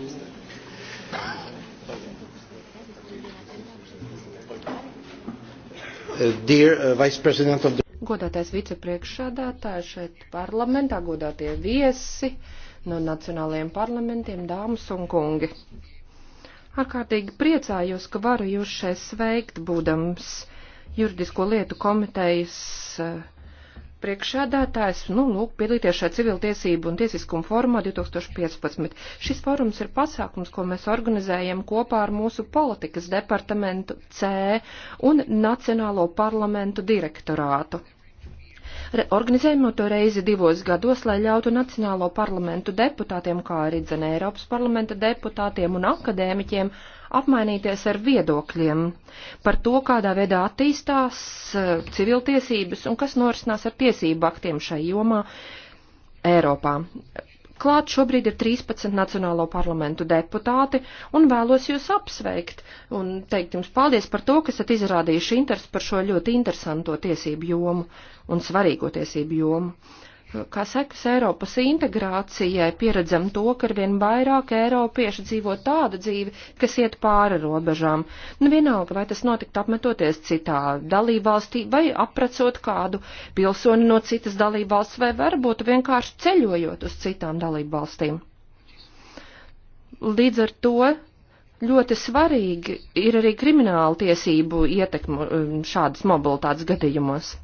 Uh, uh, Godātais vicepriekšsādātājs šeit parlamentā, godātie viesi no nacionālajiem parlamentiem, dāmas un kungi. Ārkārtīgi priecājos, ka varu jūs šeit sveikt, būdams juridisko lietu komitejas uh, priekšādātājs, nu, lūk, piedalīties šajā civiltiesību un tiesiskuma formā 2015. Šis fórums ir pasākums, ko mēs organizējam kopā ar mūsu politikas departamentu C un Nacionālo parlamentu direktorātu. Organizējam to reizi divos gados, lai ļautu Nacionālo parlamentu deputātiem, kā arī dzen Eiropas parlamenta deputātiem un akadēmiķiem apmainīties ar viedokļiem par to, kādā veidā attīstās eh, civiltiesības un kas norisinās ar tiesību aktiem šai jomā Eiropā. Klāt šobrīd ir 13 Nacionālo parlamentu deputāti un vēlos jūs apsveikt un teikt jums paldies par to, ka esat izrādījuši interesi par šo ļoti interesanto tiesību jomu un svarīgo tiesību jomu. Kā sekas Eiropas integrācijai pieredzam to, ka arvien vairāk eiropieši dzīvo tādu dzīvi, kas iet pāri robežām. Nu, vienalga, vai tas notikt apmetoties citā dalībvalstī, vai apracot kādu pilsoni no citas dalībvalsts, vai varbūt vienkārši ceļojot uz citām dalībvalstīm. Līdz ar to ļoti svarīgi ir arī krimināla tiesību ietekmu um, šādas mobilitātes gadījumos.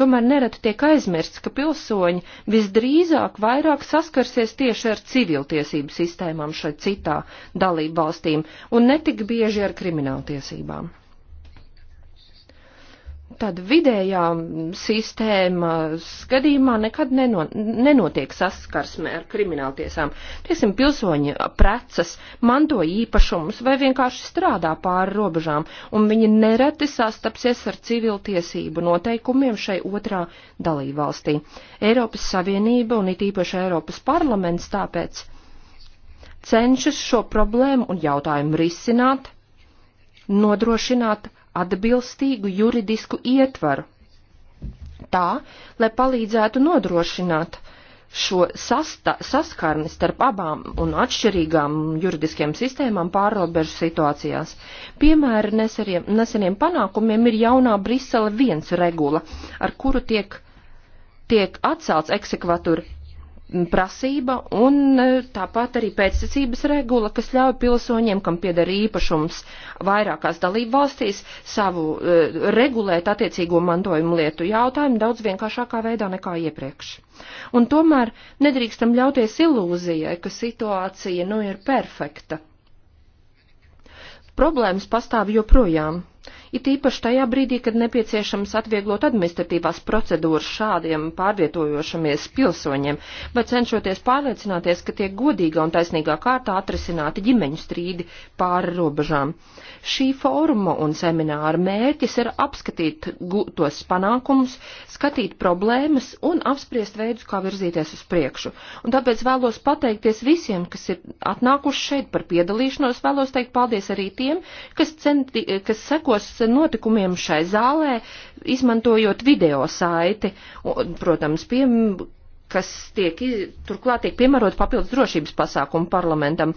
Tomēr nereti tiek aizmirsts, ka pilsoņi visdrīzāk vairāk saskarsies tieši ar civiltiesību sistēmām šai citā dalību valstīm un netik bieži ar krimināltiesībām tāda vidējā sistēma skatījumā nekad neno, nenotiek saskarsme ar krimināltiesām. Tiesim, pilsoņi preces, manto īpašumus vai vienkārši strādā pāri robežām, un viņi nereti sastapsies ar civiltiesību noteikumiem šai otrā dalībvalstī. Eiropas Savienība un it īpaši Eiropas parlaments tāpēc cenšas šo problēmu un jautājumu risināt, nodrošināt atbilstīgu juridisku ietvaru, tā, lai palīdzētu nodrošināt šo sasta, saskarni starp abām un atšķirīgām juridiskajām sistēmām pārrobežu situācijās. Piemēra nesariem, neseniem panākumiem ir jaunā Brisele 1 regula, ar kuru tiek, tiek atcelts eksekvatura prasība un e, tāpat arī pēctecības regula, kas ļauj pilsoņiem, kam pieder īpašums vairākās dalību valstīs, savu uh, regulēt attiecīgo mantojumu lietu jautājumu daudz vienkāršākā veidā nekā iepriekš. Un tomēr nedrīkstam ļauties ilūzijai, ka situācija nu ir perfekta. Problēmas pastāv joprojām it īpaši tajā brīdī, kad nepieciešams atvieglot administratīvās procedūras šādiem pārvietojošamies pilsoņiem, vai cenšoties pārliecināties, ka tiek godīgā un taisnīgā kārtā atrisināti ģimeņu strīdi pāri robežām. Šī fóruma un semināra mērķis ir apskatīt gūtos panākumus, skatīt problēmas un apspriest veidus, kā virzīties uz priekšu. Un tāpēc vēlos pateikties visiem, kas ir atnākuši šeit par piedalīšanos, vēlos teikt paldies arī tiem, kas, centi, kas sekos notikumiem šai zālē, izmantojot video saiti, un, protams, pie kas tiek, turklāt tiek piemērot papildus drošības pasākumu parlamentam.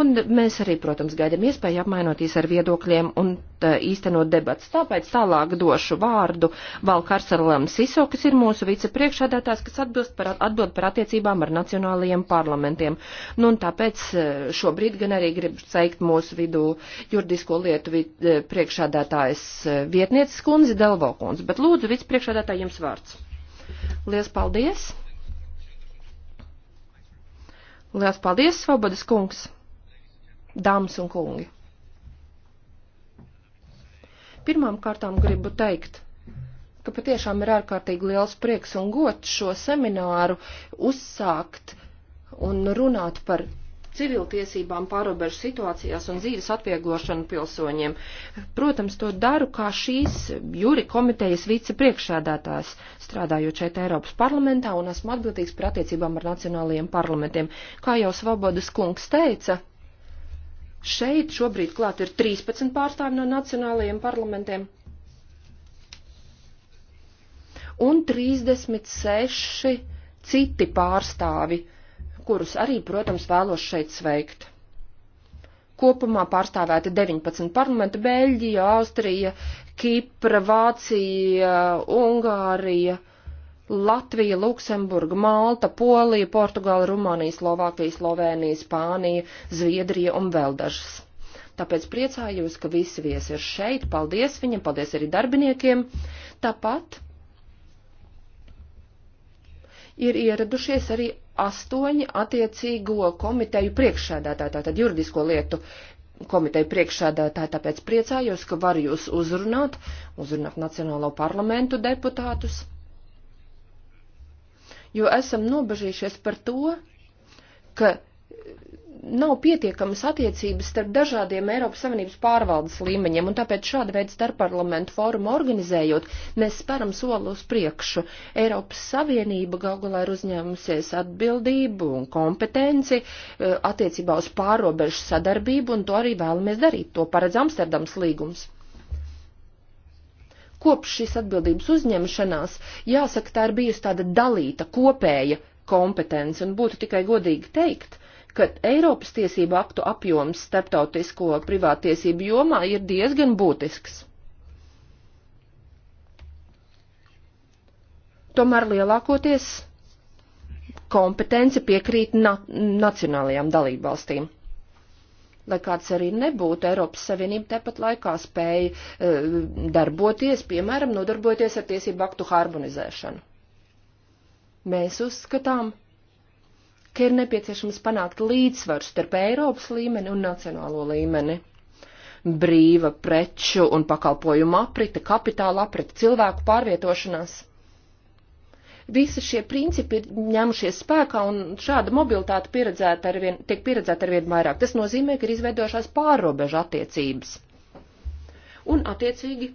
Un mēs arī, protams, gaidam iespēju apmainoties ar viedokļiem un tā, īstenot debats. Tāpēc tālāk došu vārdu Valkarsalam Siso, kas ir mūsu vicepriekšādātājs, kas atbild par, atbild par attiecībām ar nacionālajiem parlamentiem. Nu, un tāpēc e, šobrīd gan arī gribu teikt mūsu vidū juridisko lietu vi, e, priekšādātājs e, vietnieces kundzi Delvo kundzi. Bet lūdzu, vicepriekšādātājiem vārds. Lies paldies! Lielas paldies, Svobodas kungs, dāmas un kungi. Pirmām kārtām gribu teikt, ka patiešām ir ārkārtīgi liels prieks un gods šo semināru uzsākt un runāt par civiltiesībām pārobežu situācijās un dzīves atvieglošanu pilsoņiem. Protams, to daru kā šīs jūri komitejas vicepriekšādātājs, strādājot šeit Eiropas parlamentā un esmu atbildīgs par attiecībām ar nacionālajiem parlamentiem. Kā jau Svobodas kungs teica, šeit šobrīd klāt ir 13 pārstāvi no nacionālajiem parlamentiem. Un 36 citi pārstāvi kurus arī, protams, vēlos šeit sveikt. Kopumā pārstāvēti 19 parlamenta - Beļģija, Austrija, Kipra, Vācija, Ungārija, Latvija, Luksemburga, Malta, Polija, Portugāla, Rumānija, Slovākija, Slovēnija, Spānija, Zviedrija un vēl dažas. Tāpēc priecājos, ka visi viesi ir šeit. Paldies viņam, paldies arī darbiniekiem. Tāpat ir ieradušies arī astoņi attiecīgo komiteju priekšsēdētāji, tātad juridisko lietu komiteju priekšsēdētāji, tāpēc priecājos, ka varu jūs uzrunāt, uzrunāt Nacionālo parlamentu deputātus, jo esam nobežījušies par to, ka nav pietiekamas attiecības starp dažādiem Eiropas Savienības pārvaldes līmeņiem, un tāpēc šāda veida starpparlamentu fórumu organizējot, mēs speram soli uz priekšu. Eiropas Savienība galgulā ir uzņēmusies atbildību un kompetenci eh, attiecībā uz pārobežu sadarbību, un to arī vēlamies darīt. To paredz Amsterdams līgums kopš šīs atbildības uzņemšanās, jāsaka, tā ir bijusi tāda dalīta, kopēja kompetence, un būtu tikai godīgi teikt, ka Eiropas tiesību aktu apjoms starptautisko privātiesību jomā ir diezgan būtisks. Tomēr lielākoties kompetence piekrīt na nacionālajām dalībvalstīm. Lai kāds arī nebūtu, Eiropas Savienība tepat laikā spēja e, darboties, piemēram, nodarboties ar tiesību aktu harmonizēšanu. Mēs uzskatām, ka ir nepieciešams panākt līdzsvaru starp Eiropas līmeni un nacionālo līmeni. Brīva preču un pakalpojumu aprite, kapitāla aprite, cilvēku pārvietošanās. Visi šie principi ir ņemušies spēkā un šāda mobilitāte pieredzēta arvien, tiek pieredzēta arvien vairāk. Tas nozīmē, ka ir izveidojušās pārrobežu attiecības. Un attiecīgi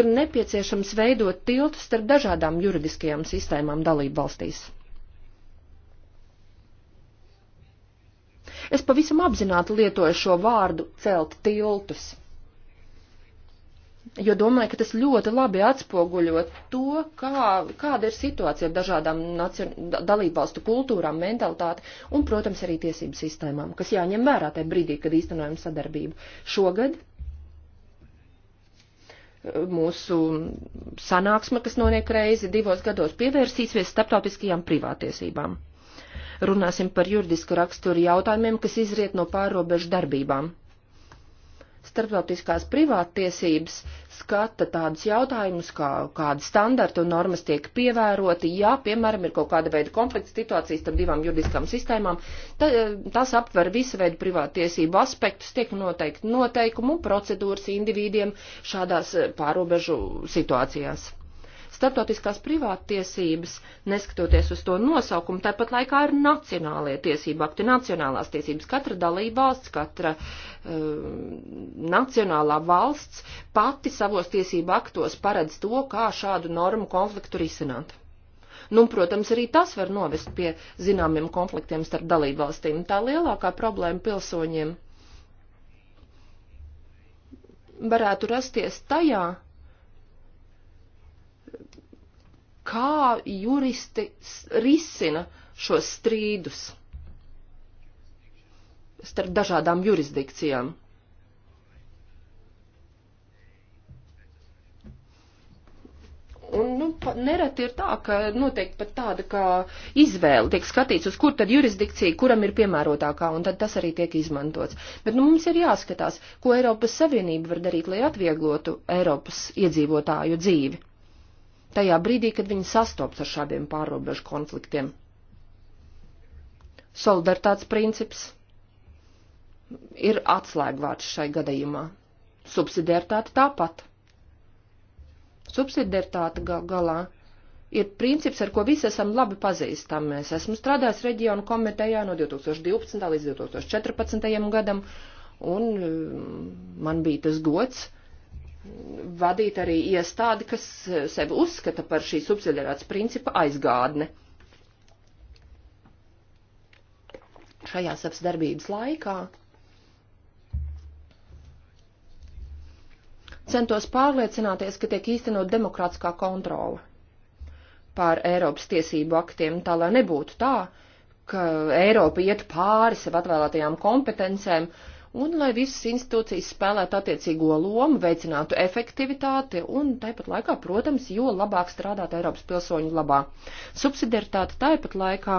ir nepieciešams veidot tiltu starp dažādām juridiskajām sistēmām dalību valstīs. Es pavisam apzināti lietoju šo vārdu celt tiltus, jo domāju, ka tas ļoti labi atspoguļo to, kā, kāda ir situācija ar dažādām dalībvalstu kultūrām, mentalitāti un, protams, arī tiesību sistēmām, kas jāņem vērā tajā brīdī, kad īstenojam sadarbību. Šogad eh, mūsu sanāksme, kas noniek reizi divos gados, pievērsīsies starptautiskajām privātiesībām. Runāsim par juridisku raksturu jautājumiem, kas izriet no pārobežu darbībām. Starptautiskās privātiesības skata tādus jautājumus, kā kāda standarta un normas tiek pievēroti, ja, piemēram, ir kaut kāda veida konflikts situācijas starp divām juridiskām sistēmām, ta, eh, tas aptver visu veidu privātiesību aspektus, tiek noteikti noteikumu procedūras individiem šādās eh, pārobežu situācijās. Startautiskās privātiesības, neskatoties uz to nosaukumu, tāpat laikā ir nacionālie tiesību akti, nacionālās tiesības. Katra dalība valsts, katra uh, nacionālā valsts pati savos tiesību aktos paredz to, kā šādu normu konfliktu risināt. Nu, protams, arī tas var novest pie zināmiem konfliktiem starp dalībvalstīm. Tā lielākā problēma pilsoņiem varētu rasties tajā, kā juristi risina šos strīdus starp dažādām jurisdikcijām. Un, nu, pa, nereti ir tā, ka noteikti pat tāda kā izvēle tiek skatīts, uz kur tad jurisdikcija, kuram ir piemērotākā, un tad tas arī tiek izmantots. Bet, nu, mums ir jāskatās, ko Eiropas Savienība var darīt, lai atvieglotu Eiropas iedzīvotāju dzīvi tajā brīdī, kad viņi sastops ar šādiem pārrobežu konfliktiem. Solidaritātes princips ir atslēgvārds šai gadījumā. Subsidiaritāte tāpat. Subsidiaritāte gal galā ir princips, ar ko visi esam labi pazīstami. Es esmu strādājis reģionu komitejā no 2012. līdz 2014. gadam, un um, man bija tas gods vadīt arī iestādi, kas eh, sevi uzskata par šī subsidiarāts principa aizgādne. Šajā sapsdarbības laikā centos pārliecināties, ka tiek īstenot demokrātiskā kontrola pār Eiropas tiesību aktiem, tā lai nebūtu tā, ka Eiropa iet pāri sev atvēlētajām kompetencēm, uh, un lai visas institūcijas spēlētu attiecīgo lomu, veicinātu efektivitāti un tāpat laikā, protams, jo labāk strādāt Eiropas pilsoņu labā. Subsidiaritāte tāpat laikā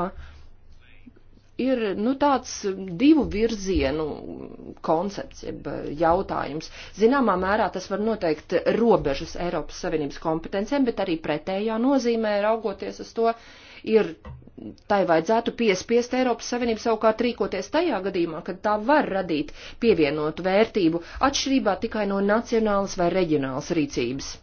ir nu, tāds divu virzienu koncepts, jeb jautājums. Zināmā mērā tas var noteikt robežas Eiropas Savienības kompetencijām, bet arī pretējā nozīmē raugoties uz to, ir, tai vajadzētu piespiest Eiropas Savienību savukārt rīkoties tajā gadījumā, kad tā var radīt pievienotu vērtību atšķirībā tikai no nacionālas vai reģionālas rīcības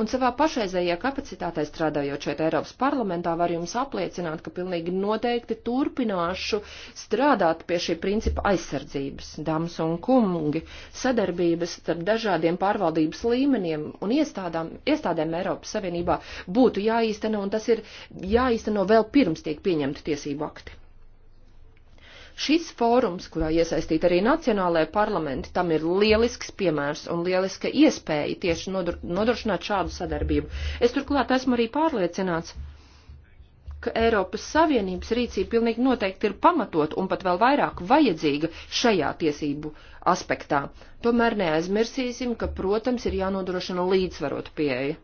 un savā pašreizējā kapacitātē strādājot šeit Eiropas parlamentā var jums apliecināt, ka pilnīgi noteikti turpināšu strādāt pie šī principa aizsardzības, dāmas un kungi, sadarbības starp dažādiem pārvaldības līmeniem un iestādām, iestādēm Eiropas Savienībā būtu jāīsteno, un tas ir jāīsteno vēl pirms tiek pieņemti tiesību akti. Šis fórums, kurā iesaistīt arī nacionālajie parlamenti, tam ir lielisks piemērs un lieliska iespēja tieši nodrošināt šādu sadarbību. Es turklāt esmu arī pārliecināts, ka Eiropas Savienības rīcība pilnīgi noteikti ir pamatot un pat vēl vairāk vajadzīga šajā tiesību aspektā. Tomēr neaizmirsīsim, ka, protams, ir jānodrošina līdzvarot pieeja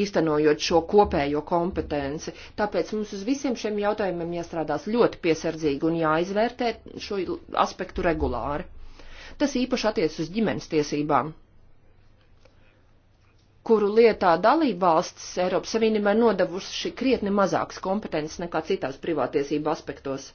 īstenojot šo kopējo kompetenci. Tāpēc mums uz visiem šiem jautājumiem jāstrādās ļoti piesardzīgi un jāizvērtē šo aspektu regulāri. Tas īpaši attiec uz ģimenes tiesībām, kuru lietā dalībvalsts Eiropas Savienībā nodavusi krietni mazākas kompetences nekā citās privātiesību aspektos.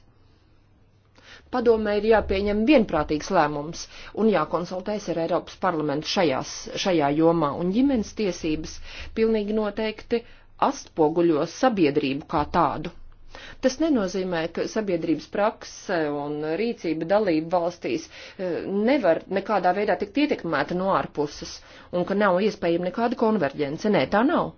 Padomē ir jāpieņem vienprātīgs lēmums un jākonsultēs ar Eiropas parlamentu šajās, šajā jomā, un ģimenes tiesības pilnīgi noteikti astpoguļos sabiedrību kā tādu. Tas nenozīmē, ka sabiedrības prakse un rīcība dalība valstīs e, nevar nekādā veidā tikt ietekmēta no ārpuses un ka nav iespējama nekāda konverģence. Nē, tā nav.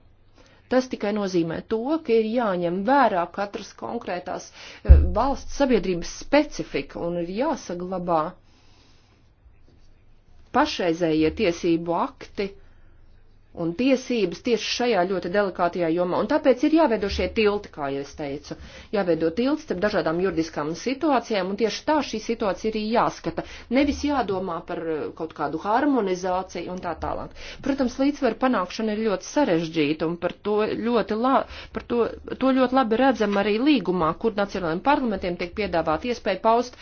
Tas tikai nozīmē to, ka ir jāņem vērā katras konkrētās eh, valsts sabiedrības specifika un ir jāsaglabā pašreizējie tiesību akti un tiesības tieši šajā ļoti delikātajā jomā. Un tāpēc ir jāveido šie tilti, kā jau es teicu, jāveido tilts starp dažādām juridiskām situācijām, un tieši tā šī situācija arī jāskata. Nevis jādomā par eh, kaut kādu harmonizāciju un tā tālāk. Protams, līdzsvaru panākšana ir ļoti sarežģīta, un par to ļoti, la, par to, to ļoti labi redzam arī līgumā, kur nacionālajiem parlamentiem tiek piedāvāt iespēja paust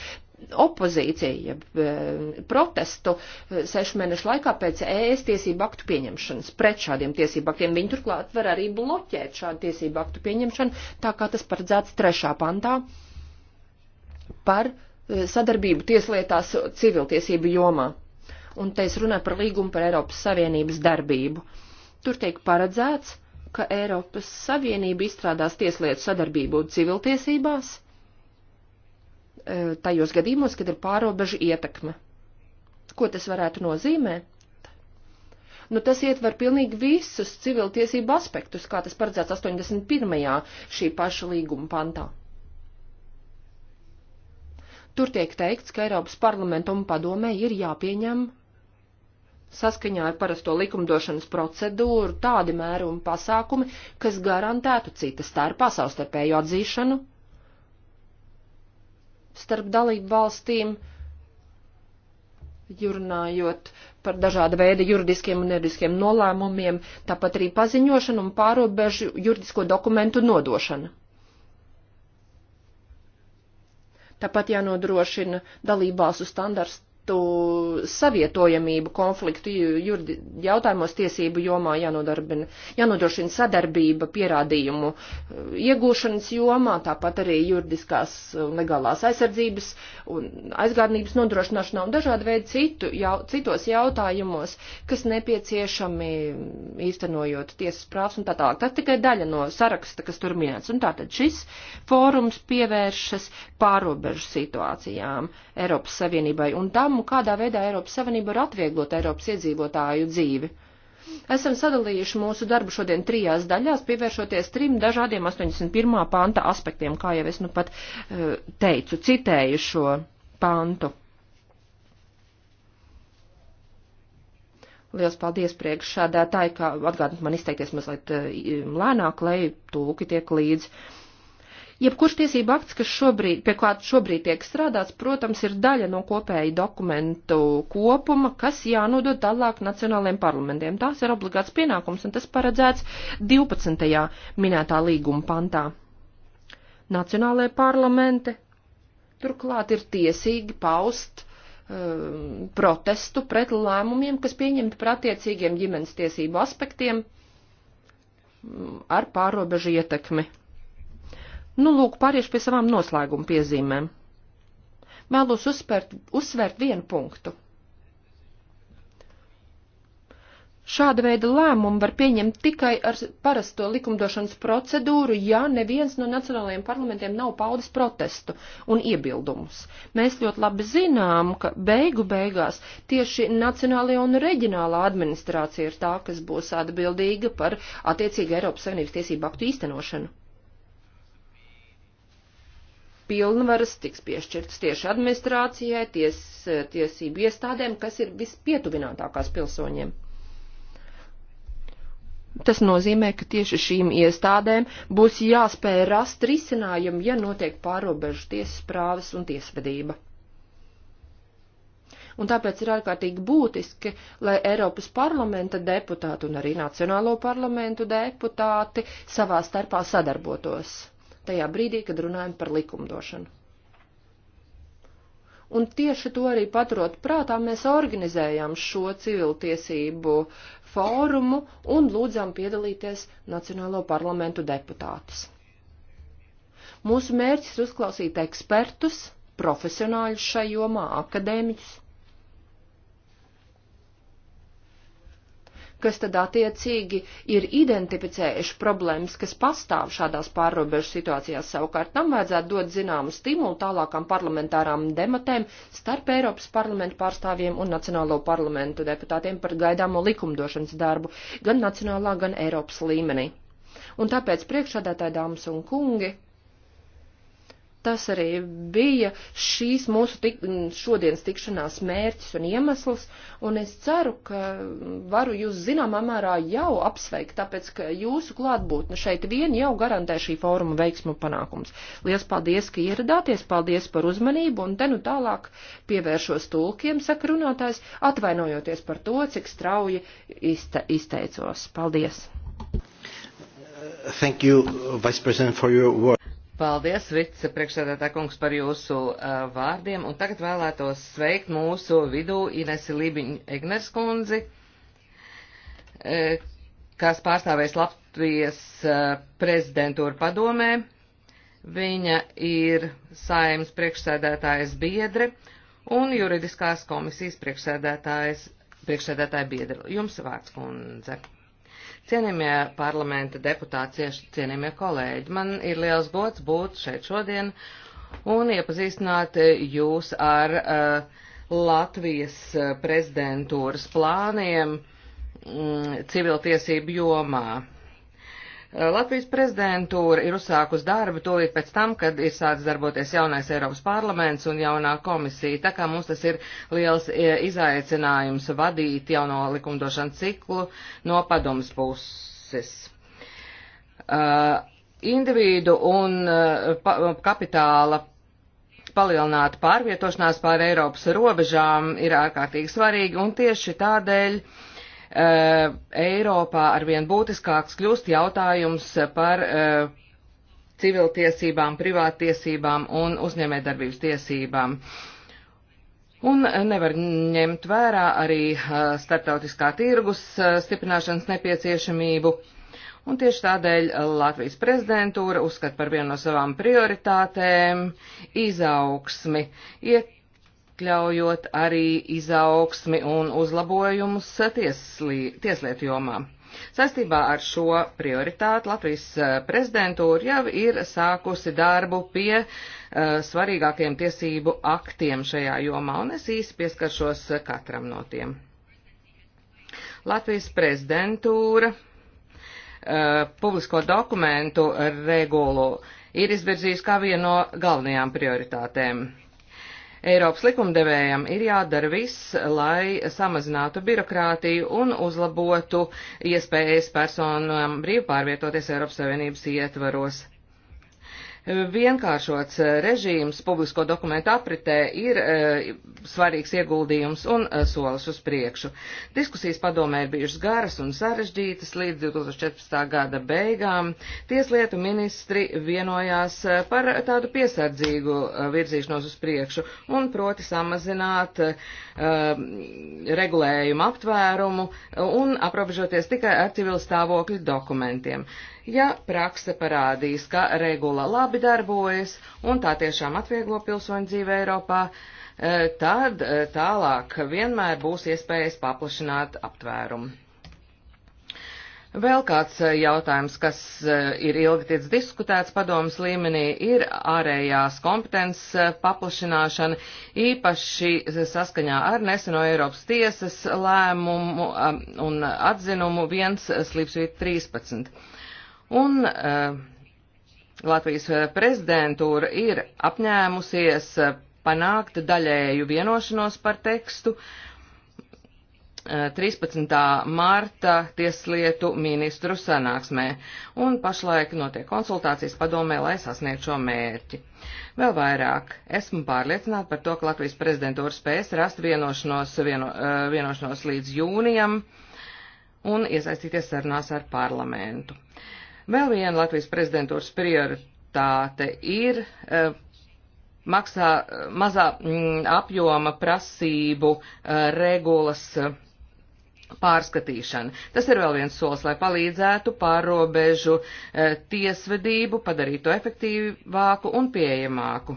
opozīcija, jeb e, protestu e, sešu mēnešu laikā pēc ES tiesību aktu pieņemšanas pret šādiem tiesību aktiem. Viņi turklāt var arī bloķēt šādu tiesību aktu pieņemšanu, tā kā tas paredzēts trešā pantā par e, sadarbību tieslietās civiltiesību jomā. Un te es runāju par līgumu par Eiropas Savienības darbību. Tur tiek paredzēts, ka Eiropas Savienība izstrādās tieslietu sadarbību civiltiesībās E, tajos gadījumos, kad ir pārobežu ietekme. Ko tas varētu nozīmēt? Nu, tas ietver pilnīgi visus civiltiesību aspektus, kā tas paredzēts 81. šī paša līguma pantā. Tur tiek teikts, ka Eiropas parlamentam un padomē ir jāpieņem saskaņā ar parasto likumdošanas procedūru tādi mērumi pasākumi, kas garantētu citas starpā savstarpēju atzīšanu starp dalību valstīm, runājot par dažāda veida juridiskiem un nejuridiskiem nolēmumiem, tāpat arī paziņošanu un pārobežu juridisko dokumentu nodošanu. Tāpat jānodrošina dalībvalstu standarts konfliktu savietojamību, konfliktu jurdi, jautājumos tiesību jomā jānodarbina, jānodrošina sadarbība pierādījumu uh, iegūšanas jomā, tāpat arī juridiskās legālās aizsardzības un aizgādnības nodrošināšanā un dažādi veidi citu, jau, citos jautājumos, kas nepieciešami īstenojot tiesas prāvs un tā tālāk. Tas tikai daļa no saraksta, kas tur minēts. Un tātad šis fórums pievēršas pārobežu situācijām Eiropas Savienībai un tam domu, kādā veidā Eiropas Savienība var atvieglot Eiropas iedzīvotāju dzīvi. Esam sadalījuši mūsu darbu šodien trijās daļās, pievēršoties trim dažādiem 81. panta aspektiem, kā jau es nu pat eh, teicu, citēju šo pantu. Liels paldies priekšsādātāji, ka atgādināt man izteikties mazliet eh, lēnāk, lai tūki tiek līdzi. Jebkurš tiesība akts, kas šobrīd, pie kāda šobrīd tiek strādāts, protams, ir daļa no kopēja dokumentu kopuma, kas jānodod tālāk nacionālajiem parlamentiem. Tās ir obligāts pienākums, un tas paredzēts 12. minētā līguma pantā. Nacionālajie parlamenti turklāt ir tiesīgi paust um, protestu pret lēmumiem, kas pieņemti par attiecīgiem ģimenes tiesību aspektiem um, ar pārobežu ietekmi. Nu, lūk, pāriešu pie savām noslēguma piezīmēm. Mēlos uzspērt, uzsvērt vienu punktu. Šāda veida lēmumu var pieņemt tikai ar parasto likumdošanas procedūru, ja neviens no nacionālajiem parlamentiem nav paudis protestu un iebildumus. Mēs ļoti labi zinām, ka beigu beigās tieši nacionālajā un reģionālā administrācija ir tā, kas būs atbildīga par attiecīgu Eiropas Savienības tiesību aktu īstenošanu pilnvaras tiks piešķirtas tieši administrācijai, ties, tiesību iestādēm, kas ir vispietuvinātākās pilsoņiem. Tas nozīmē, ka tieši šīm iestādēm būs jāspēj rast risinājumu, ja notiek pārobežu tiesas prāvas un tiesvedība. Un tāpēc ir ārkārtīgi būtiski, lai Eiropas parlamenta deputāti un arī Nacionālo parlamentu deputāti savā starpā sadarbotos tajā brīdī, kad runājam par likumdošanu. Un tieši to arī paturot prātā, mēs organizējām šo civiltiesību fórumu un lūdzām piedalīties Nacionālo parlamentu deputātus. Mūsu mērķis ir uzklausīt ekspertus, profesionāļus šai jomā, akadēmiķus, kas tad attiecīgi ir identificējuši problēmas, kas pastāv šādās pārrobežu situācijās. Savukārt tam vajadzētu dot zināmu stimulu tālākām parlamentārām dematēm starp Eiropas parlamentu pārstāvjiem un Nacionālo parlamentu deputātiem par gaidāmo likumdošanas darbu gan nacionālā, gan Eiropas līmenī. Un tāpēc priekšādātāji dāmas un kungi, Tas arī bija šīs mūsu tik, šodienas tikšanās mērķis un iemesls, un es ceru, ka varu jūs zināmā mērā jau apsveikt, tāpēc, ka jūsu klātbūtne šeit vien jau garantē šī fóruma veiksmu panākums. Lielas paldies, ka ieradāties, paldies par uzmanību, un te nu tālāk pievēršos tulkiem, saka runātājs, atvainojoties par to, cik strauji izte, izteicos. Paldies! Thank you, Vice President, for your work. Paldies, Vice priekšsēdētā kungs, par jūsu uh, vārdiem. Un tagad vēlētos sveikt mūsu vidū Inesi Lībiņu Egners kundzi, uh, kas pārstāvēs Latvijas uh, prezidentūru padomē. Viņa ir saimas priekšsēdētājas biedre un juridiskās komisijas priekšsēdētājas priekšsēdētāja biedra. Jums vārds, kundze. Cienījamie parlamenta deputāti, cienījamie kolēģi, man ir liels gods būt šeit šodien un iepazīstināt jūs ar uh, Latvijas eh, prezidentūras plāniem mm, civiltiesību jomā. Latvijas prezidentūra ir uzsākus darbu tūlīt pēc tam, kad ir sācis darboties jaunais Eiropas parlaments un jaunā komisija. Tā kā mums tas ir liels e, izaicinājums vadīt jauno likumdošanas ciklu no padomas puses. Uh, individu un uh, pa, kapitāla palielināta pārvietošanās pār Eiropas robežām ir ārkārtīgi svarīgi un tieši tādēļ uh, Eh, Eiropā arvien būtiskāks kļūst jautājums par eh, civiltiesībām, privātiesībām un uzņēmējdarbības tiesībām. Un nevar ņemt vērā arī eh, starptautiskā tirgus stiprināšanas nepieciešamību. Un tieši tādēļ Latvijas prezidentūra uzskata par vienu no savām prioritātēm izaugsmi, iet iekļaujot arī izaugsmi un uzlabojumus tieslī, tieslietu jomā. Sastībā ar šo prioritāti Latvijas eh, prezidentūra jau ir sākusi darbu pie uh, svarīgākiem tiesību aktiem šajā jomā, un es īsi pieskaršos eh, katram no tiem. Latvijas prezidentūra uh, publisko dokumentu regulu ir izvirzījusi kā vienu no galvenajām prioritātēm. Uh, Eiropas likumdevējam ir jādara viss, lai samazinātu birokrātiju un uzlabotu iespējas personām brīvi pārvietoties Eiropas Savienības ietvaros. Vienkāršots režīms publisko dokumentu apritē ir e, svarīgs ieguldījums un e, solis uz priekšu. Diskusijas padomē ir bijušas garas un sarežģītas līdz 2014. gada beigām. Tieslietu ministri vienojās eh, par tādu piesardzīgu virzīšanos uz priekšu un proti samazināt e, regulējumu aptvērumu un aprobežoties tikai ar civilstāvokļu dokumentiem. Ja prakse parādīs, ka regula labi darbojas un tā tiešām atvieglo pilsoņu dzīvi Eiropā, e, tad e, tālāk vienmēr būs iespējas paplašināt aptvērumu. Vēl kāds e, jautājums, kas ir ilgi tiec diskutēts padomas līmenī, ir ārējās kompetences paplašināšana, īpaši saskaņā ar neseno Eiropas tiesas lēmumu un atzinumu 1 slīpsvīt 13. Un uh, Latvijas eh, prezidentūra ir apņēmusies eh, panākt daļēju vienošanos par tekstu 13. marta tieslietu ministru sanāksmē, un pašlaik notiek konsultācijas padomē, lai sasniegtu šo mērķi. Vēl vairāk esmu pārliecināta par to, ka Latvijas prezidentūra spēs rast vienošanos, vieno, vienošanos līdz jūnijam un iesaistīties sarunās ar parlamentu. Uh, Vēl viena Latvijas prezidentūras prioritāte ir uh, maksā, mazā mm, apjoma prasību uh, regulas uh, pārskatīšana. Tas ir vēl viens solis, lai palīdzētu pārobežu tiesvedību, padarīt to efektīvāku un pieejamāku.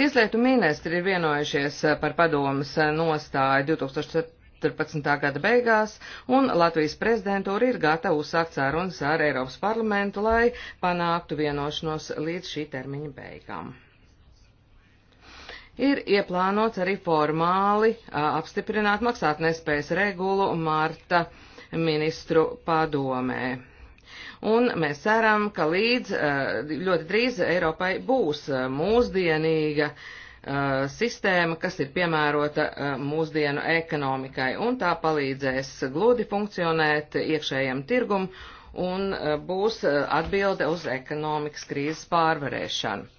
Tieslietu ministri ir vienojušies par padomas nostāju 2014. 14. gada beigās, un Latvijas prezidentūra ir gatava uzsākt sarunas ar Eiropas parlamentu, lai panāktu vienošanos līdz šī termiņa beigām. Ir ieplānots arī formāli apstiprināt maksātnespējas regulu Marta ministru padomē. Un mēs ceram, ka līdz ļoti drīz Eiropai būs mūsdienīga uh, Uh, sistēma, kas ir piemērota uh, mūsdienu ekonomikai, un tā palīdzēs gludi funkcionēt iekšējiem tirgum un uh, būs atbilde uz ekonomikas krīzes pārvarēšanu.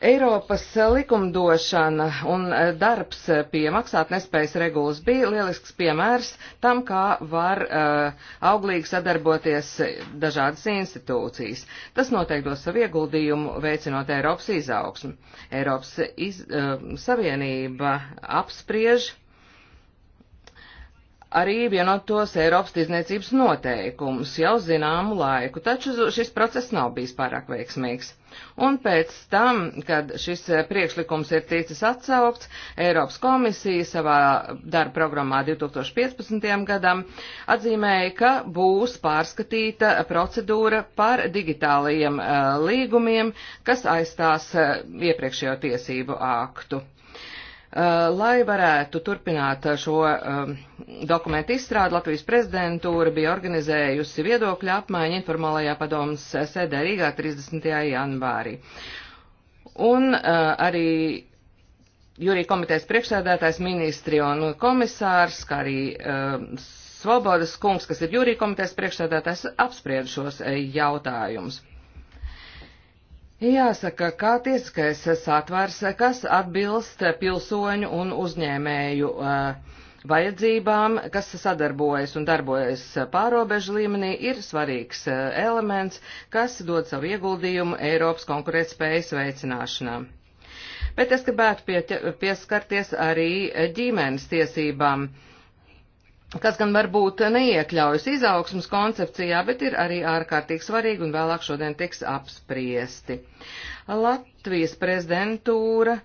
Eiropas likumdošana un eh, darbs pie maksātnespējas regulas bija lielisks piemērs tam, kā var uh, auglīgi sadarboties dažādas institūcijas. Tas noteikti dos savu ieguldījumu veicinot Eiropas izaugsmu. Eiropas iz, uh, Savienība apspriež arī vienotos Eiropas tirzniecības noteikumus jau zināmu laiku, taču šis process nav bijis pārāk veiksmīgs. Un pēc tam, kad šis eh, priekšlikums ir ticis atsaukts, Eiropas komisija savā darba programmā 2015. gadam atzīmēja, ka būs pārskatīta procedūra par digitālajiem eh, līgumiem, kas aizstās eh, iepriekšējo tiesību aktu. Uh, lai varētu turpināt šo um, dokumentu izstrādi, Latvijas prezidentūra bija organizējusi viedokļu apmaiņu informālajā padomas sēdē Rīgā 30. janvārī. Un uh, arī Jurija komitejas priekšsēdētājs, ministri un komisārs, kā arī uh, Svobodas kungs, kas ir jūrija komitejas priekšsēdētājs, apspried šos uh, jautājumus. Jāsaka, kā tiesiskais satvers, kas atbilst pilsoņu un uzņēmēju eh, vajadzībām, kas sadarbojas un darbojas pārobežu līmenī, ir svarīgs eh, elements, kas dod savu ieguldījumu Eiropas konkurētspējas veicināšanā. Bet es gribētu pie, pieskarties arī ģimenes tiesībām. Uh, kas gan varbūt neiekļaujas izaugsmas koncepcijā, bet ir arī ārkārtīgi svarīgi un vēlāk šodien tiks apspriesti. Latvijas prezidentūra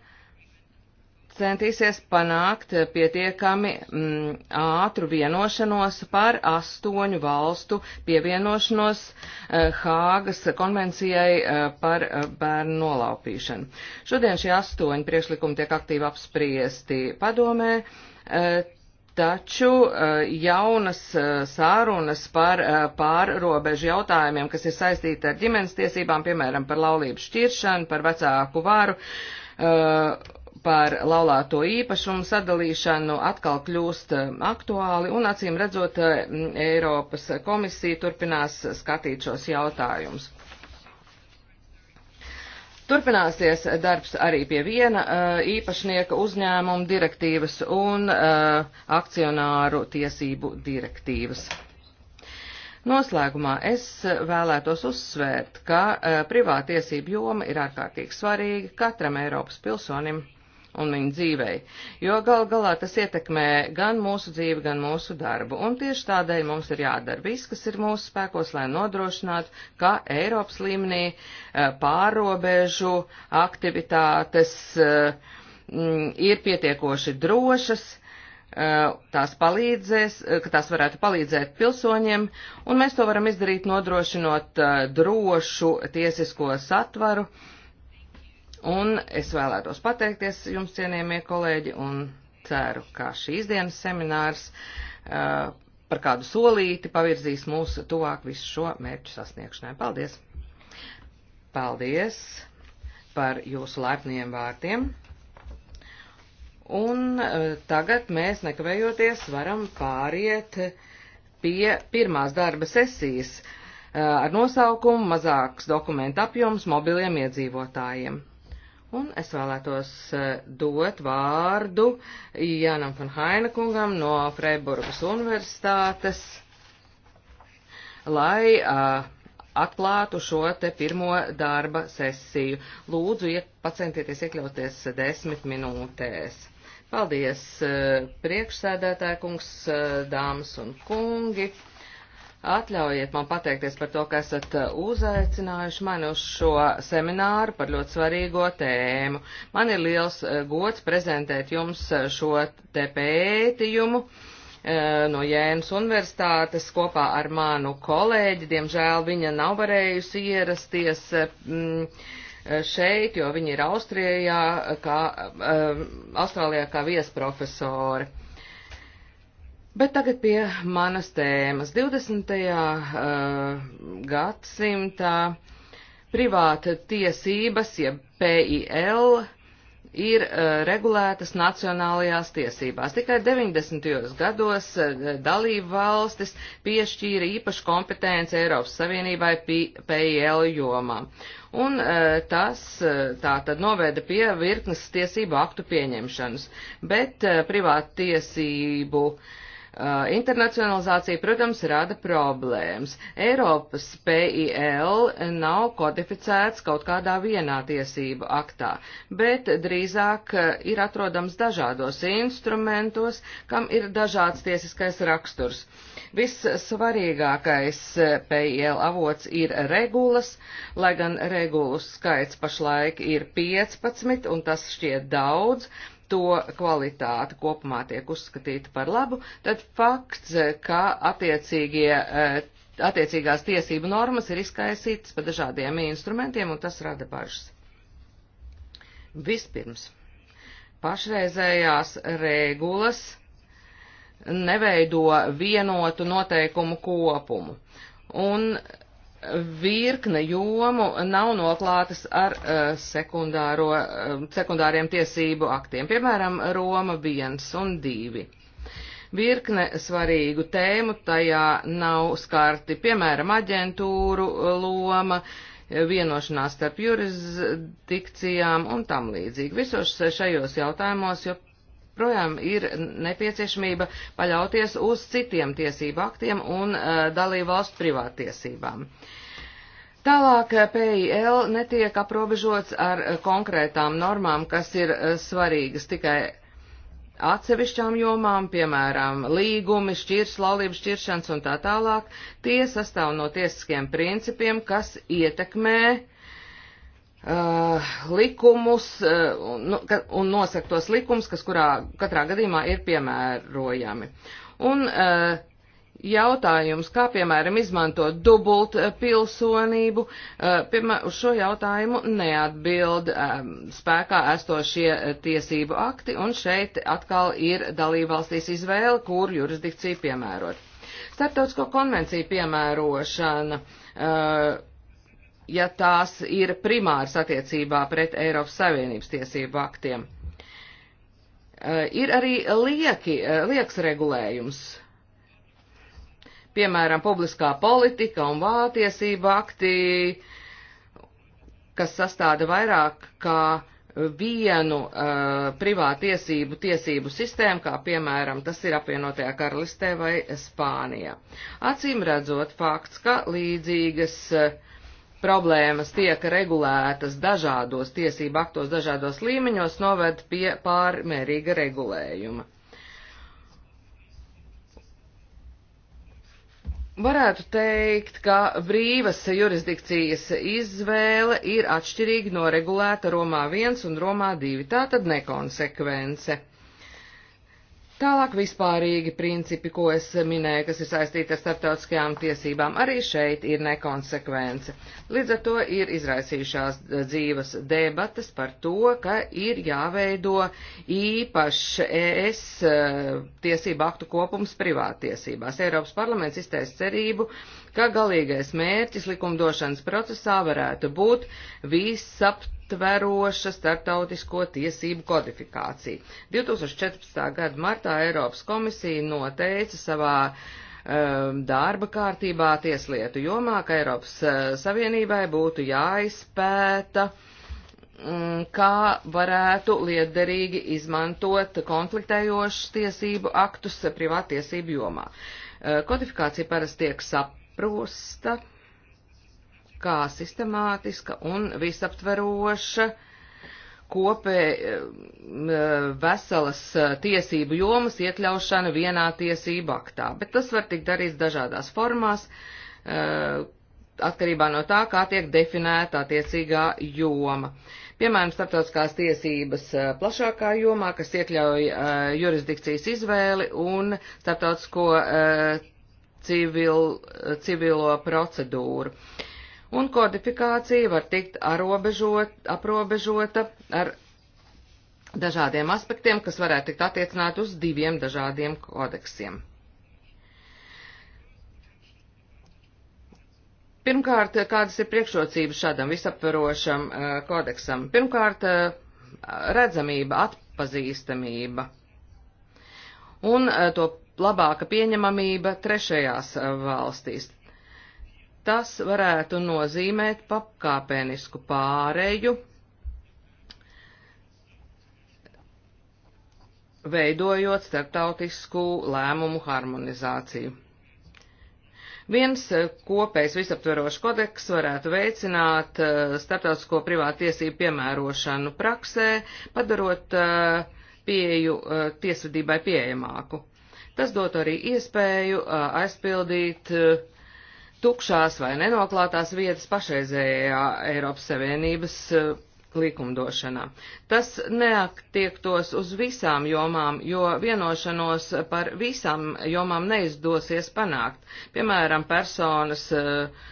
centīsies panākt pietiekami mm, ātru vienošanos par astoņu valstu pievienošanos eh, Hāgas konvencijai eh, par eh, bērnu nolaupīšanu. Šodien šie astoņi priekšlikumi tiek aktīvi apspriesti padomē. Eh, Taču eh, jaunas eh, sārunas par eh, pārrobežu jautājumiem, kas ir saistīti ar ģimenes tiesībām, piemēram, par laulību šķiršanu, par vecāku varu, par laulāto īpašumu sadalīšanu atkal kļūst aktuāli, un acīm redzot, Eiropas komisija turpinās skatīt šos jautājumus. Turpināsies darbs arī pie viena īpašnieka uzņēmuma direktīvas un akcionāru tiesību direktīvas. Noslēgumā es vēlētos uzsvērt, ka privātiesību joma ir ārkārtīgi svarīga katram Eiropas pilsonim un viņu dzīvei, jo gal galā tas ietekmē gan mūsu dzīvi, gan mūsu darbu, un tieši tādēļ mums ir jādara viss, kas ir mūsu spēkos, lai nodrošinātu, ka Eiropas līmenī eh, pārobežu aktivitātes eh, mm, ir pietiekoši drošas, eh, tās palīdzēs, ka tās varētu palīdzēt pilsoņiem, un mēs to varam izdarīt nodrošinot drošu tiesisko satvaru, uh, Un es vēlētos pateikties jums, cienījamie kolēģi, un ceru, ka šīs dienas seminārs uh, par kādu solīti pavirzīs mūs tuvāk visu šo mērķu sasniegšanai. Paldies! Paldies par jūsu laipniem vārtiem! Un uh, tagad mēs nekavējoties varam pāriet pie pirmās darba sesijas uh, ar nosaukumu Mazāks dokumentu apjoms mobiliem iedzīvotājiem. Un es vēlētos eh, dot vārdu Jānam van Hainekungam no Freiburgas universitātes, lai uh, atklātu šo te pirmo darba sesiju. Lūdzu, iek, pacentieties iekļauties desmit minūtēs. Paldies, eh, priekšsēdētāji kungs, dāmas un kungi. Atļaujiet man pateikties par to, ka esat uh, uzaicinājuši mani uz šo semināru par ļoti svarīgo tēmu. Man ir liels uh, gods prezentēt jums uh, šo te pētījumu no Jēnas universitātes kopā ar manu kolēģi. Diemžēl viņa nav varējusi ierasties mm, šeit, jo viņa ir Austrijā, kā, Austrālijā kā viesprofesori. Bet tagad pie manas tēmas. 20. Uh, eh, gadsimtā privāta tiesības, jeb ja PIL, ir uh, regulētas nacionālajās tiesībās. Tikai 90. gados uh, dalību valstis piešķīra īpašu kompetenci Eiropas Savienībai PIL jomā. Un uh, tas tā tad noveda pie virknes tiesību aktu pieņemšanas. Bet privāta tiesību uh, Internacionalizācija, protams, rada problēmas. Eiropas PIL nav kodificēts kaut kādā vienā tiesību aktā, bet drīzāk ir atrodams dažādos instrumentos, kam ir dažāds tiesiskais raksturs. Vissvarīgākais PIL avots ir regulas, lai gan regulas skaits pašlaik ir 15, un tas šķiet daudz. Uh, to kvalitāte kopumā tiek uzskatīta par labu, tad fakts, ka attiecīgie, eh, attiecīgās tiesību normas ir izkaisītas pa dažādiem instrumentiem, un tas rada bažas. Vispirms, pašreizējās regulas neveido vienotu noteikumu kopumu, un virkne jomu nav noklātas ar eh, sekundāro, eh, sekundāriem tiesību aktiem, piemēram, Roma 1 un 2. Virkne svarīgu tēmu tajā nav skarti, piemēram, aģentūru eh, loma, vienošanās starp jurisdikcijām un tam līdzīgi. Visos šajos jautājumos, jo projām ir nepieciešamība paļauties uz citiem tiesību aktiem un uh, dalību valstu privātiesībām. Tālāk uh, PIL netiek aprobežots ar uh, konkrētām normām, kas ir uh, svarīgas tikai atsevišķām jomām, piemēram, līgumi, šķirs, laulības šķiršanas un tā tālāk. Tie sastāv no tiesiskiem principiem, kas ietekmē uh, uh, likumus uh, nu, ka, un nosaka tos likumus, kas kurā katrā gadījumā ir piemērojami. Un uh, jautājums, kā piemēram izmantot dubult uh, pilsonību, uh, piemēram, uz šo jautājumu neatbild um, spēkā esošie uh, tiesību akti, un šeit atkal ir dalībvalstīs izvēle, kur jurisdikciju piemērot. Startautisko konvenciju piemērošana. Uh, ja tās ir primāras attiecībā pret Eiropas Savienības tiesību aktiem. Eh, ir arī lieki, eh, lieks regulējums, piemēram, publiskā politika un vātiesība akti, kas sastāda vairāk kā vienu uh, privātiesību tiesību sistēmu, kā piemēram tas ir apvienotajā karalistē vai Spānijā. Acīm redzot fakts, ka līdzīgas uh, problēmas tiek regulētas dažādos tiesību aktos, dažādos līmeņos, noved pie pārmērīga regulējuma. Varētu teikt, ka brīvas jurisdikcijas izvēle ir atšķirīgi noregulēta Romā 1 un Romā 2, tātad nekonsekvence. Tālāk vispārīgi principi, ko es minēju, kas ir saistīti ar starptautiskajām tiesībām, arī šeit ir nekonsekvence. Līdz ar to ir izraisījušās dzīves debatas par to, ka ir jāveido īpašs ES e, tiesību aktu kopums privātiesībās. Eiropas parlaments izteica cerību, ka galīgais mērķis likumdošanas procesā varētu būt visaptvarošs visaptveroša startautisko tiesību kodifikācija. 2014. gada martā Eiropas komisija noteica savā um, darba kārtībā tieslietu jomā, ka Eiropas uh, Savienībai būtu jāizpēta um, kā varētu liederīgi izmantot konfliktējošas tiesību aktus privātiesību jomā. Uh, kodifikācija parasti tiek saprosta kā sistemātiska un visaptveroša kopē veselas e, tiesību jomas iekļaušana vienā tiesību aktā, bet tas var tikt darīts dažādās formās, e, atkarībā no tā, kā tiek definēta attiecīgā joma. Piemēram, starptautiskās tiesības e, plašākā jomā, kas iekļauj jurisdikcijas izvēli un starptautisko civil, civilo procedūru. Uh, un kodifikācija var tikt arobežot, aprobežota ar dažādiem aspektiem, kas varētu tikt attiecināt uz diviem dažādiem kodeksiem. Pirmkārt, kādas ir priekšrocības šādam visaptvarošam uh, kodeksam? Pirmkārt, uh, redzamība, atpazīstamība un uh, to labāka pieņemamība trešajās valstīs. Tas varētu nozīmēt pakāpenisku pāreju, veidojot starptautisku lēmumu harmonizāciju. Viens kopējs visaptverošs kodeks varētu veicināt eh, starptautisko privātu tiesību piemērošanu praksē, padarot eh, pieju eh, tiesvedībai pieejamāku. Tas dot arī iespēju aizpildīt uh, tukšās vai nenoklātās vietas pašreizējā Eiropas Savienības eh, likumdošanā. Tas neatiektos uz visām jomām, jo vienošanos par visām jomām neizdosies panākt, piemēram, personas eh,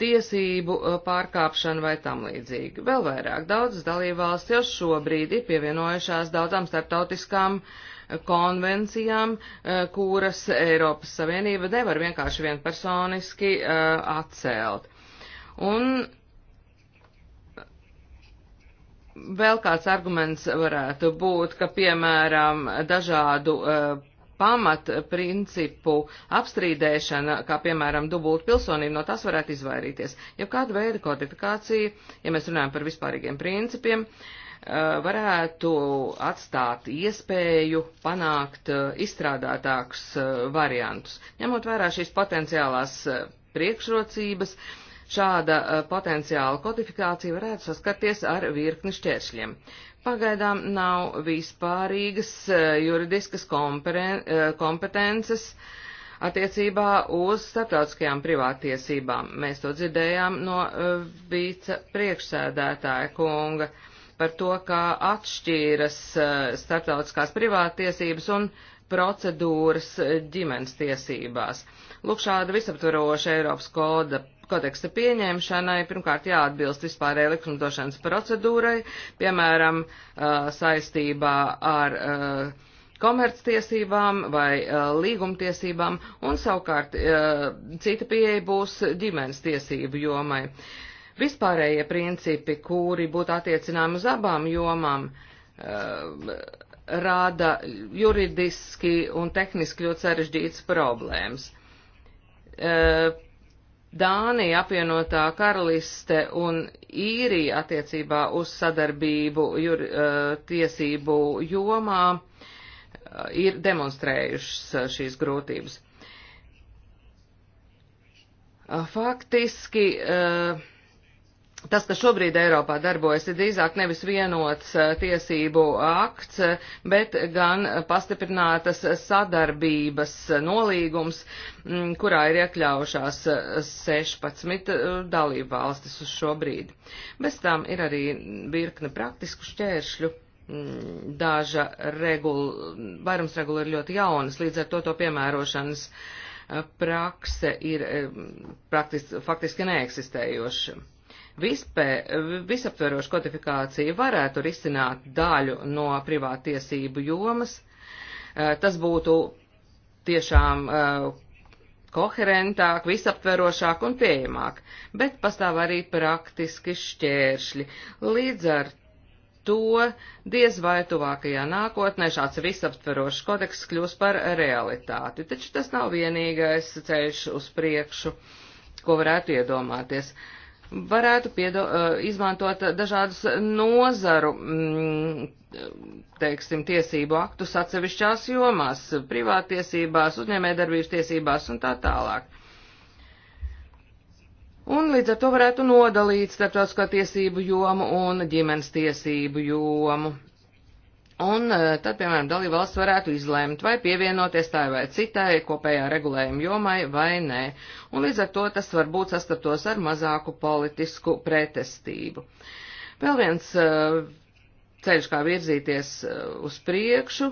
tiesību eh, pārkāpšanu vai tam līdzīgi. Vēl vairāk daudzas dalībvalstis jau šobrīd ir pievienojušās daudzām starptautiskām uh, konvencijām, eh, kuras Eiropas Savienība nevar vienkārši vienpersoniski eh, atcelt. Un vēl kāds arguments varētu būt, ka, piemēram, dažādu uh, pamatprincipu apstrīdēšana, kā piemēram dubult pilsonību, no tas varētu izvairīties. Ja kāda veida kodifikācija, ja mēs runājam par vispārīgiem principiem, uh, Uh, varētu atstāt iespēju panākt uh, izstrādātākus uh, variantus. Ņemot vērā šīs potenciālās priekšrocības, šāda potenciāla kodifikācija varētu saskarties ar virkni šķēršļiem. Pagaidām nav vispārīgas juridiskas kompetences attiecībā uz starptautiskajām privātiesībām. Mēs to dzirdējām no vice priekšsēdētāja kunga. Uh, par to, kā atšķīras eh, starptautiskās privātiesības un procedūras eh, ģimenes tiesībās. Lūk, šāda visaptvaroša Eiropas koda kodeksta pieņemšanai pirmkārt jāatbilst vispārēji likumdošanas procedūrai, piemēram, eh, saistībā ar komerctiesībām vai līgumtiesībām, un savukārt cita pieeja būs ģimenes tiesību jomai vispārējie principi, kuri būtu attiecināmi uz abām jomām, eh, rāda juridiski un tehniski ļoti sarežģītas problēmas. Eh, Dānija, apvienotā karaliste un īrija attiecībā uz sadarbību jur, eh, tiesību jomā ir demonstrējušas šīs grūtības. Faktiski uh, tas, kas šobrīd Eiropā darbojas, ir drīzāk nevis vienots eh, tiesību akts, bet gan pastiprinātas sadarbības nolīgums, mm, kurā ir iekļaušās 16 eh, eh, dalību valstis uz šo brīdi. Bez tam ir arī virkne praktisku šķēršļu. Mm, daža regula, vairums regula ir ļoti jaunas, līdz ar to to piemērošanas prakse ir praktis, faktiski neeksistējoša. Vispē, visaptveroša kodifikācija varētu risināt daļu no privātiesību jomas. Eh, tas būtu tiešām eh, koherentāk, visaptverošāk un pieejamāk, bet pastāv arī praktiski šķēršļi. Līdz ar to diez vai tuvākajā nākotnē šāds visaptverošs kodeks kļūs par realitāti. Taču tas nav vienīgais ceļš uz priekšu, ko varētu iedomāties. Uh, varētu piedo, uh, izmantot dažādus nozaru, mm, teiksim, tiesību aktus atsevišķās jomās, privātiesībās, uzņēmējdarbības tiesībās un tā tālāk. Un līdz ar to varētu nodalīt starptautiskā tiesību jomu un ģimenes tiesību jomu. Un eh, tad, piemēram, dalībvalsts varētu izlēmt, vai pievienoties tai vai citai kopējā regulējuma jomai vai nē. Un līdz ar to tas varbūt sastaptos ar mazāku politisku pretestību. Vēl viens eh, ceļš, kā virzīties eh, uz priekšu,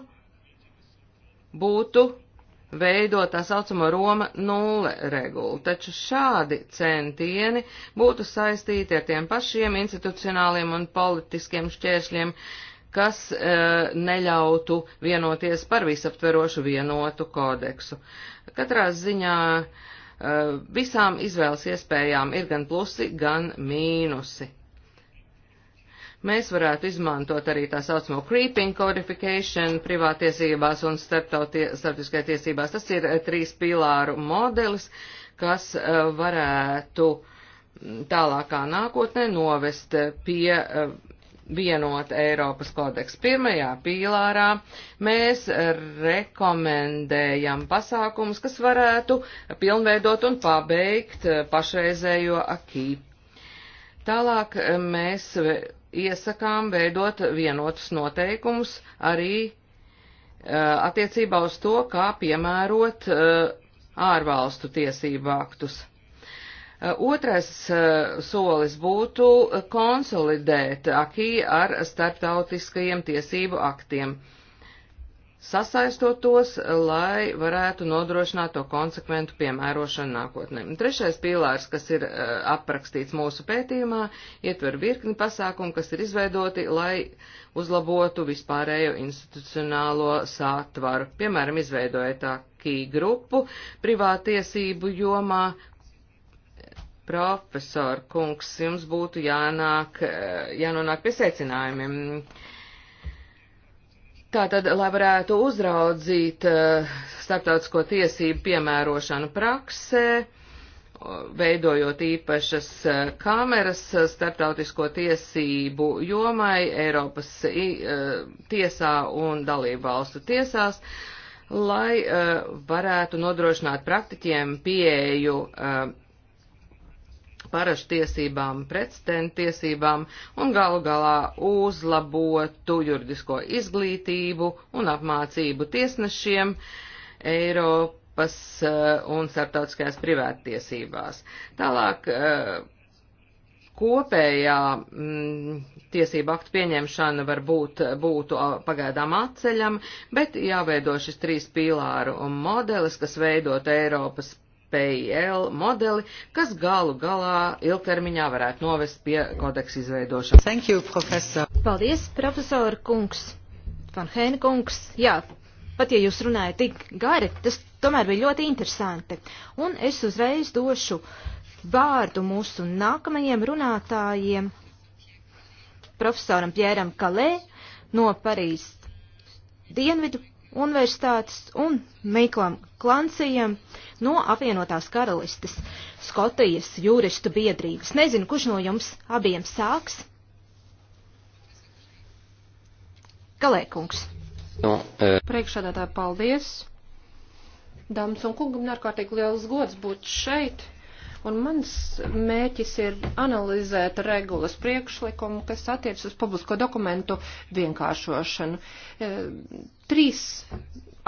būtu veidot tā saucamo Roma nulle regulu, taču šādi centieni būtu saistīti ar tiem pašiem institucionāliem un politiskiem šķēršļiem, kas e, neļautu vienoties par visaptverošu vienotu kodeksu. Katrā ziņā e, visām izvēles iespējām ir gan plusi, gan mīnusi. Mēs varētu izmantot arī tā saucamo creeping codification privātiesībās un starptautiskajā tiesībās. Tas ir e, trīs pīlāru modelis, kas e, varētu tālākā nākotnē novest pie e, vienota Eiropas kodeksa pirmajā pīlārā mēs rekomendējam pasākumus, kas varētu pilnveidot un pabeigt pašreizējo akī. Tālāk mēs iesakām veidot vienotus noteikumus arī attiecībā uz to, kā piemērot ārvalstu tiesību aktus. Eh, otrais eh, solis būtu konsolidēt akī ar starptautiskajiem tiesību aktiem, sasaistot tos, lai varētu nodrošināt to konsekventu piemērošanu nākotnē. Trešais pīlārs, kas ir eh, aprakstīts mūsu pētījumā, ietver virkni pasākumu, kas ir izveidoti, lai uzlabotu vispārējo institucionālo sātvaru, piemēram, izveidojot akī grupu privātiesību jomā, Profesor kungs, jums būtu jānāk, eh, jānonāk pie secinājumiem. Tātad, lai varētu uzraudzīt eh, starptautisko tiesību piemērošanu praksē, veidojot īpašas eh, kameras starptautisko tiesību jomai Eiropas tiesā un dalību valstu tiesās, lai varētu nodrošināt praktiķiem pieeju parašu tiesībām, precedentu tiesībām un galu galā uzlabotu juridisko izglītību un apmācību tiesnešiem Eiropas eh, un starptautiskajās privāttiesībās. Tālāk eh, kopējā mm, tiesību aktu pieņemšana var būt, būtu pagaidām atceļama, bet jāveido šis trīs pīlāru un modelis, kas veidot Eiropas PIL modeli, kas galu galā ilgtermiņā varētu novest pie kodeksa izveidošanas. Thank you, professor. Paldies, profesor kungs, Van Heine kungs. Jā, pat ja jūs runājat tik gari, tas tomēr bija ļoti interesanti. Un es uzreiz došu vārdu mūsu nākamajiem runātājiem, profesoram Pjēram Kalē no Parīzes dienvidu universitātes un Miklam Klansijam no apvienotās karalistes Skotijas juristu biedrības. Nezinu, kurš no jums abiem sāks. Kalēkungs. No, e... Eh, Priekšādātāji, paldies. Dāmas un kungam, ārkārtīgi liels gods būt šeit. Un mans mēķis ir analizēt regulas priekšlikumu, kas attiec uz publisko dokumentu vienkāršošanu. Eh, Trīs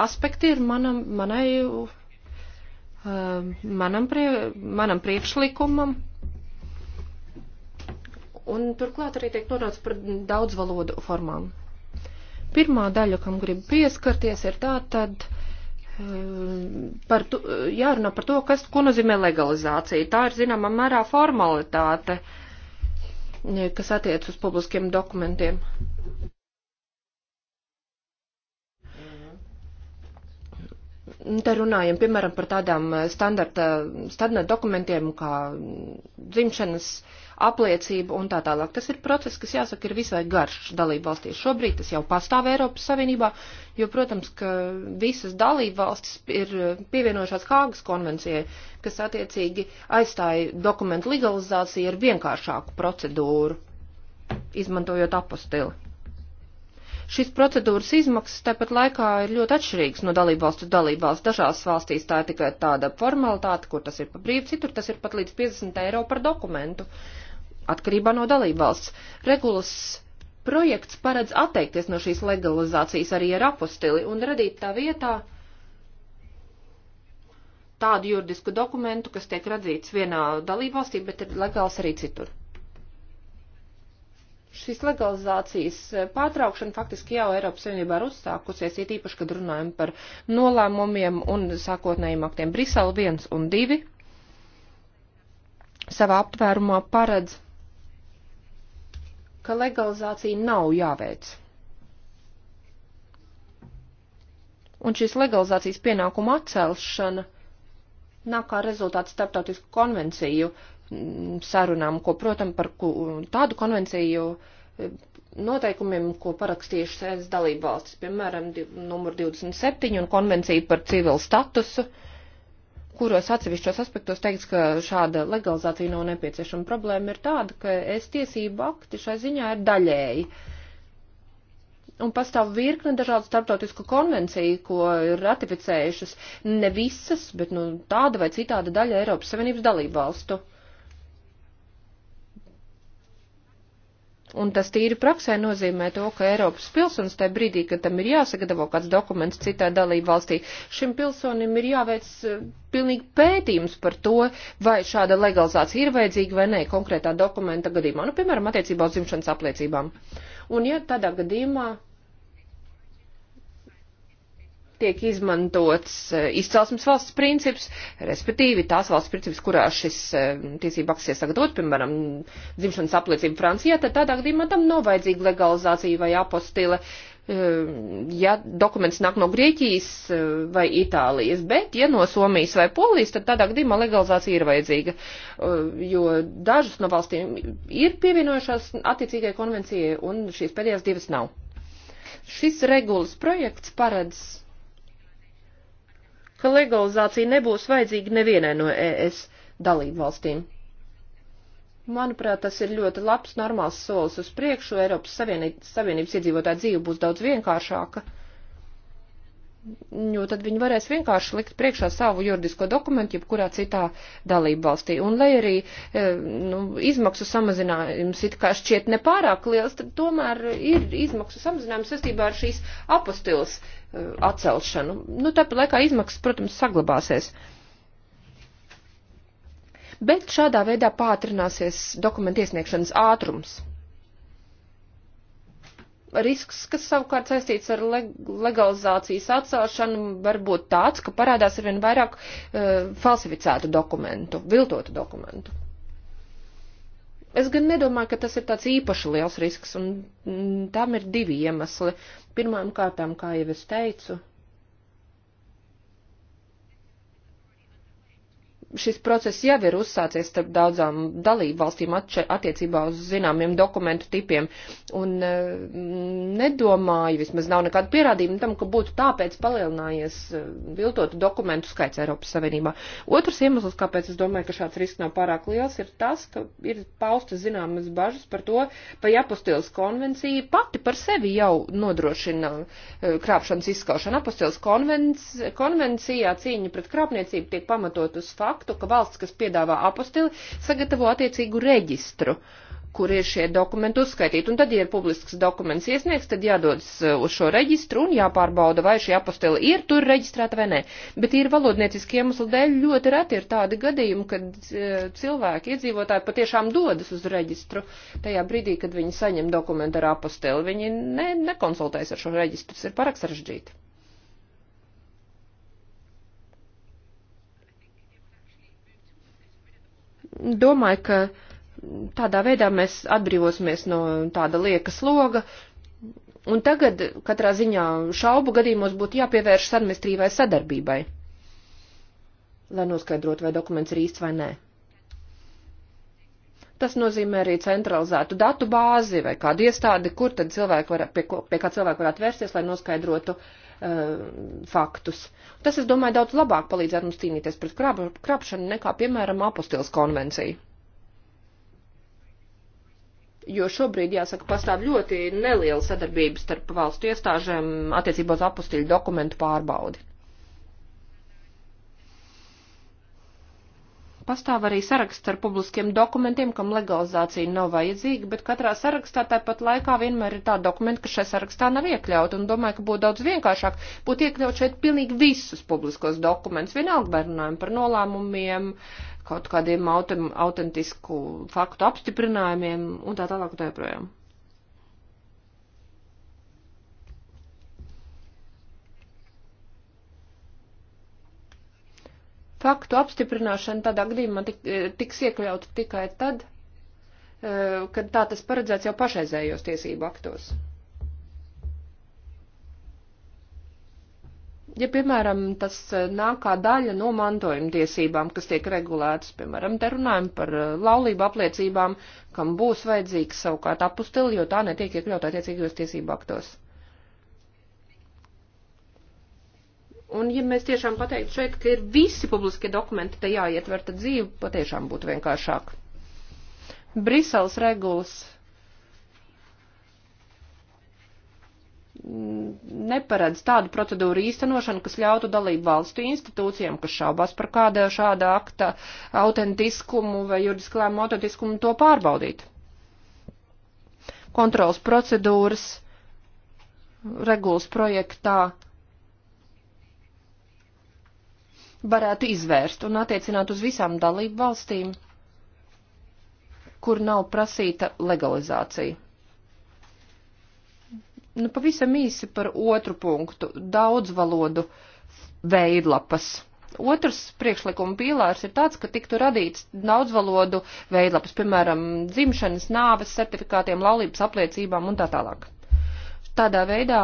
aspekti ir manam, manai, eh, manam, prie, manam priekšlikumam. Un turklāt arī tiek norāds par daudz valodu formām. Pirmā daļa, kam gribu pieskarties, ir tā tad eh, par to, jārunā par to, kas, ko nozīmē legalizācija. Tā ir, zināmā mērā, formalitāte, eh, kas attiec uz publiskiem dokumentiem. Te runājam, piemēram, par tādām eh, standarta, standarta dokumentiem kā dzimšanas apliecība un tā tālāk. Tas ir process, kas jāsaka ir visai garš dalību valstīs. Šobrīd tas jau pastāv Eiropas Savienībā, jo, protams, ka visas dalību valstis ir eh, pievienojušās Hāgas konvencijai, kas attiecīgi aizstāja dokumentu legalizāciju ar vienkāršāku procedūru, izmantojot apostili. Šīs procedūras izmaksas tāpat laikā ir ļoti atšķirīgas no dalībvalstu dalībvalsts. Dažās valstīs tā ir tikai tāda formalitāte, kur tas ir pa brīvu, citur tas ir pat līdz 50 eiro par dokumentu, atkarībā no dalībvalsts. Regulas projekts paredz atteikties no šīs legalizācijas arī ar apostili un radīt tā vietā tādu juridisku dokumentu, kas tiek radzīts vienā dalībvalstī, bet ir legāls arī citur šīs legalizācijas eh, pārtraukšana faktiski jau Eiropas Savienībā ir uzsākusies, ir īpaši, kad runājam par nolēmumiem un sākotnējiem aktiem. Brisele 1 un 2 savā aptvērumā paredz, ka legalizācija nav jāveic. Un šīs legalizācijas pienākuma atcelšana nāk kā rezultāts starptautisku konvenciju uh, sarunām, ko, protams, par tādu konvenciju e, noteikumiem, ko parakstījušas ES dalību valstis, piemēram, numur 27 un konvenciju par civilu statusu, kuros atsevišķos aspektos teikts, ka šāda legalizācija nav nepieciešama. Problēma ir tāda, ka ES tiesība akti šai ziņā ir daļēji. Un pastāv virkne dažādu starptautisku konvenciju, ko ir ratificējušas ne visas, bet nu, tāda vai citāda daļa Eiropas Savienības dalību valstu. Uh, Un tas tīri praksē nozīmē to, ka Eiropas pilsonis tajā brīdī, kad tam ir jāsagatavo kāds dokuments citā dalība valstī, šim pilsonim ir jāveic eh, pilnīgi pētījums par to, vai šāda legalizācija ir vajadzīga vai nē konkrētā dokumenta gadījumā, nu, piemēram, attiecībā uz dzimšanas apliecībām. Un ja tādā gadījumā tiek izmantots eh, izcelsmes valsts princips, respektīvi tās valsts princips, kurā šis eh, tiesība akts ir sagatavot, piemēram, dzimšanas apliecība Francijā, tad tādā gadījumā tam nav vajadzīga legalizācija vai apostila, eh, ja dokuments nāk no Grieķijas vai Itālijas, bet, ja no Somijas vai Polijas, tad tādā gadījumā legalizācija ir vajadzīga, jo dažas no valstīm ir pievienojušās attiecīgai konvencijai un šīs pēdējās divas nav. Šis regulas projekts paredz ka legalizācija nebūs vajadzīga nevienai no ES dalību valstīm. Manuprāt, tas ir ļoti labs, normāls solis uz priekšu. Eiropas Savienības, Savienības iedzīvotāja dzīve būs daudz vienkāršāka jo tad viņi varēs vienkārši likt priekšā savu juridisko dokumentu jebkurā citā dalību valstī. Un lai arī e, nu, izmaksu samazinājums it kā šķiet nepārāk liels, tad tomēr ir izmaksu samazinājums saistībā ar šīs apostils e, atcelšanu. Nu, tāpat laikā izmaksas, protams, saglabāsies. Bet šādā veidā pātrināsies dokumentu iesniegšanas ātrums risks, kas savukārt saistīts ar legalizācijas atcelšanu, var būt tāds, ka parādās arvien vairāk uh, falsificētu dokumentu, viltotu dokumentu. Es gan nedomāju, ka tas ir tāds īpaši liels risks, un mm, tam ir divi iemesli. Pirmām kārtām, kā jau es teicu, šis process jau ir uzsācies starp daudzām dalību valstīm attiecībā uz zināmiem dokumentu tipiem, un eh, nedomāju, vismaz nav nekāda pierādījuma tam, ka būtu tāpēc palielinājies eh, viltotu dokumentu skaits Eiropas Savienībā. Otrs iemesls, kāpēc es domāju, ka šāds risks nav pārāk liels, ir tas, ka ir paustas zināmas bažas par to, ka apostils konvencija pati par sevi jau nodrošina eh, krāpšanas izskaušanu. Apostils konvencijā cīņa pret krāpniecību tiek pamatot uz faktu faktu, ka valsts, kas piedāvā apostili, sagatavo attiecīgu reģistru kur ir šie dokumenti uzskaitīti. Un tad, ja ir publisks dokuments iesniegts, tad jādodas uh, uz šo reģistru un jāpārbauda, vai šī apostila ir tur reģistrēta vai nē. Bet ir valodnieciski iemesli dēļ ļoti reti ir tādi gadījumi, kad uh, cilvēki, iedzīvotāji patiešām dodas uz reģistru tajā brīdī, kad viņi saņem dokumentu ar apostili. Viņi ne, nekonsultējas ar šo reģistru, tas ir paraksaržģīti. domāju, ka tādā veidā mēs atbrīvosimies no tāda lieka sloga. Un tagad katrā ziņā šaubu gadījumos būtu jāpievēršas administrīvai sadarbībai, lai noskaidrotu, vai dokuments ir īsts vai nē. Tas nozīmē arī centralizētu datu bāzi vai kādu iestādi, kur tad cilvēki var, pie, ko, pie kā cilvēki varētu vērsties, lai noskaidrotu uh, Eh, faktus. Tas, es domāju, daudz labāk palīdzētu mums cīnīties pret krāp, krāpšanu nekā, piemēram, apostils konvencija. Jo šobrīd, jāsaka, pastāv ļoti neliela sadarbība starp valstu iestāžēm attiecībā uz apostīļu dokumentu pārbaudi. pastāv arī saraksts ar publiskiem dokumentiem, kam legalizācija nav vajadzīga, bet katrā sarakstā tāpat laikā vienmēr ir tā dokumenta, ka šai sarakstā nav iekļaut, un domāju, ka būtu daudz vienkāršāk būtu iekļaut šeit pilnīgi visus publiskos dokumentus, vienalga bērnājumi par nolēmumiem, kaut kādiem autentisku faktu apstiprinājumiem un tā tālāk un tā joprojām. Faktu apstiprināšana tādā gadījumā tik, eh, tiks iekļauta tikai tad, eh, kad tā tas paredzēts jau pašreizējos tiesību aktos. Ja, piemēram, tas eh, nāk kā daļa no mantojuma tiesībām, kas tiek regulētas, piemēram, te runājam par laulību apliecībām, kam būs vajadzīgs savukārt apustili, jo tā netiek iekļautā tiecīgajos tiesību aktos. Un ja mēs tiešām pateiktu šeit, ka ir visi publiskie dokumenti te jāietver, tad dzīve patiešām būtu vienkāršāk. Briseles regulas neparedz tādu procedūru īstenošanu, kas ļautu dalību valstu institūcijām, kas šaubās par kādu šāda akta autentiskumu vai juridisku lēmumu autentiskumu, to pārbaudīt. Kontrolas procedūras regulas projektā varētu izvērst un attiecināt uz visām dalību valstīm, kur nav prasīta legalizācija. Nu, pavisam īsi par otru punktu - daudzvalodu veidlapas. Otrs priekšlikuma pīlārs ir tāds, ka tiktu radīts daudzvalodu veidlapas, piemēram, dzimšanas, nāves certifikātiem, laulības apliecībām un tā tālāk. Tādā veidā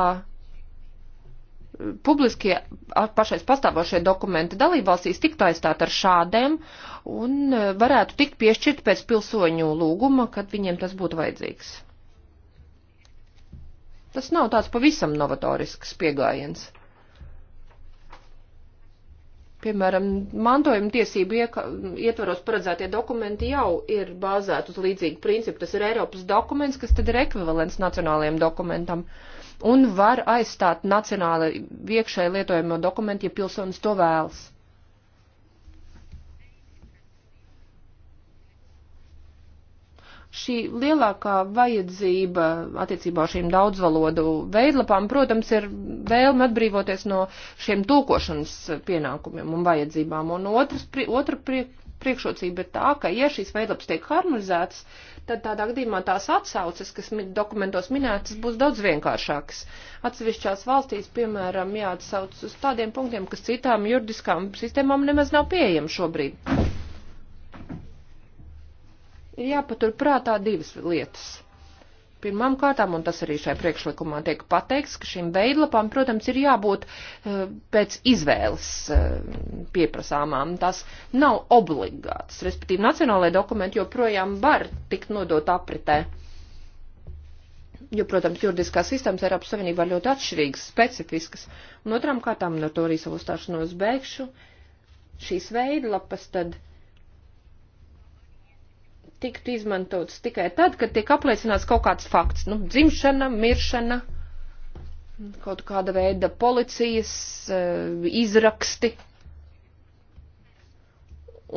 publiskie pašais pastāvošie dokumenti dalībvalstīs tiktu aizstāt ar šādiem un e, varētu tikt piešķirt pēc pilsoņu lūguma, kad viņiem tas būtu vajadzīgs. Tas nav tāds pavisam novatorisks piegājiens. Piemēram, mantojuma tiesību ietvaros paredzētie dokumenti jau ir bāzēti uz līdzīgu principu. Tas ir Eiropas dokuments, kas tad ir ekvivalents nacionālajiem dokumentam. Uh, un var aizstāt nacionāli iekšēji lietojamo dokumentu, ja pilsonis to vēlas. Šī lielākā vajadzība attiecībā uz šīm daudzvalodu veidlapām, protams, ir vēlme atbrīvoties no šiem tūkošanas pienākumiem un vajadzībām. Un otrs, pri, otra priekšlikuma priekšrocība ir tā, ka, ja šīs veidlaps tiek harmonizētas, tad tādā gadījumā tās atsauces, kas dokumentos minētas, būs daudz vienkāršākas. Atsevišķās valstīs, piemēram, jāatsauc uz tādiem punktiem, kas citām juridiskām sistēmām nemaz nav pieejami šobrīd. Ir jāpatur prātā divas lietas. Pirmām kārtām, un tas arī šai priekšlikumā tiek pateikts, ka šīm veidlapām, protams, ir jābūt eh, pēc izvēles eh, pieprasāmām. Tas nav obligāts, respektīvi nacionālajie dokumenti joprojām var tikt nodot apritē. Jo, protams, juridiskās sistēmas Eiropas Savienībā ir ļoti atšķirīgas, specifiskas. Un otrām kārtām, un ar to arī savu stāšanos beigšu, šīs veidlapas tad tiktu izmantots tikai tad, kad tiek apliecināts kaut kāds fakts, nu, dzimšana, miršana, kaut kāda veida policijas eh, izraksti.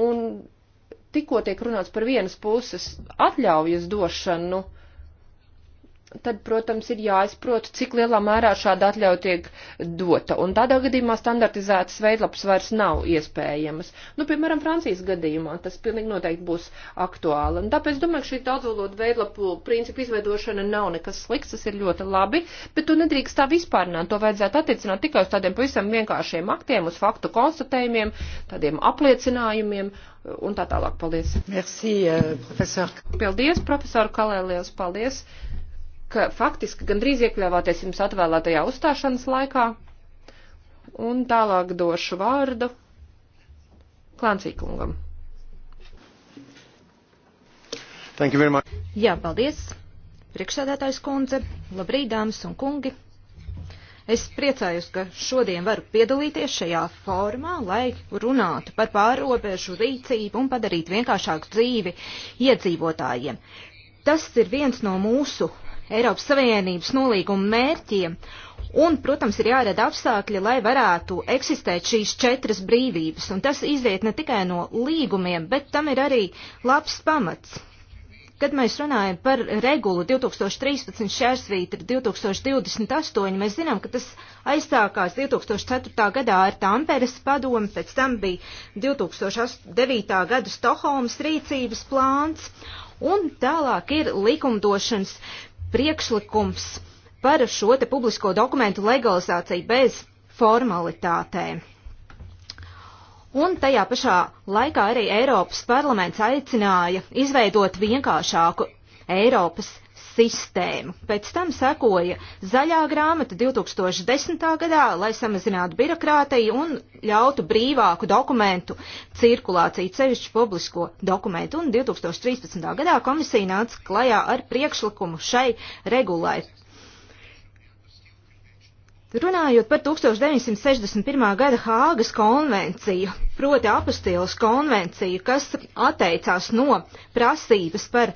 Un tikko tiek runāts par vienas puses atļaujas došanu, nu, tad, protams, ir jāizprot, cik lielā mērā šāda atļauja tiek dota. Un tādā gadījumā standartizētas veidlapas vairs nav iespējamas. Nu, piemēram, Francijas gadījumā tas pilnīgi noteikti būs aktuāli. Un tāpēc domāju, ka šī daudzvalodu veidlapu principu izveidošana nav nekas slikts, tas ir ļoti labi, bet to nedrīkst tā vispārināt. To vajadzētu attiecināt tikai uz tādiem pavisam vienkāršiem aktiem, uz faktu konstatējumiem, tādiem apliecinājumiem un tā tālāk. Paldies! Merci, euh, profesor. Paldies, profesor Kalēlijas, paldies! ka faktiski gandrīz iekļāvāties jums atvēlētajā uzstāšanas laikā. Un tālāk došu vārdu Klancīkungam. Jā, paldies. Priekšsēdētājs kundze, labrīt, dāmas un kungi. Es priecājos, ka šodien varu piedalīties šajā formā, lai runātu par pārobežu rīcību un padarītu vienkāršāku dzīvi iedzīvotājiem. Tas ir viens no mūsu Eiropas Savienības nolīguma mērķiem. Un, protams, ir jārada apstākļi, lai varētu eksistēt šīs četras brīvības, un tas izriet ne tikai no līgumiem, bet tam ir arī labs pamats. Kad mēs runājam par regulu 2013 šērsvītra 2028, mēs zinām, ka tas aizsākās 2004. gadā ar Tamperes padomu, pēc tam bija 2009. gada Stokholmas rīcības plāns, un tālāk ir likumdošanas priekšlikums par šo te publisko dokumentu legalizāciju bez formalitātēm. Un tajā pašā laikā arī Eiropas parlaments aicināja izveidot vienkāršāku Eiropas sistēmu. Pēc tam sekoja zaļā grāmata 2010. gadā, lai samazinātu birokrātiju un ļautu brīvāku dokumentu cirkulāciju, cevišķu publisko dokumentu. Un 2013. gadā komisija nāca klajā ar priekšlikumu šai regulai. Runājot par 1961. gada Hāgas konvenciju, proti apostīlas konvenciju, kas atteicās no prasības par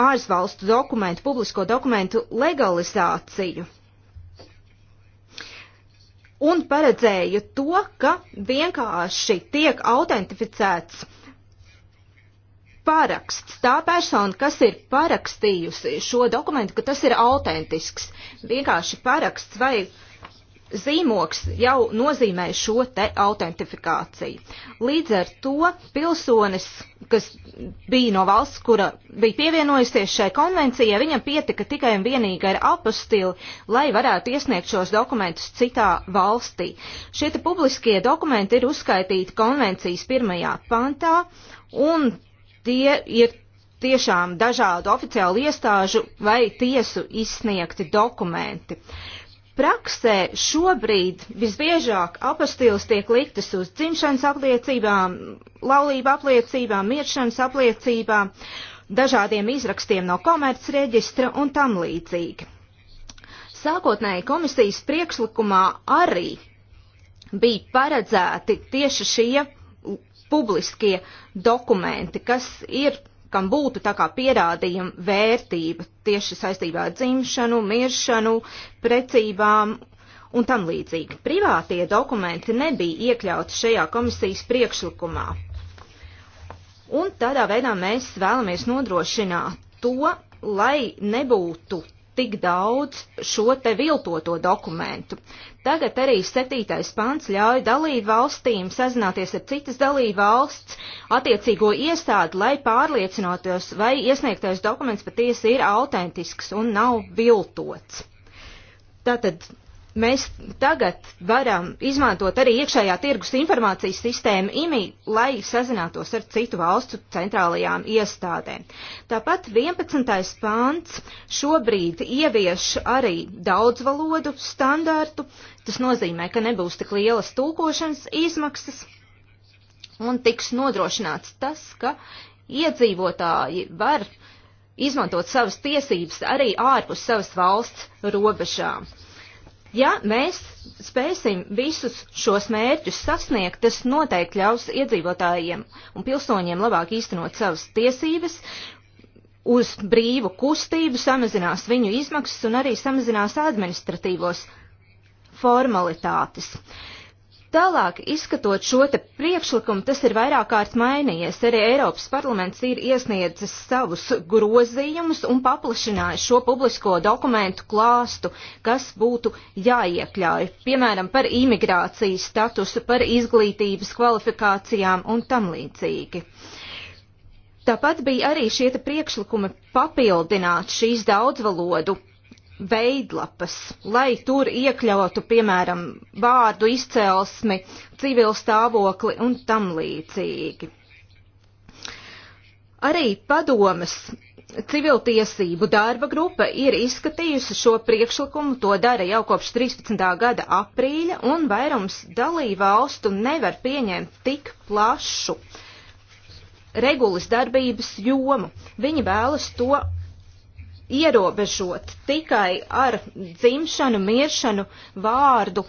ārzvalstu dokumentu, publisko dokumentu legalizāciju. Un paredzēja to, ka vienkārši tiek autentificēts paraksts, tā persona, kas ir parakstījusi šo dokumentu, ka tas ir autentisks. Vienkārši paraksts vai zīmoks jau nozīmē šo te autentifikāciju. Līdz ar to pilsonis kas bija no valsts, kura bija pievienojusies šai konvencijai, viņam pietika tikai un vienīgi ar apostili, lai varētu iesniegt šos dokumentus citā valstī. Šie te publiskie dokumenti ir uzskaitīti konvencijas pirmajā pantā, un tie ir tiešām dažādu oficiālu iestāžu vai tiesu izsniegti dokumenti. Uh, Praksē šobrīd visbiežāk apastīles tiek liktas uz dzimšanas apliecībām, laulību apliecībām, miršanas apliecībām, dažādiem izrakstiem no komerc reģistra un tam līdzīgi. Sākotnēji komisijas priekšlikumā arī bija paredzēti tieši šie publiskie dokumenti, kas ir kam būtu tā kā pierādījuma vērtība tieši saistībā ar dzimšanu, miršanu, precībām un tam līdzīgi. Privātie dokumenti nebija iekļauti šajā komisijas priekšlikumā. Un tādā veidā mēs vēlamies nodrošināt to, lai nebūtu tik daudz šo te viltoto dokumentu. Tagad arī septītais pants ļauj dalību valstīm sazināties ar citas dalību valsts attiecīgo iestādi, lai pārliecinotos, vai iesniegtais dokuments patiesi ir autentisks un nav viltots. Tātad mēs tagad varam izmantot arī iekšējā tirgus informācijas sistēmu IMI, lai sazinātos ar citu valstu centrālajām iestādēm. Tāpat 11. pāns šobrīd ievieš arī daudzvalodu standārtu, Tas nozīmē, ka nebūs tik lielas tulkošanas izmaksas un tiks nodrošināts tas, ka iedzīvotāji var izmantot savas tiesības arī ārpus savas valsts robežām. Ja mēs spēsim visus šos mērķus sasniegt, tas noteikti ļaus iedzīvotājiem un pilsoņiem labāk īstenot savas tiesības uz brīvu kustību, samazinās viņu izmaksas un arī samazinās administratīvos formalitātes. Tālāk, izskatot šo te priekšlikumu, tas ir vairāk kārt mainījies. Arī Eiropas parlaments ir iesniedzis savus grozījumus un paplašinājis šo publisko dokumentu klāstu, kas būtu jāiekļauj, piemēram, par imigrācijas statusu, par izglītības kvalifikācijām un tam līdzīgi. Tāpat bija arī šie priekšlikumi papildināt šīs daudzvalodu veidlapas, lai tur iekļautu, piemēram, vārdu izcelsmi, civil stāvokli un tam līdzīgi. Arī padomas civiltiesību darba grupa ir izskatījusi šo priekšlikumu, to dara jau kopš 13. gada aprīļa, un vairums dalībvalstu nevar pieņemt tik plašu regulas darbības jomu. Viņi vēlas to ierobežot tikai ar dzimšanu, miršanu, vārdu,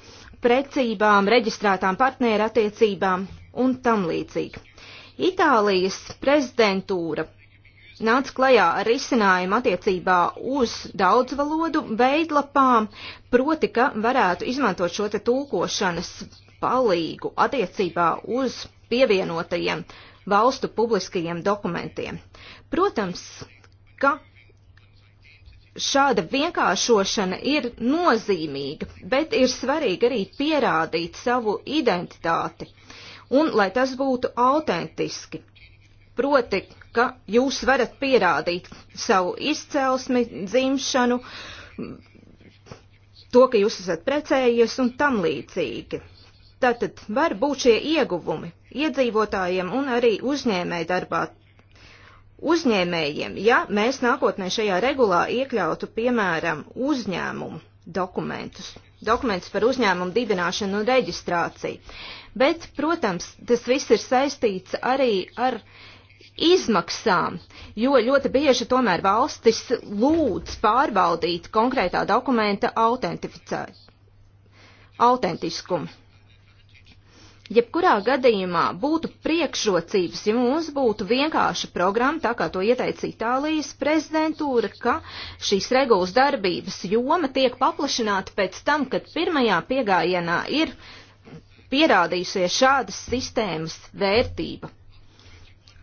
precībām, reģistrētām partneru attiecībām un tam līdzīgi. Itālijas prezidentūra nāca klajā ar risinājumu attiecībā uz daudzvalodu veidlapām, proti, ka varētu izmantot šo te tūkošanas palīgu attiecībā uz pievienotajiem valstu publiskajiem dokumentiem. Protams, ka Šāda vienkāršošana ir nozīmīga, bet ir svarīgi arī pierādīt savu identitāti un lai tas būtu autentiski. Proti, ka jūs varat pierādīt savu izcelsmi, dzimšanu, to, ka jūs esat precējies un tam līdzīgi. Tātad var būt šie ieguvumi iedzīvotājiem un arī uzņēmē darbā uzņēmējiem, ja mēs nākotnē šajā regulā iekļautu, piemēram, uzņēmumu dokumentus, dokumentus par uzņēmumu dibināšanu un reģistrāciju. Bet, protams, tas viss ir saistīts arī ar izmaksām, jo ļoti bieži tomēr valstis lūdz pārbaudīt konkrētā dokumenta autentiskumu. Jebkurā gadījumā būtu priekšrocības, ja mums būtu vienkārša programma, tā kā to ieteica Itālijas prezidentūra, ka šīs regulas darbības joma tiek paplašināta pēc tam, kad pirmajā piegājienā ir pierādījusies šādas sistēmas vērtība.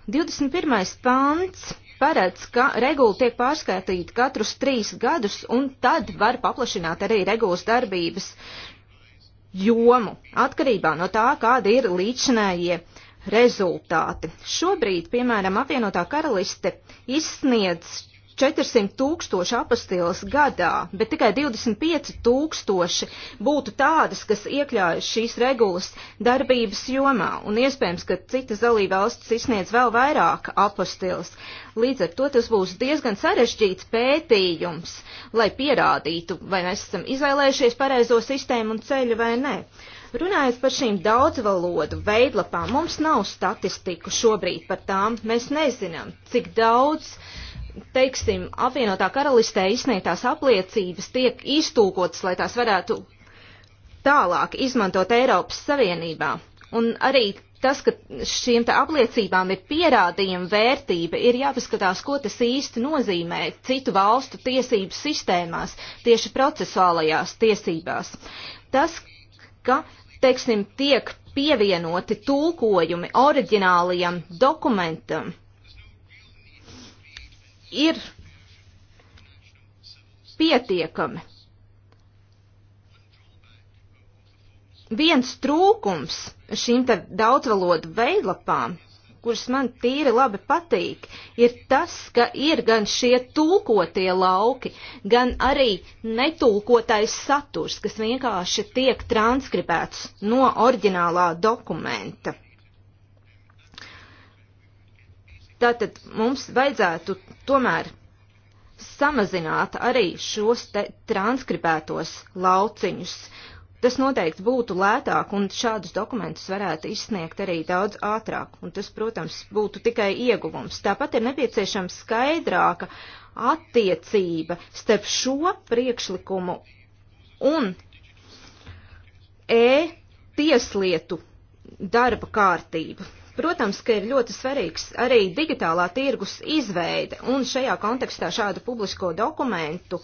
21. pants paredz, ka regula tiek pārskaitīta katrus trīs gadus, un tad var paplašināt arī regulas darbības jomu, atkarībā no tā, kāda ir līdzinējie rezultāti. Šobrīd, piemēram, apvienotā karaliste izsniedz 400 tūkstoši apastīles gadā, bet tikai 25 tūkstoši būtu tādas, kas iekļaujas šīs regulas darbības jomā, un iespējams, ka citas dalībvalstis izsniedz vēl vairāk apastīles. Līdz ar to tas būs diezgan sarežģīts pētījums, lai pierādītu, vai mēs esam izvēlējušies pareizo sistēmu un ceļu vai nē. Runājot par šīm daudzvalodu veidlapām, mums nav statistiku šobrīd par tām. Mēs nezinām, cik daudz uh, teiksim, apvienotā karalistē izsniegtās apliecības tiek iztūkotas, lai tās varētu tālāk izmantot Eiropas Savienībā. Un arī tas, ka šiem te apliecībām ir pierādījuma vērtība, ir jāpaskatās, ko tas īsti nozīmē citu valstu tiesību sistēmās, tieši procesuālajās tiesībās. Tas, ka, teiksim, tiek pievienoti tulkojumi oriģinālajam dokumentam, ir pietiekami. Viens trūkums šīm te daudzvalodu veidlapām, kuras man tīri labi patīk, ir tas, ka ir gan šie tulkotie lauki, gan arī netulkotais saturs, kas vienkārši tiek transkribēts no oriģinālā dokumenta. Tātad mums vajadzētu tomēr samazināt arī šos transkribētos lauciņus. Tas noteikti būtu lētāk, un šādus dokumentus varētu izsniegt arī daudz ātrāk, un tas, protams, būtu tikai ieguvums. Tāpat ir nepieciešama skaidrāka attiecība starp šo priekšlikumu un e-tieslietu darba kārtību. Protams, ka ir ļoti svarīgs arī digitālā tirgus izveide, un šajā kontekstā šādu publisko dokumentu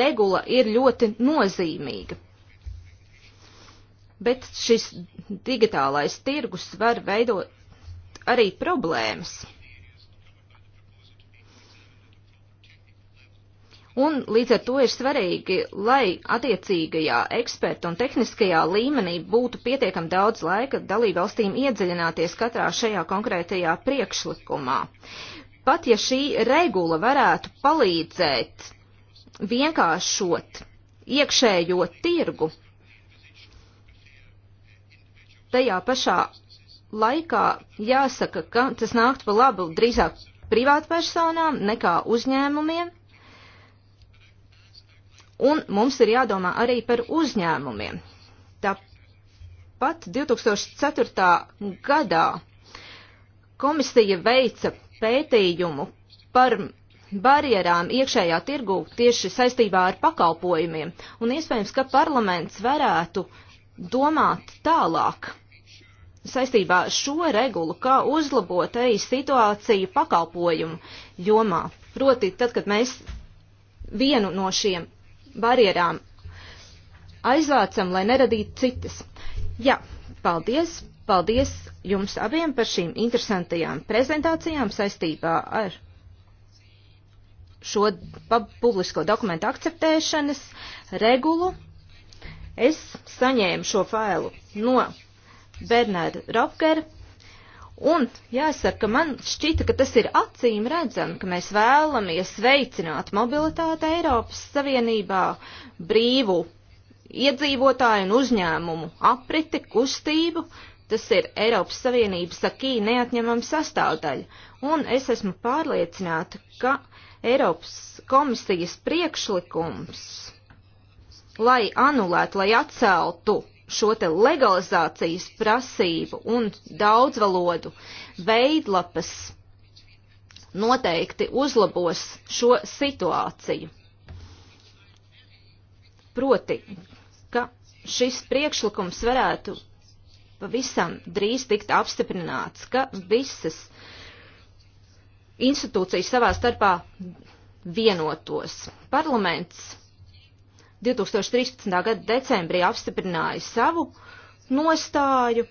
regula ir ļoti nozīmīga. Bet šis digitālais tirgus var veidot arī problēmas. Un līdz ar to ir svarīgi, lai attiecīgajā eksperta un tehniskajā līmenī būtu pietiekam daudz laika dalībvalstīm iedziļināties katrā šajā konkrētajā priekšlikumā. Pat ja šī regula varētu palīdzēt vienkāršot iekšējo tirgu, tajā pašā laikā jāsaka, ka tas nāktu pa labu drīzāk privātpersonām nekā uzņēmumiem un mums ir jādomā arī par uzņēmumiem. Tāpat 2004. gadā komisija veica pētījumu par barjerām iekšējā tirgu tieši saistībā ar pakalpojumiem, un iespējams, ka parlaments varētu domāt tālāk saistībā ar šo regulu, kā uzlabot arī situāciju pakalpojumu jomā. Proti, tad, kad mēs vienu no šiem barjerām aizvācam, lai neradītu citas. Jā, paldies, paldies jums abiem par šīm interesantajām prezentācijām saistībā ar šo publisko dokumentu akceptēšanas regulu. Es saņēmu šo failu no Bernarda Ropkera Un jāsaka, man šķita, ka tas ir acīm redzami, ka mēs vēlamies veicināt mobilitāti Eiropas Savienībā, brīvu iedzīvotāju un uzņēmumu apriti, kustību. Tas ir Eiropas Savienības akī neatņemama sastāvdaļa. Un es esmu pārliecināta, ka Eiropas komisijas priekšlikums, lai anulētu, lai atceltu šo te legalizācijas prasību un daudzvalodu veidlapas noteikti uzlabos šo situāciju. Proti, ka šis priekšlikums varētu pavisam drīz tikt apstiprināts, ka visas institūcijas savā starpā vienotos. Parlaments 2013. gada decembrī apstiprināja savu nostāju,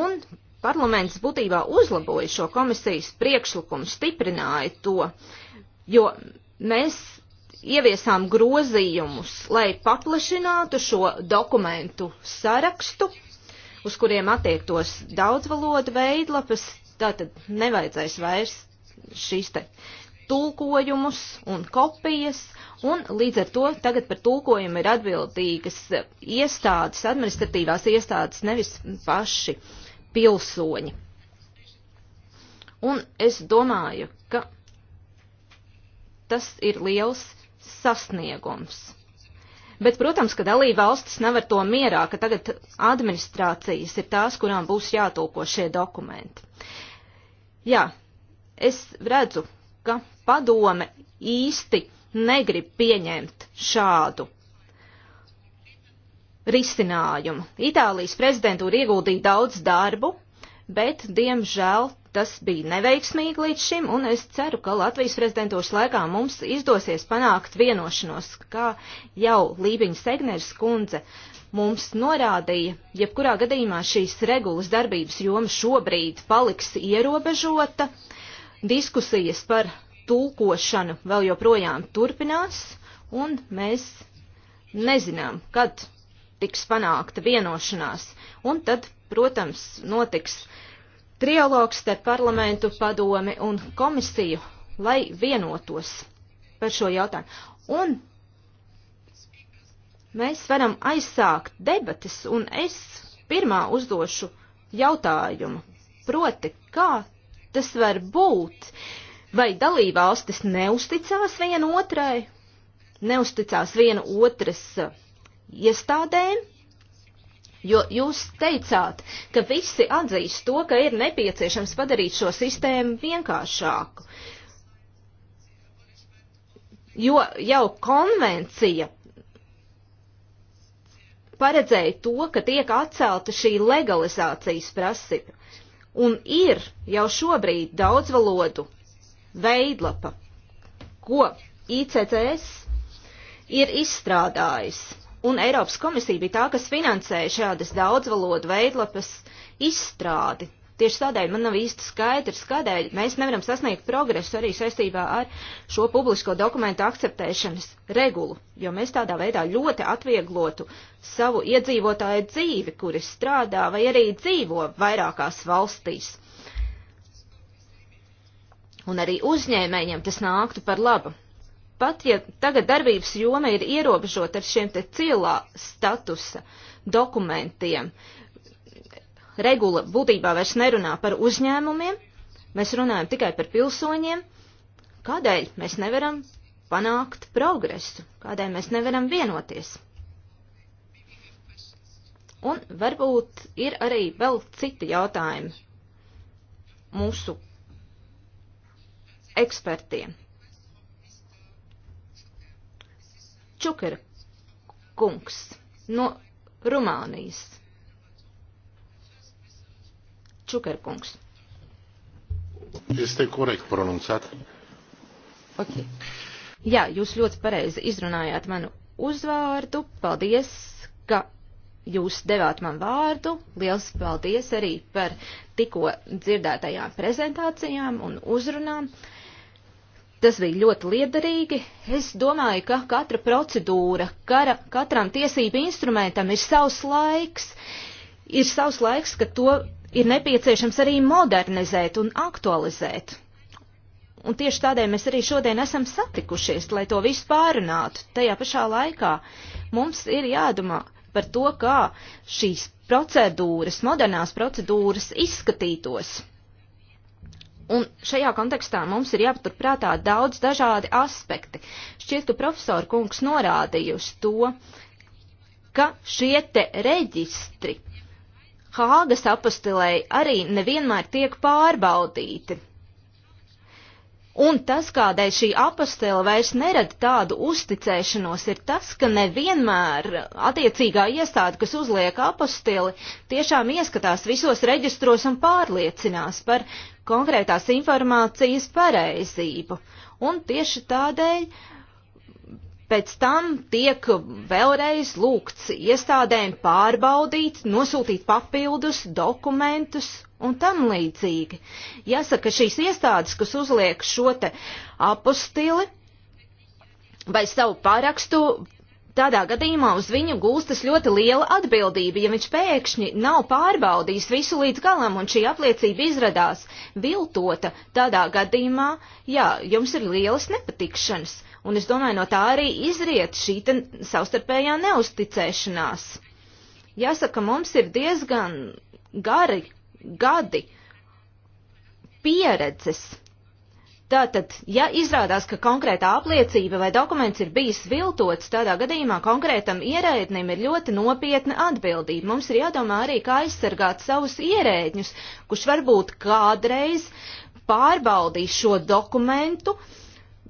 un parlaments būtībā uzlaboja šo komisijas priekšlikumu, stiprināja to, jo mēs ieviesām grozījumus, lai paplašinātu šo dokumentu sarakstu, uz kuriem attiektos daudzvalodu veidlapas, tātad nevajadzēs vairs šīs te uh, tulkojumus un kopijas, un līdz ar to tagad par tulkojumu ir atbildīgas iestādes, administratīvās iestādes, nevis paši pilsoņi. Un es domāju, ka tas ir liels sasniegums. Bet, protams, ka dalība valstis nevar to mierā, ka tagad administrācijas ir tās, kurām būs jātulko šie dokumenti. Jā, es redzu, ka padome īsti negrib pieņemt šādu risinājumu. Itālijas prezidentūra ieguldīja daudz darbu, bet, diemžēl, tas bija neveiksmīgi līdz šim, un es ceru, ka Latvijas prezidentūras laikā mums izdosies panākt vienošanos, kā jau Lībiņa Segners kundze mums norādīja, jebkurā gadījumā šīs regulas darbības joma šobrīd paliks ierobežota, uh, diskusijas par tulkošanu vēl joprojām turpinās, un mēs nezinām, kad tiks panākta vienošanās. Un tad, protams, notiks trialogs starp parlamentu, padomi un komisiju, lai vienotos par šo jautājumu. Un mēs varam aizsākt debatas, un es pirmā uzdošu jautājumu. Proti, kā tas var būt? Vai dalībvalstis neusticās viena otrai, neusticās viena otras uh, iestādēm? Jo jūs teicāt, ka visi atzīst to, ka ir nepieciešams padarīt šo sistēmu vienkāršāku. Jo jau konvencija paredzēja to, ka tiek atcelta šī legalizācijas prasība un ir jau šobrīd daudzvalodu veidlapa, ko ICCS ir izstrādājis. Un Eiropas komisija bija tā, kas finansēja šādas daudzvalodu veidlapas izstrādi. Tieši tādēļ man nav īsti skaidrs, kādēļ mēs nevaram sasniegt progresu arī saistībā ar šo publisko dokumentu akceptēšanas regulu, jo mēs tādā veidā ļoti atvieglotu savu iedzīvotāju dzīvi, kuri strādā vai arī dzīvo vairākās valstīs. Un arī uzņēmējiem tas nāktu par labu pat ja tagad darbības joma ir ierobežota ar šiem te cilā statusa dokumentiem, regula būtībā vairs nerunā par uzņēmumiem, mēs runājam tikai par pilsoņiem, kādēļ mēs nevaram panākt progresu, kādēļ mēs nevaram vienoties. Un varbūt ir arī vēl citi jautājumi mūsu ekspertiem. Čukera kungs no Rumānijas Čukarkungs. Este korekt pronunciat. Ok. Jā, jūs ļoti pareizi izrunājāt manu uzvārdu. Paldies, ka jūs devāt man vārdu. Liels paldies arī par tikko dzirdētajām prezentācijām un uzrunām. Tas bija ļoti liederīgi. Es domāju, ka katra procedūra, kara, katram tiesību instrumentam ir savs laiks. Ir savs laiks, ka to ir nepieciešams arī modernizēt un aktualizēt. Un tieši tādēļ mēs arī šodien esam satikušies, lai to visu pārunātu. Tajā pašā laikā mums ir jādomā par to, kā šīs procedūras, modernās procedūras izskatītos. Un šajā kontekstā mums ir jāpaturprātā daudz dažādi aspekti. Šķiet, ka profesora kungs norādījusi to, ka šie te reģistri Hāgas apostilēji arī nevienmēr tiek pārbaudīti. Un tas, kādēļ šī apostila vairs nerada tādu uzticēšanos, ir tas, ka nevienmēr attiecīgā iestāde, kas uzliek apostili, tiešām ieskatās visos reģistros un pārliecinās par konkrētās informācijas pareizību. Un tieši tādēļ uh, pēc tam tiek vēlreiz lūgts iestādēm pārbaudīt, nosūtīt papildus dokumentus un tam līdzīgi. Jāsaka, šīs iestādes, kas uzliek šo te apostili vai savu parakstu, tādā gadījumā uz viņu gulstas ļoti liela atbildība, ja viņš pēkšņi nav pārbaudījis visu līdz galam un šī apliecība izradās viltota, tādā gadījumā, jā, jums ir lielas nepatikšanas Un es domāju, no tā arī izriet šī savstarpējā neusticēšanās. Jāsaka, mums ir diezgan gari gadi pieredzes. Tātad, ja izrādās, ka konkrētā apliecība vai dokuments ir bijis viltots, tādā gadījumā konkrētam ierēdnim ir ļoti nopietna atbildība. Mums ir jādomā arī, kā aizsargāt savus ierēdņus, kurš varbūt kādreiz pārbaudīs šo dokumentu, uh,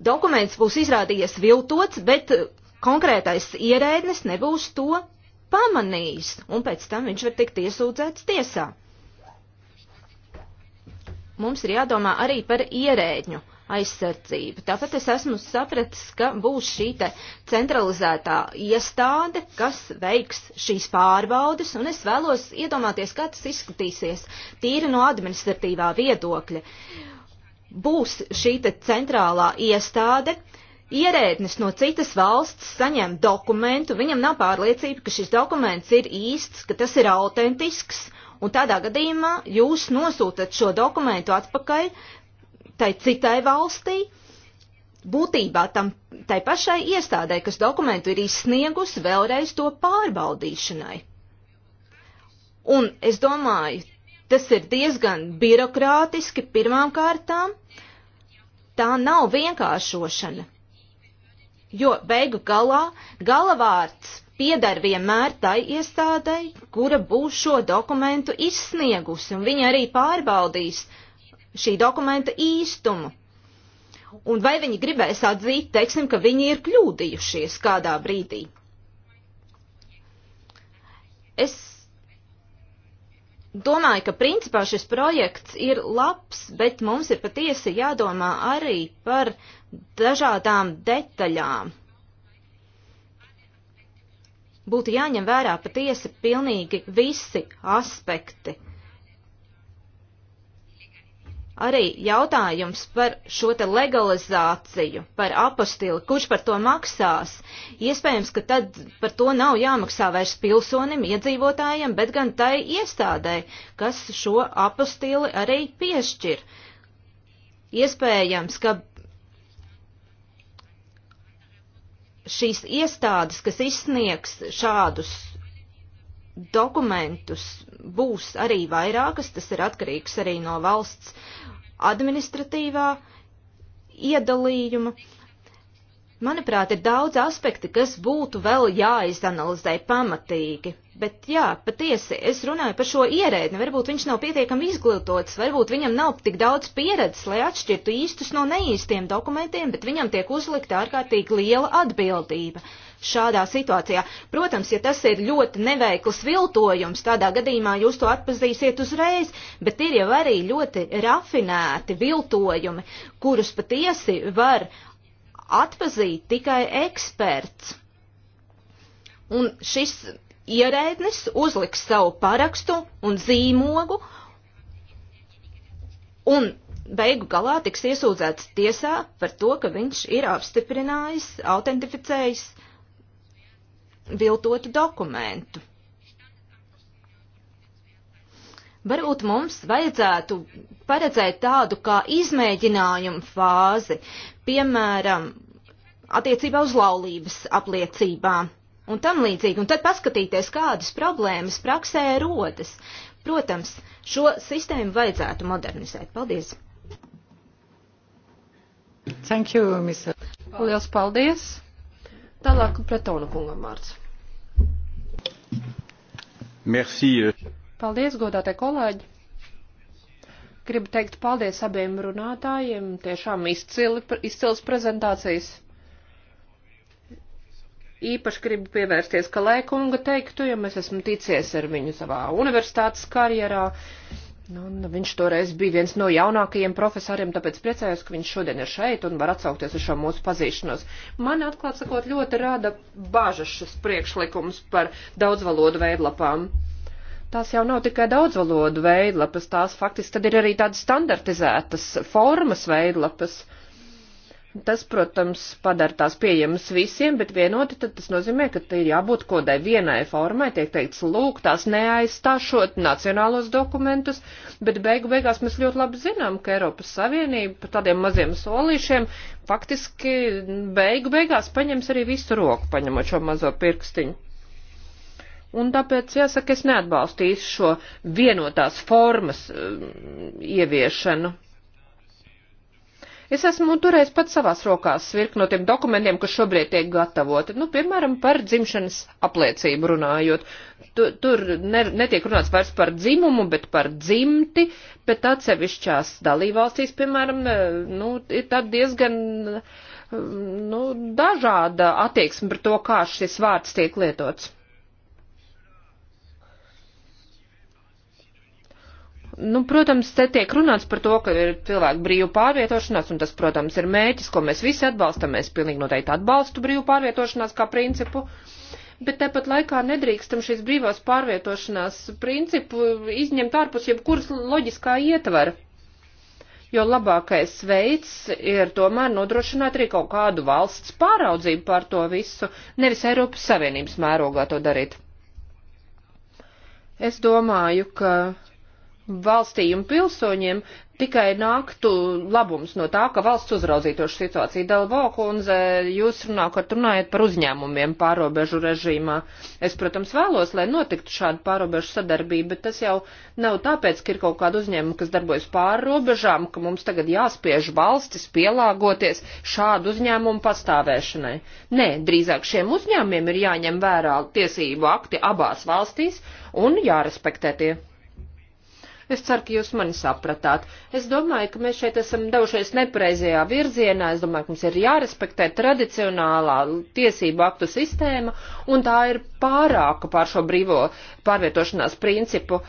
dokuments būs izrādījies viltots, bet eh, konkrētais ierēdnis nebūs to pamanījis, un pēc tam viņš var tikt iesūdzēts tiesā. Mums ir jādomā arī par ierēģu aizsardzību. Tāpēc es esmu sapratis, ka būs šī te centralizētā iestāde, kas veiks šīs pārbaudes, un es vēlos iedomāties, kā tas izskatīsies tīri no administratīvā viedokļa. Uh, būs šī centrālā iestāde, ierēdnis no citas valsts saņem dokumentu, viņam nav pārliecība, ka šis dokuments ir īsts, ka tas ir autentisks, un tādā gadījumā jūs nosūtat šo dokumentu atpakaļ tai citai valstī, būtībā tam tai pašai iestādē, kas dokumentu ir izsniegusi vēlreiz to pārbaudīšanai. Un es domāju, Tas ir diezgan birokrātiski pirmām kārtām. Tā nav vienkāršošana, jo beigu galā galavārds pieder vienmēr tai iestādai, kura būs šo dokumentu izsniegusi, un viņa arī pārbaudīs šī dokumenta īstumu. Un vai viņi gribēs atzīt, teiksim, ka viņi ir kļūdījušies kādā brīdī? Es domāju, ka principā šis projekts ir labs, bet mums ir patiesi jādomā arī par dažādām detaļām. Būtu jāņem vērā patiesi pilnīgi visi aspekti arī jautājums par šo te legalizāciju, par apostili, kurš par to maksās. Iespējams, ka tad par to nav jāmaksā vairs pilsonim, iedzīvotājiem, bet gan tai iestādē, kas šo apostili arī piešķir. Iespējams, ka šīs iestādes, kas izsniegs šādus dokumentus būs arī vairākas, tas ir atkarīgs arī no valsts administratīvā iedalījuma. Manuprāt, ir daudz aspekti, kas būtu vēl jāizanalizē pamatīgi. Bet jā, patiesi, es runāju par šo ierēdni. Varbūt viņš nav pietiekami izglītots, varbūt viņam nav tik daudz pieredzes, lai atšķirtu īstus no neīstiem dokumentiem, bet viņam tiek uzlikta ārkārtīgi liela atbildība. Uh, šādā situācijā. Protams, ja tas ir ļoti neveikls viltojums, tādā gadījumā jūs to atpazīsiet uzreiz, bet ir jau arī ļoti rafinēti viltojumi, kurus patiesi var atpazīt tikai eksperts. Un šis ierēdnis uzliks savu parakstu un zīmogu, un beigu galā tiks iesūdzēts tiesā par to, ka viņš ir apstiprinājis, autentificējis viltotu dokumentu. Varbūt mums vajadzētu paredzēt tādu kā izmēģinājumu fāzi, piemēram, attiecībā uz laulības apliecībām un tam līdzīgi, un tad paskatīties, kādas problēmas praksē rodas. Protams, šo sistēmu vajadzētu modernizēt. Paldies! Thank you, Mr. Lielas paldies! Tālāk Pretona kungam vārds. Merci. Eh. Paldies, godātie kolēģi. Gribu teikt paldies abiem runātājiem. Tiešām izcili, izcils prezentācijas. Īpaši gribu pievērsties Kalēkunga teiktu, jo ja mēs esam ticies ar viņu savā universitātes karjerā. Uh, Nu, nu, viņš toreiz bija viens no jaunākajiem profesoriem, tāpēc priecājos, ka viņš šodien ir šeit un var atsaukties uz šo mūsu pazīšanos. Man, atklāt sakot, ļoti rada bažas šis priekšlikums par daudzvalodu veidlapām. Tās jau nav tikai daudzvalodu veidlapas, tās faktiski tad ir arī tādas standartizētas formas veidlapas. Uh, Tas, protams, padara tās pieejamas visiem, bet vienoti tad tas nozīmē, ka ir jābūt kodai vienai formai, tiek teikts, lūk, tās neaizstāšot nacionālos dokumentus, bet beigu beigās mēs ļoti labi zinām, ka Eiropas Savienība par tādiem maziem solīšiem faktiski beigu beigās paņems arī visu roku, paņemot šo mazo pirkstiņu un tāpēc jāsaka, es neatbalstīšu šo vienotās formas um, ieviešanu. Es esmu turējis pats savās rokās virkni no tiem dokumentiem, kas šobrīd tiek gatavoti. Nu, piemēram, par dzimšanas apliecību runājot. Tur, tur ne, netiek runāts vairs par dzimumu, bet par dzimti, bet atsevišķās dalībvalstīs, piemēram, nu, ir tad diezgan mm, nu, dažāda attieksme par to, kā šis vārds tiek lietots. Nu, protams, te tiek runāts par to, ka ir cilvēku brīvu pārvietošanās, un tas, protams, ir mēķis, ko mēs visi atbalstam. Es pilnīgi noteikti atbalstu brīvu pārvietošanās kā principu, bet tepat laikā nedrīkstam šīs brīvās pārvietošanās principu izņemt ārpus jebkuras loģiskā ietvara jo labākais veids ir tomēr nodrošināt arī kaut kādu valsts pāraudzību pār to visu, nevis Eiropas Savienības mērogā to darīt. Es domāju, ka valstī un pilsoņiem tikai nāktu labums no tā, ka valsts uzraudzītošu situāciju. Delvo kundze, jūs runājat, runājat par uzņēmumiem pārobežu režīmā. Es, protams, vēlos, lai notiktu šāda pārobežu sadarbība, bet tas jau nav tāpēc, ka ir kaut kāda uzņēmuma, kas darbojas pārobežām, ka mums tagad jāspiež valstis pielāgoties šādu uzņēmumu pastāvēšanai. Nē, drīzāk šiem uzņēmumiem ir jāņem vērā tiesību akti abās valstīs un jārespektē tie. Es ceru, ka jūs mani sapratāt. Es domāju, ka mēs šeit esam devušies nepreizajā virzienā. Es domāju, ka mums ir jārespektē tradicionālā tiesību aktu sistēma, un tā ir pārāka pār šo brīvo pārvietošanās principu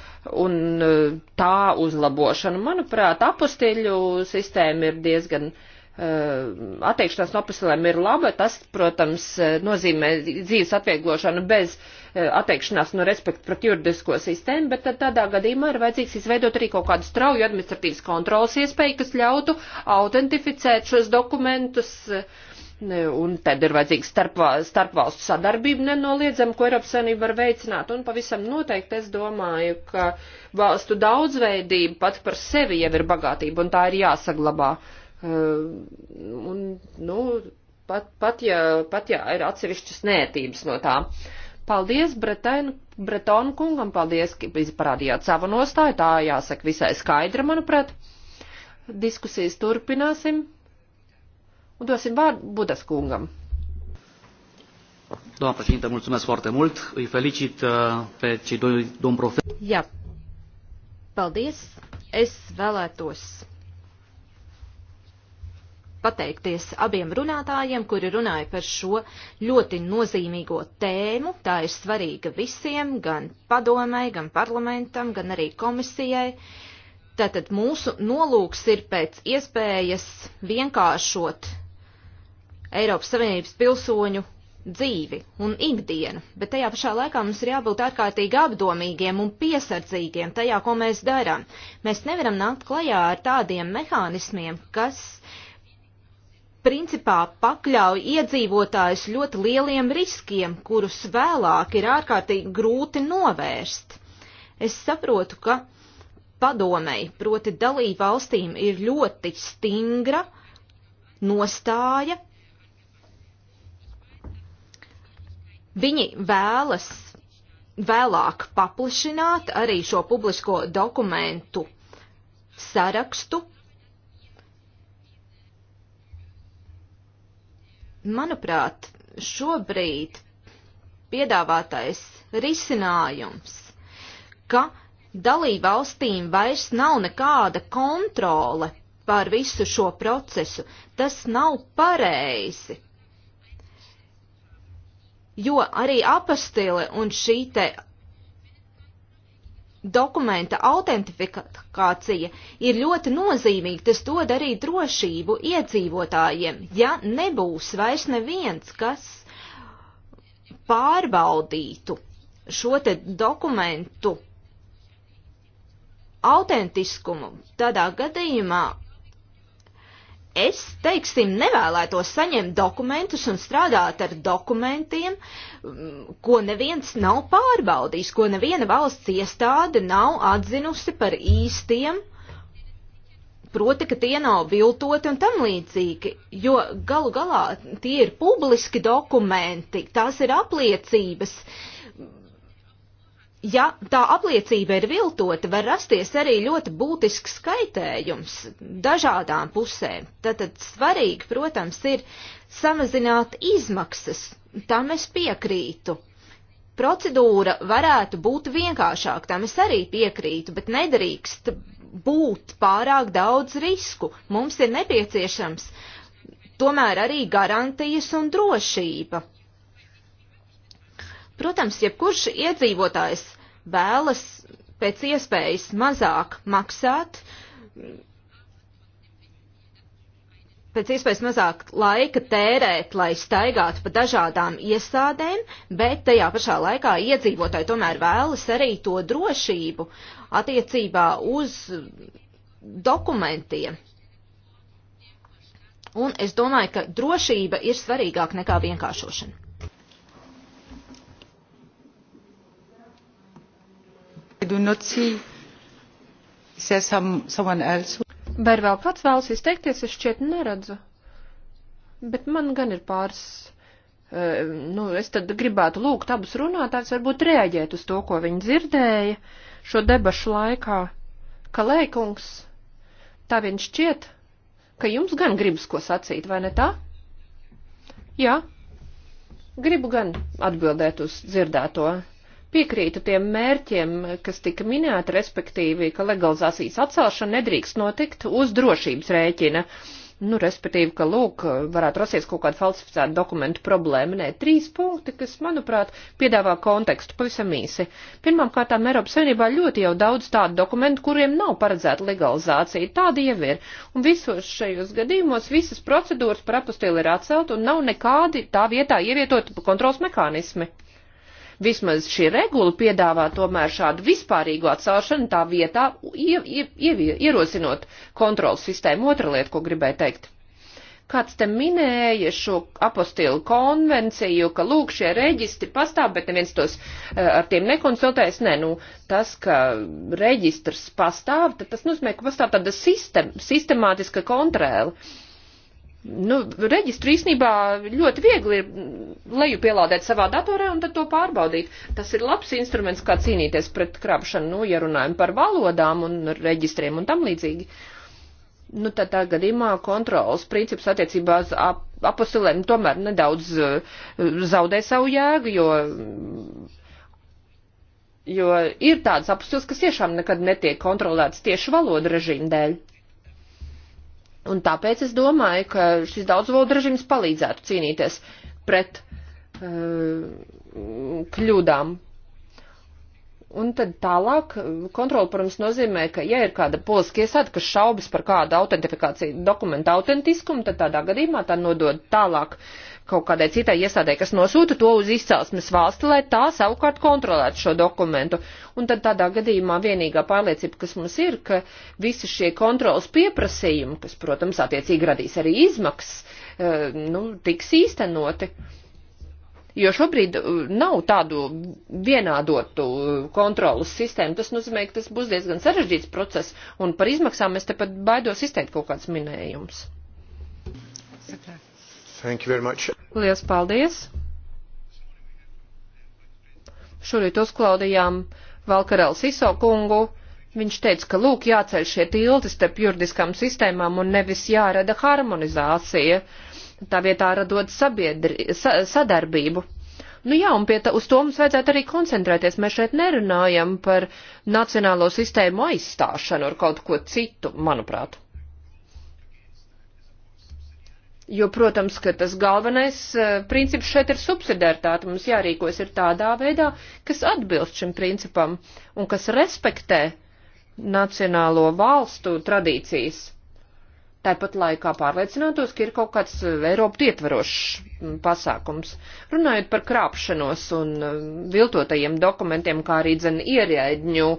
un eh, tā uzlabošanu. Manuprāt, apostīļu sistēma ir diezgan. Uh, Eh, atteikšanās no pasaulēm ir laba, tas, protams, eh, nozīmē dzīves atvieglošanu bez eh, atteikšanās no respekta pret juridisko sistēmu, bet tad tādā gadījumā ir vajadzīgs izveidot arī kaut kādu strauju administratīvas kontrolas iespēju, kas ļautu autentificēt šos dokumentus. Un tad ir vajadzīga starp, starpvalstu sadarbība nenoliedzama, ko Eiropas Savienība var veicināt. Un pavisam noteikti es domāju, ka valstu daudzveidība pati par sevi jau ir bagātība, un tā ir jāsaglabā. Uh, Ehm, un, nu, pat, pat, ja, pat ja ir atsevišķas nētības no tā. Paldies Bretenu, Bretonu kungam, paldies, ka parādījāt savu nostāju, tā jāsaka visai skaidra, manuprāt. Diskusijas turpināsim un dosim vārdu Budas kungam. Doamna președintă, mulțumesc foarte mult. Îi felicit uh, pe cei doi domn profesori. Jā. Paldies. Es vēlētos pateikties abiem runātājiem, kuri runāja par šo ļoti nozīmīgo tēmu. Tā ir svarīga visiem, gan padomai, gan parlamentam, gan arī komisijai. Tātad mūsu nolūks ir pēc iespējas vienkāršot Eiropas Savienības pilsoņu dzīvi un ikdienu, bet tajā pašā laikā mums ir jābūt ārkārtīgi apdomīgiem un piesardzīgiem tajā, ko mēs darām. Mēs nevaram nākt klajā ar tādiem mehānismiem, kas uh, principā pakļauj iedzīvotājus ļoti lieliem riskiem, kurus vēlāk ir ārkārtīgi grūti novērst. Es saprotu, ka padomei, proti dalību valstīm, ir ļoti stingra nostāja. Viņi vēlas vēlāk paplašināt arī šo publisko dokumentu sarakstu, Manuprāt, šobrīd piedāvātais risinājums, ka dalībvalstīm vairs nav nekāda kontrole pār visu šo procesu, tas nav pareizi. Jo arī apastile un šī te dokumenta autentifikācija ir ļoti nozīmīga, tas dod arī drošību iedzīvotājiem, ja nebūs vairs neviens, kas pārbaudītu šo te dokumentu autentiskumu. Tādā gadījumā es, teiksim, nevēlētos saņemt dokumentus un strādāt ar dokumentiem, mm, ko neviens nav pārbaudījis, ko neviena valsts iestāde nav atzinusi par īstiem, proti, ka tie nav viltoti un tam līdzīgi, jo galu galā tie ir publiski dokumenti, tās ir apliecības, uh, ja tā apliecība ir viltota, var rasties arī ļoti būtisks skaitējums dažādām pusēm. Tātad svarīgi, protams, ir samazināt izmaksas, tam es piekrītu. Procedūra varētu būt vienkāršāka, tam es arī piekrītu, bet nedrīkst būt pārāk daudz risku. Mums ir nepieciešams tomēr arī garantijas un drošība. Protams, jebkurš iedzīvotājs vēlas pēc iespējas mazāk maksāt, pēc iespējas mazāk laika tērēt, lai staigātu pa dažādām iestādēm, bet tajā pašā laikā iedzīvotāji tomēr vēlas arī to drošību attiecībā uz dokumentiem. Un es domāju, ka drošība ir svarīgāk nekā vienkāršošana. Vai ir vēl kāds vēlas izteikties? Es šķiet neredzu. Bet man gan ir pāris. Eh, nu, es tad gribētu lūgt abus runātājus varbūt reaģēt uz to, ko viņi dzirdēja šo debašu laikā. Kalēkungs, tā viņš šķiet, ka jums gan gribas ko sacīt, vai ne tā? Jā, gribu gan atbildēt uz dzirdēto. Piekrītu tiem mērķiem, kas tika minēti, respektīvi, ka legalizācijas atcelšana nedrīkst notikt uz drošības rēķina. Nu, respektīvi, ka, lūk, varētu rasties kaut kāda falsificēta dokumentu problēma. Nē, trīs punkti, kas, manuprāt, piedāvā kontekstu pavisam īsi. Pirmām kārtām Eiropas Savienībā ļoti jau daudz tādu dokumentu, kuriem nav paredzēta legalizācija. Tāda jau ir. Un visos šajos gadījumos visas procedūras par apustīli ir atcelt un nav nekādi tā vietā ievietot kontrols mehānismi. Vismaz šī regula piedāvā tomēr šādu vispārīgu atcelšanu tā vietā, ie, ie, ie, ierosinot kontrolas sistēmu. Otra lieta, ko gribēju teikt. Kāds te minēja šo apostilu konvenciju, ka lūk šie reģistri pastāv, bet neviens tos eh, ar tiem nekonsultējas. Nē, ne, nu, tas, ka reģistrs pastāv, tad tas nozīmē, ka pastāv tāda sistem, sistemātiska kontrēla. Uh, Nu, reģistru īsnībā ļoti viegli ir leju pielādēt savā datorā un tad to pārbaudīt. Tas ir labs instruments, kā cīnīties pret krāpšanu, nu, ja runājam par valodām un reģistriem un tam līdzīgi. Nu, tad tā gadījumā kontrolas princips attiecībā uz ap apostilēm tomēr nedaudz eh, zaudē savu jēgu, jo, jo ir tādas apostils, kas tiešām nekad netiek kontrolētas tieši valodu režīmu dēļ. Un tāpēc es domāju, ka šis daudzvalodu režīms palīdzētu cīnīties pret uh, kļūdām. Un tad tālāk kontrola, protams, nozīmē, ka, ja ir kāda poliska iesāde, kas šaubas par kādu autentifikāciju dokumentu autentiskumu, tad tādā gadījumā tā nodod tālāk uh, kaut kādai citai iestādē, kas nosūta to uz izcelsmes valsti, lai tā savukārt kontrolētu šo dokumentu. Un tad tādā gadījumā vienīgā pārliecība, kas mums ir, ka visi šie kontrolas pieprasījumi, kas, protams, attiecīgi radīs arī izmaksas, eh, nu, tiks īstenoti. Jo šobrīd uh, nav tādu vienādotu uh, kontrolas sistēmu. Tas nozīmē, ka tas būs diezgan sarežģīts process, un par izmaksām es tepat baidos izteikt kaut kāds minējums. Saprāt. Thank you very much. Lielas paldies. Šorīt uzklaudījām Valkarels Iso kungu. Viņš teica, ka lūk jāceļ šie tilti starp juridiskām sistēmām un nevis jārada harmonizācija, tā vietā radot sabiedri, sa, sadarbību. Nu jā, un pie tā, uz to mums vajadzētu arī koncentrēties. Mēs šeit nerunājam par nacionālo sistēmu aizstāšanu ar kaut ko citu, manuprāt. Jo, protams, ka tas galvenais eh, princips šeit ir subsidiaritāte. Mums jārīkojas ir tādā veidā, kas atbilst šim principam un kas respektē nacionālo valstu tradīcijas. Tāpat laikā pārliecinātos, ka ir kaut kāds eh, Eiropu ietverošs mm, pasākums. Runājot par krāpšanos un mm, viltotajiem dokumentiem, kā arī dzen ierēģņu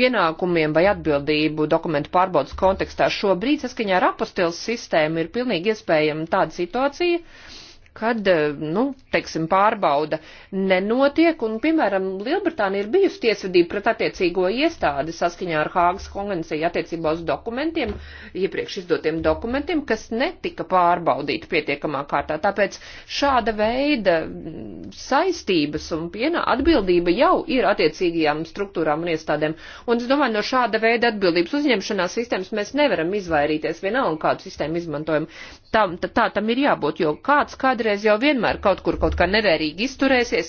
pienākumiem vai atbildību dokumentu pārbaudas kontekstā, šobrīd saskaņā ar apostils sistēmu ir pilnīgi iespējama tāda situācija, uh, kad, eh, nu, teiksim, pārbauda nenotiek, un, piemēram, Lielbritānija ir bijusi tiesvedība pret attiecīgo iestādi saskaņā ar Hāgas konvenciju attiecībā uz dokumentiem, iepriekš izdotiem dokumentiem, kas netika pārbaudīti pietiekamā kārtā. Tāpēc šāda veida mm, saistības un pienā atbildība jau ir attiecīgajām struktūrām un iestādēm, un es domāju, no šāda veida atbildības uzņemšanās sistēmas mēs nevaram izvairīties vienalga, kādu sistēmu izmantojam. Tam, tā, tā tam ir jābūt, jo kāds kādreiz citreiz jau vienmēr kaut kur kaut kā nevērīgi izturēsies,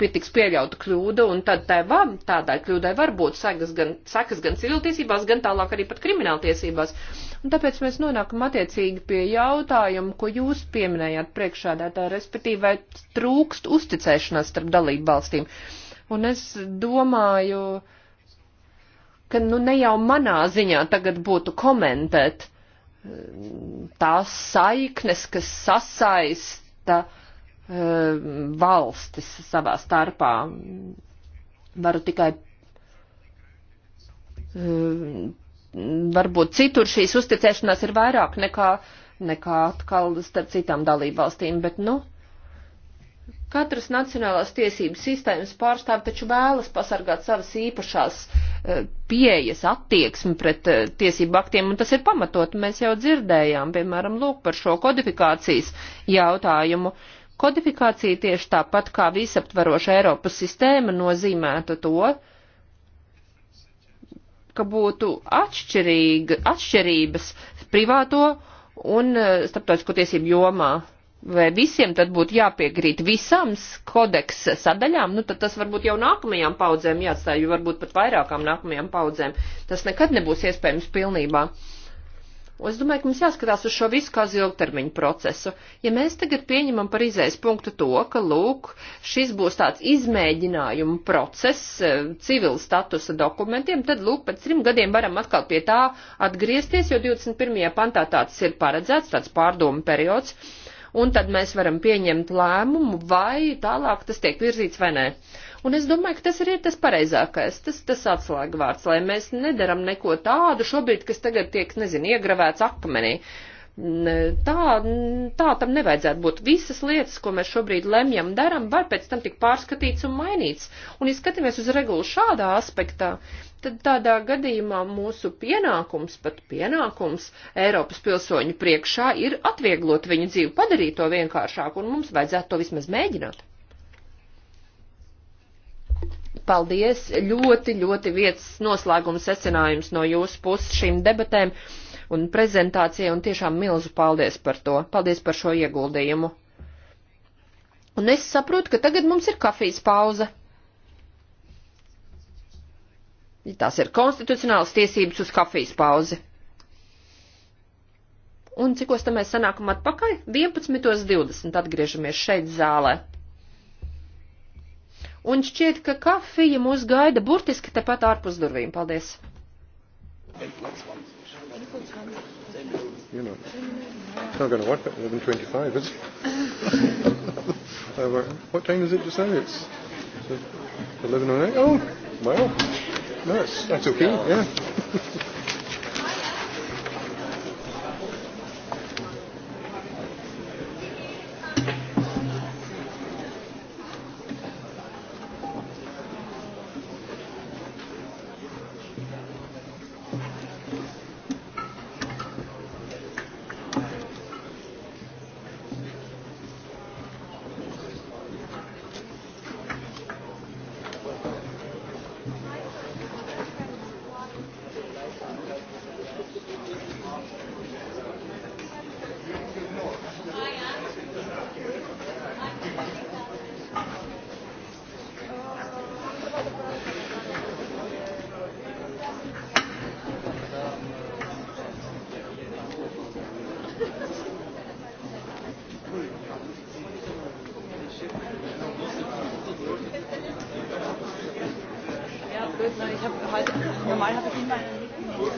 pietiks pieļaut kļūdu, un tad tā var, tādai kļūdai var būt sekas gan, sekas gan civiltiesībās, gan tālāk arī pat krimināltiesībās. Un tāpēc mēs nonākam attiecīgi pie jautājuma, ko jūs pieminējāt priekšādētā, respektīvi, vai trūkst uzticēšanās starp dalību valstīm. Un es domāju, ka nu ne jau manā ziņā tagad būtu komentēt tās saiknes, kas sasaista eh, valstis savā starpā. Varu tikai eh, varbūt citur šīs uzticēšanās ir vairāk nekā, nekā atkal starp citām dalībvalstīm, bet, nu, Katras nacionālās tiesības sistēmas pārstāv taču vēlas pasargāt savas īpašās eh, pieejas attieksmi pret eh, tiesību aktiem, un tas ir pamatot. Mēs jau dzirdējām, piemēram, lūk par šo kodifikācijas jautājumu. Kodifikācija tieši tāpat kā visaptvaroša Eiropas sistēma nozīmētu to, ka būtu atšķirīga, atšķirības privāto un eh, starptautisko tiesību jomā vai visiem tad būtu jāpiekrīt visām kodeksa sadaļām, nu tad tas varbūt jau nākamajām paudzēm jāatstāj, jo varbūt pat vairākām nākamajām paudzēm. Tas nekad nebūs iespējams pilnībā. Es domāju, ka mums jāskatās uz šo visu kā ilgtermiņu procesu. Ja mēs tagad pieņemam par izējas punktu to, ka, lūk, šis būs tāds izmēģinājumu process e, civil statusa dokumentiem, tad, lūk, pēc trim gadiem varam atkal pie tā atgriezties, jo 21. pantā tāds ir paredzēts, tāds pārdomu periods un tad mēs varam pieņemt lēmumu, vai tālāk tas tiek virzīts vai nē. Un es domāju, ka tas arī ir tas pareizākais, tas, tas atslēgvārds, lai mēs nedaram neko tādu šobrīd, kas tagad tiek, nezinu, iegravēts akmenī. Uh, Tā, tā tam nevajadzētu būt. Visas lietas, ko mēs šobrīd lemjam, daram, var pēc tam tik pārskatīts un mainīts. Un, ja skatāmies uz regulu šādā aspektā, tad tādā gadījumā mūsu pienākums, pat pienākums Eiropas pilsoņu priekšā ir atvieglot viņu dzīvi, padarīt to vienkāršāku, un mums vajadzētu to vismaz mēģināt. Paldies! Ļoti, ļoti vietas noslēgums secinājums no jūsu puses šīm debatēm un prezentācijai, un tiešām milzu paldies par to. Paldies par šo ieguldījumu. Un es saprotu, ka tagad mums ir kafijas pauze. Tās ir konstitucionālas tiesības uz kafijas pauzi. Un cikos tam mēs sanākam atpakaļ? 11.20 atgriežamies šeit zālē. Un šķiet, ka kafija mūs gaida burtiski tepat ārpus durvīm. Paldies! Okay, You know, it's not going to work at 11.25, is it? Uh, what time is it just now? It's 11.08? Oh, well, no, that's, that's okay, yeah. Nein, ich habe heute, normal habe ich immer einen mitgenommen.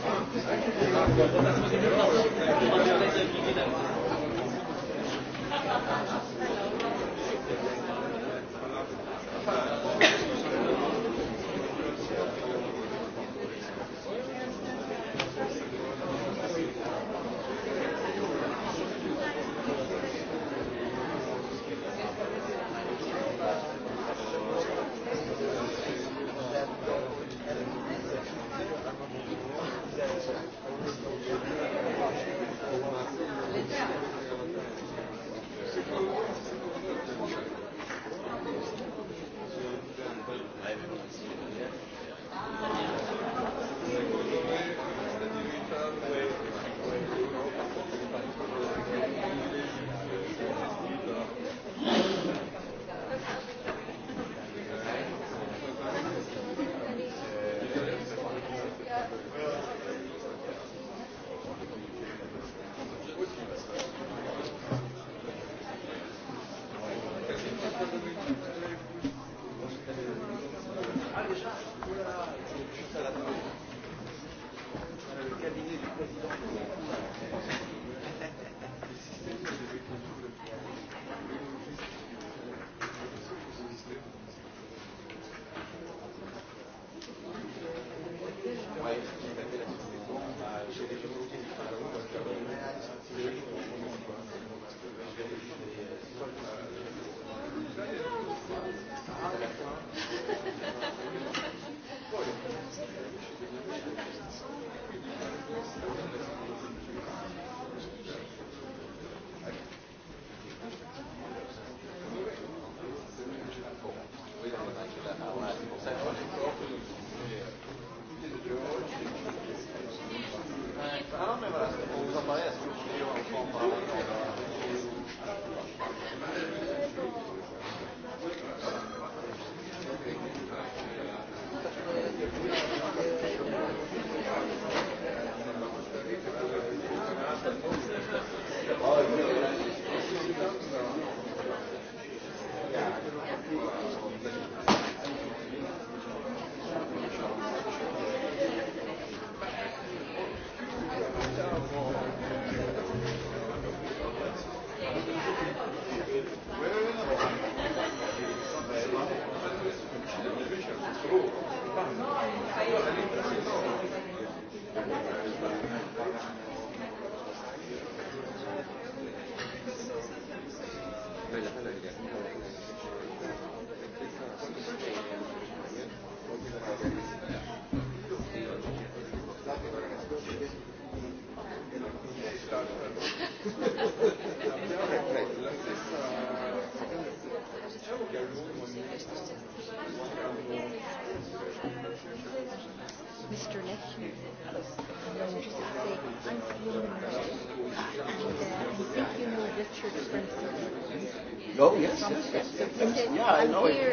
yes, yes, yes, yes. Yeah, I know it.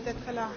peut-être là.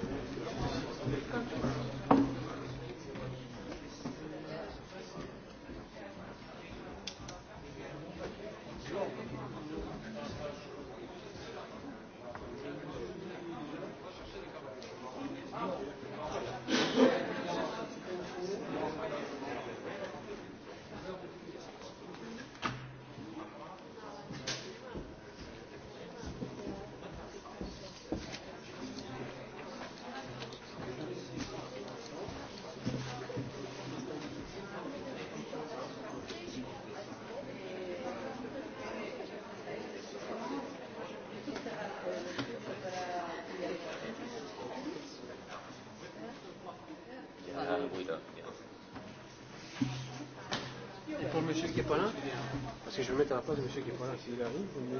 Parce que je vais me mettre à la place de M. Guépard. S'il arrive, vous me...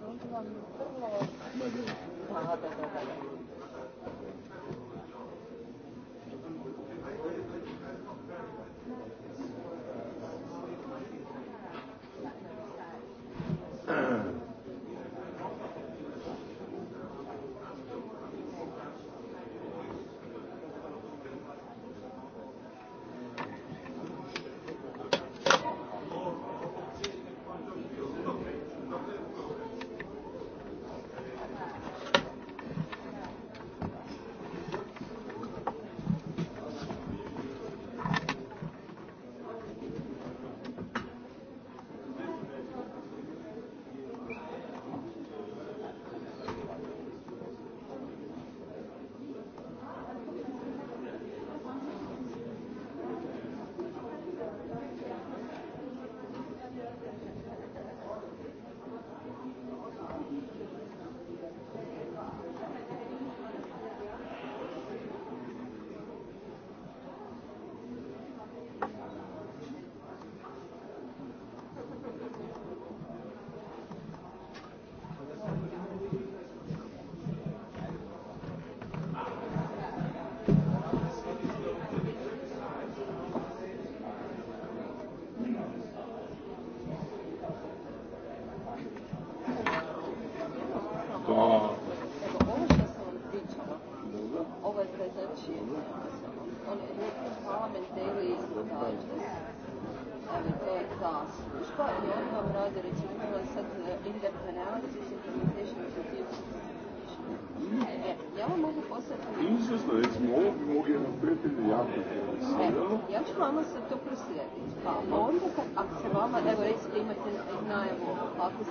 Thank you.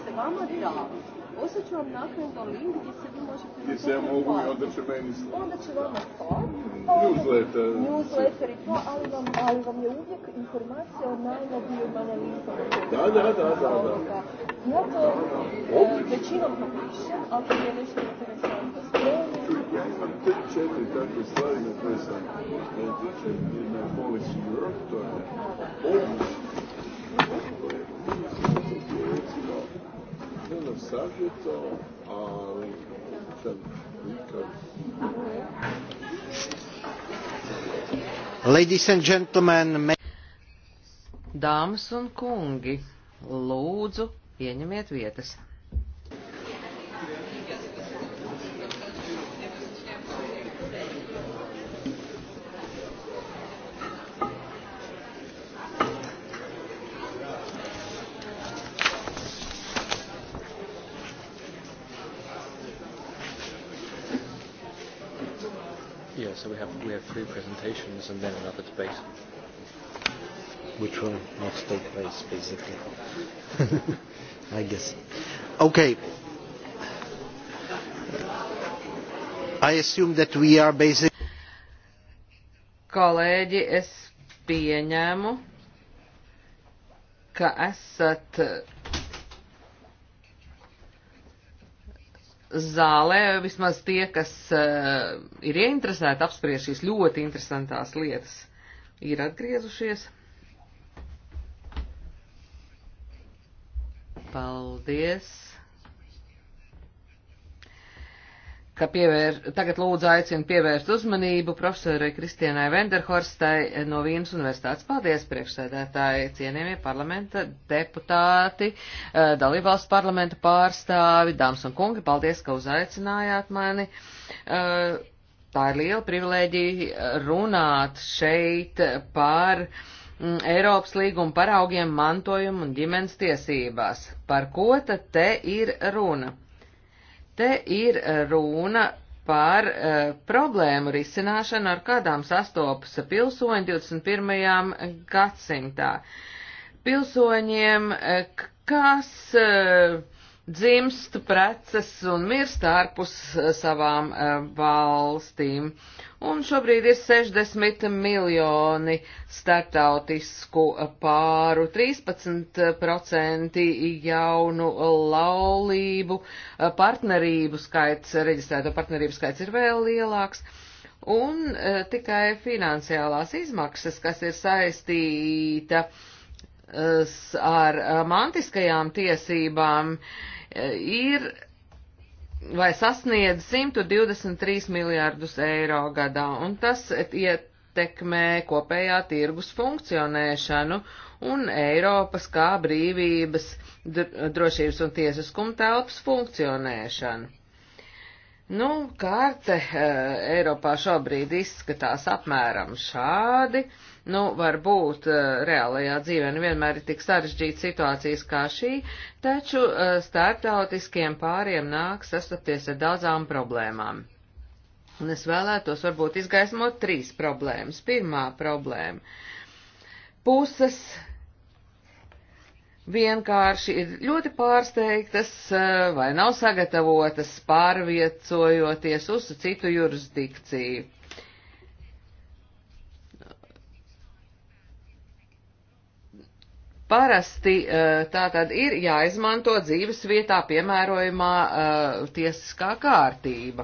se vama drago, poslije ću vam naknadno link gdje se vi možete Gdje se ja mogu i onda će meni Onda će vama to. Pa newsletter. Newsletter i to, ali vam, ali vam je uvijek informacija o najnovijim analizama. Da, da, da, da, da. Ja to e, većinom popišem, ako je nešto interesantno spremno. Ja imam tri, četiri takve stvari na koje sam tiče. Jedna je Policy Europe, to je obus Cena Savjeta, ali ten nikad. Ladies and gentlemen, Dāmas un kungi, lūdzu, ieņemiet vietas. so we have we have three presentations and then another debate, which will not take place basically. I guess. Okay. I assume that we are basic. Kolēģi, es pieņēmu, ka esat zālē, vismaz tie, kas uh, ir ieinteresēti apspriest šīs ļoti interesantās lietas, ir atgriezušies. Paldies! ka pievēr, tagad lūdzu aicinu pievērst uzmanību profesorai Kristienai Venderhorstai no Vīnas Universitātes. Paldies, priekšsēdētāji, cienījamie parlamenta deputāti, eh, dalībvalsts parlamenta pārstāvi, dāmas un kungi, paldies, ka uzaicinājāt mani. Eh, tā ir liela privilēģija runāt šeit par mm, Eiropas līguma paraugiem mantojumu un ģimenes tiesībās. Par ko tad te ir runa? Te ir eh, runa par uh, problēmu risināšanu, ar kādām sastopas pilsoņi 21. gadsimtā. Pilsoņiem, eh, kas uh, dzimst preces un mirst ārpus eh, savām eh, valstīm. Un šobrīd ir 60 miljoni startautisku eh, pāru, 13% jaunu laulību, partnerību skaits, reģistrēto partnerību skaits ir vēl lielāks. Un tikai finansiālās izmaksas, kas ir saistīta ar mantiskajām tiesībām, ir vai sasniedz 123 miljārdus eiro gadā, un tas ietekmē kopējā tirgus funkcionēšanu un Eiropas kā brīvības, drošības un tiesiskuma telpas funkcionēšanu. Nu, kārte eh, Eiropā šobrīd izskatās apmēram šādi. Nu, varbūt eh, reālajā dzīvē nevienmēr ir tik sarežģīta situācijas kā šī, taču eh, starptautiskiem pāriem nāk sastapties ar daudzām problēmām. Un es vēlētos varbūt izgaismot trīs problēmas. Pirmā problēma. Puses vienkārši ir ļoti pārsteigtas eh, vai nav sagatavotas pārviecojoties uz citu jurisdikciju. Parasti eh, tā tad ir jāizmanto dzīves vietā piemērojumā eh, tiesiskā kārtība.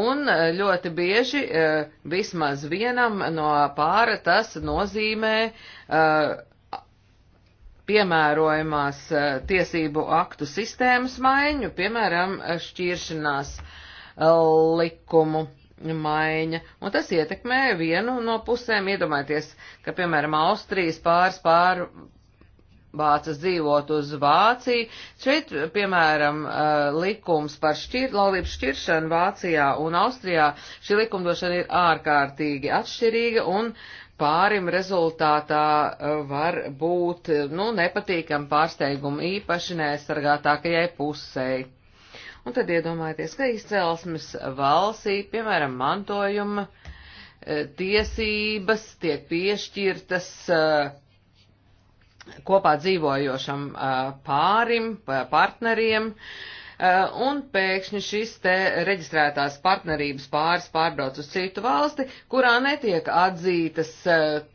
Un eh, ļoti bieži vismaz vienam no pāra tas nozīmē piemērojumās tiesību aktu sistēmas maiņu, piemēram, šķiršanās likumu maiņa, un tas ietekmē vienu no pusēm. Iedomājieties, ka, piemēram, Austrijas pāris pār Vācas dzīvot uz Vāciju. Šeit, piemēram, eh, likums par šķir, laulību šķiršanu Vācijā un Austrijā, šī likumdošana ir ārkārtīgi atšķirīga un pārim rezultātā eh, var būt, nu, nepatīkam pārsteigumu īpaši neaizsargātākajai pusēji. Un tad iedomājieties, ka izcelsmes valstī, piemēram, mantojuma eh, tiesības tiek piešķirtas eh, kopā dzīvojošam eh, pārim, partneriem, un pēkšņi šis te reģistrētās partnerības pāris pārbrauc uz citu valsti, kurā netiek atzītas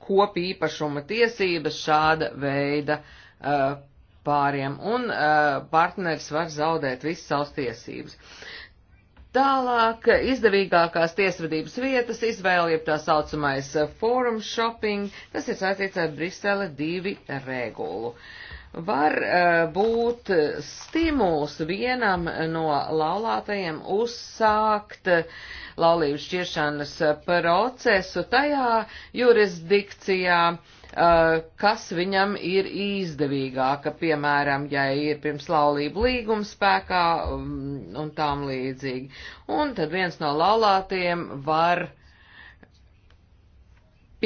kopīpašuma tiesības šāda veida pāriem, un uh, partneris var zaudēt visas savas tiesības. Tālāk izdevīgākās tiesvedības vietas izvēle ir tā saucamais uh, forum shopping, tas ir saistīts ar Brisele 2 regulu. Var uh, būt stimuls vienam no laulātajiem uzsākt uh, laulības šķiršanas procesu tajā jurisdikcijā, uh, Uh, kas viņam ir izdevīgāka, piemēram, ja ir pirms laulību līguma spēkā um, un tām līdzīgi. Un tad viens no laulātiem var,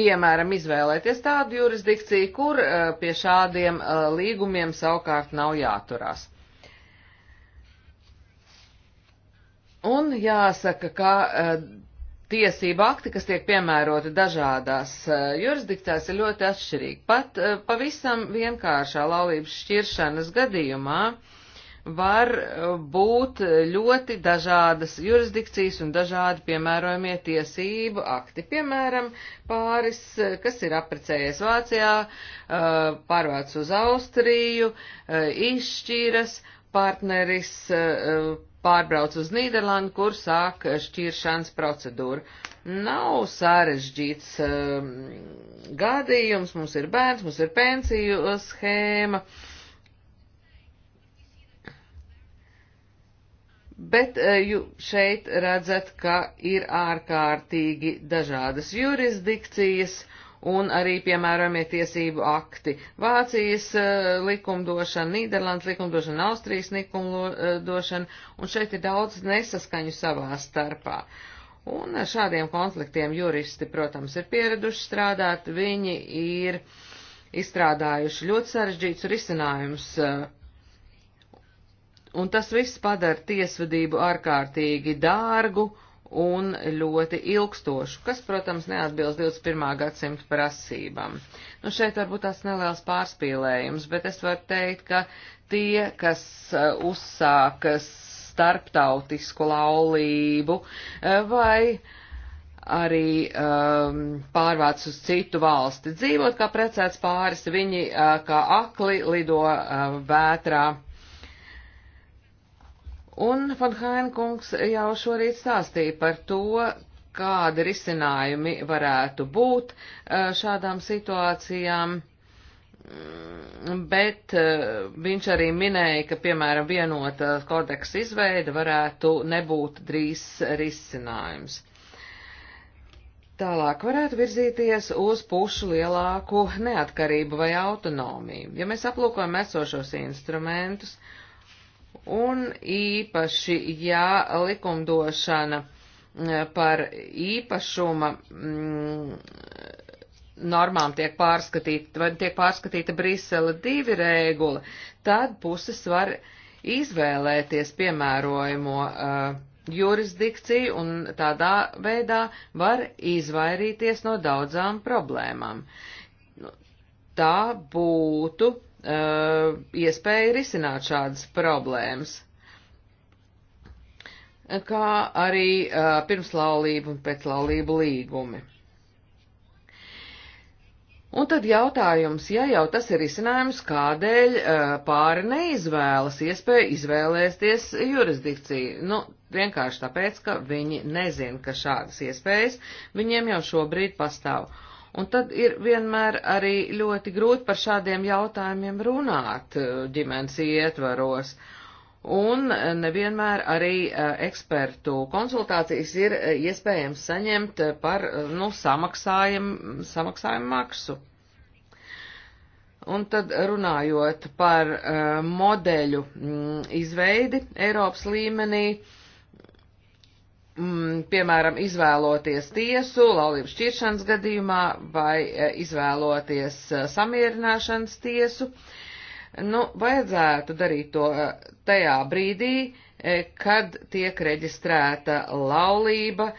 piemēram, izvēlēties tādu jurisdikciju, kur uh, pie šādiem uh, līgumiem savukārt nav jāturās. Un jāsaka, ka tiesība akti, kas tiek piemēroti dažādās eh, jurisdikcijās, ir ļoti atšķirīgi. Pat eh, pavisam vienkāršā laulības šķiršanas gadījumā var eh, būt ļoti dažādas jurisdikcijas un dažādi piemērojamie tiesību akti. Piemēram, pāris, kas ir apprecējies Vācijā, pārvāc uz Austriju, izšķīras partneris eh, pārbrauc uz Nīderlandi, kur sāk šķiršanas procedūru. Nav sarežģīts um, gadījums, mums ir bērns, mums ir pensiju schēma. Bet eh, jūs šeit redzat, ka ir ārkārtīgi dažādas jurisdikcijas, uh, un arī piemērojamie tiesību akti. Vācijas eh, likumdošana, Nīderlandes likumdošana, Austrijas likumdošana, un šeit ir daudz nesaskaņu savā starpā. Un ar šādiem konfliktiem juristi, protams, ir pieraduši strādāt, viņi ir izstrādājuši ļoti sarežģītus risinājumus, eh, un tas viss padara tiesvedību ārkārtīgi dārgu, un ļoti ilgstošu, kas, protams, neatbilst 21. gadsimta prasībām. Nu, šeit varbūt tāds neliels pārspīlējums, bet es varu teikt, ka tie, kas uh, uzsākas starptautisku laulību uh, vai arī um, pārvāc uz citu valsti, dzīvot kā precēts pāris, viņi uh, kā akli lido uh, vētrā. Un Van Hainkungs jau šorīt stāstīja par to, kādi risinājumi varētu būt eh, šādām situācijām, mm, bet eh, viņš arī minēja, ka, piemēram, vienota kodeksa izveida varētu nebūt drīz risinājums. Tālāk varētu virzīties uz pušu lielāku neatkarību vai autonomiju. Ja mēs aplūkojam esošos instrumentus, uh, Un īpaši, ja likumdošana mm, par īpašuma mm, normām tiek pārskatīta, vai tiek pārskatīta Brisele divi regula, tad puses var izvēlēties piemērojamo uh, eh, jurisdikciju un tādā veidā var izvairīties no daudzām problēmām. Nu, tā būtu uh, Uh, iespēja risināt šādas problēmas kā arī uh, pirmslaulību un pēclaulību līgumi. Un tad jautājums, ja jau tas ir izcinājums, kādēļ uh, pāri neizvēlas iespēju izvēlēties jurisdikciju? Nu, vienkārši tāpēc, ka viņi nezina, ka šādas iespējas viņiem jau šobrīd pastāv. Uh, Un tad ir vienmēr arī ļoti grūti par šādiem jautājumiem runāt eh, ģimenes ietvaros. Un eh, nevienmēr arī eh, ekspertu konsultācijas ir iespējams saņemt par nu, samaksājumu, samaksājumu maksu. Un tad runājot par modeļu mm, izveidi Eiropas līmenī, uh, mm, piemēram, izvēloties tiesu laulību šķiršanas gadījumā vai eh, izvēloties eh, samierināšanas tiesu, nu, vajadzētu darīt to eh, tajā brīdī, kad tiek reģistrēta laulība,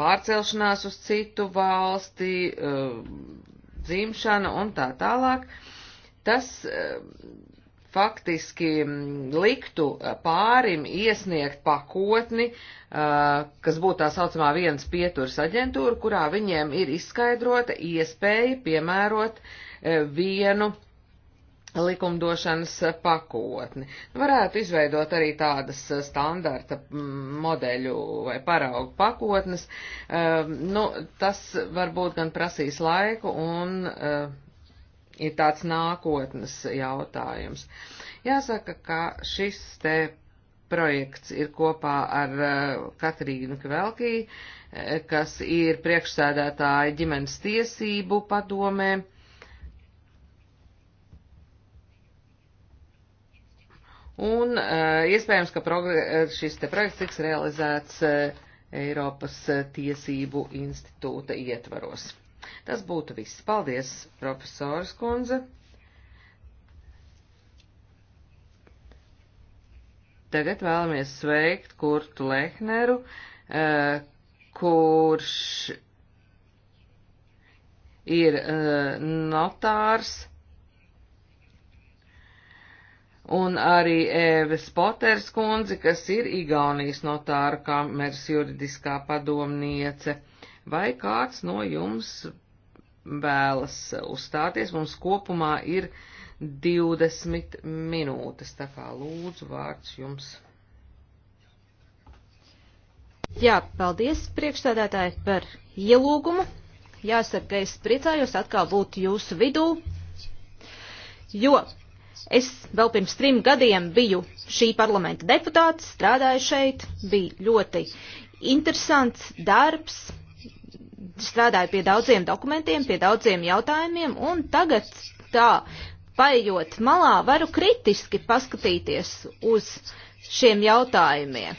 pārcelšanās uz citu valsti, dzimšana un tā tālāk. Tas faktiski mm, liktu eh, pārim iesniegt pakotni, eh, kas būtu tā saucamā viens pieturs aģentūra, kurā viņiem ir izskaidrota iespēja piemērot eh, vienu likumdošanas pakotni. Nu, varētu izveidot arī tādas standarta mm, modeļu vai paraugu pakotnes. Nu, tas varbūt gan prasīs laiku un ir tāds nākotnes jautājums. Jāsaka, ka šis te projekts ir kopā ar eh, Katrīnu Kvelkī, eh, kas ir priekšsēdētāja ģimenes tiesību padomē. Un eh, iespējams, ka šis te projekts tiks realizēts Eiropas tiesību institūta ietvaros. Tas būtu viss. Paldies, profesors Kunze. Tagad vēlamies sveikt Kurtu Lehneru, eh, kurš ir eh, notārs un arī Ēves Poters kundzi, kas ir Igaunijas notāra kameras juridiskā padomniece. Vai kāds no jums vēlas uzstāties? Mums kopumā ir 20 minūtes, tā kā lūdzu vārds jums. Jā, paldies priekšstādātāji par ielūgumu. Jāsaka, ka es priecājos atkal būt jūsu vidū, jo es vēl pirms trim gadiem biju šī parlamenta deputāts, strādāju šeit, bija ļoti interesants darbs, strādāju pie daudziem dokumentiem, pie daudziem jautājumiem, un tagad tā, paejot malā, varu kritiski paskatīties uz šiem jautājumiem.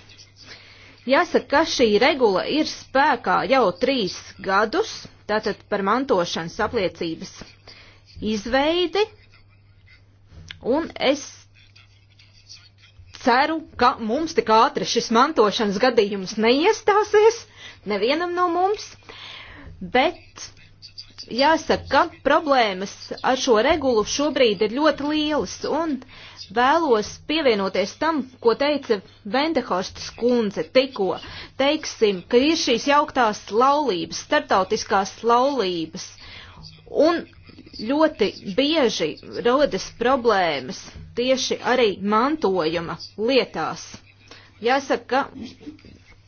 Jāsaka, ka šī regula ir spēkā jau trīs gadus, tātad par mantošanas apliecības izveidi, un es ceru, ka mums tik ātri šis mantošanas gadījums neiestāsies nevienam no mums bet jāsaka, ka problēmas ar šo regulu šobrīd ir ļoti lielas un vēlos pievienoties tam, ko teica Vendehorstas kundze tikko. Teiksim, ka ir šīs jauktās laulības, startautiskās laulības un ļoti bieži rodas problēmas tieši arī mantojuma lietās. Jāsaka, ka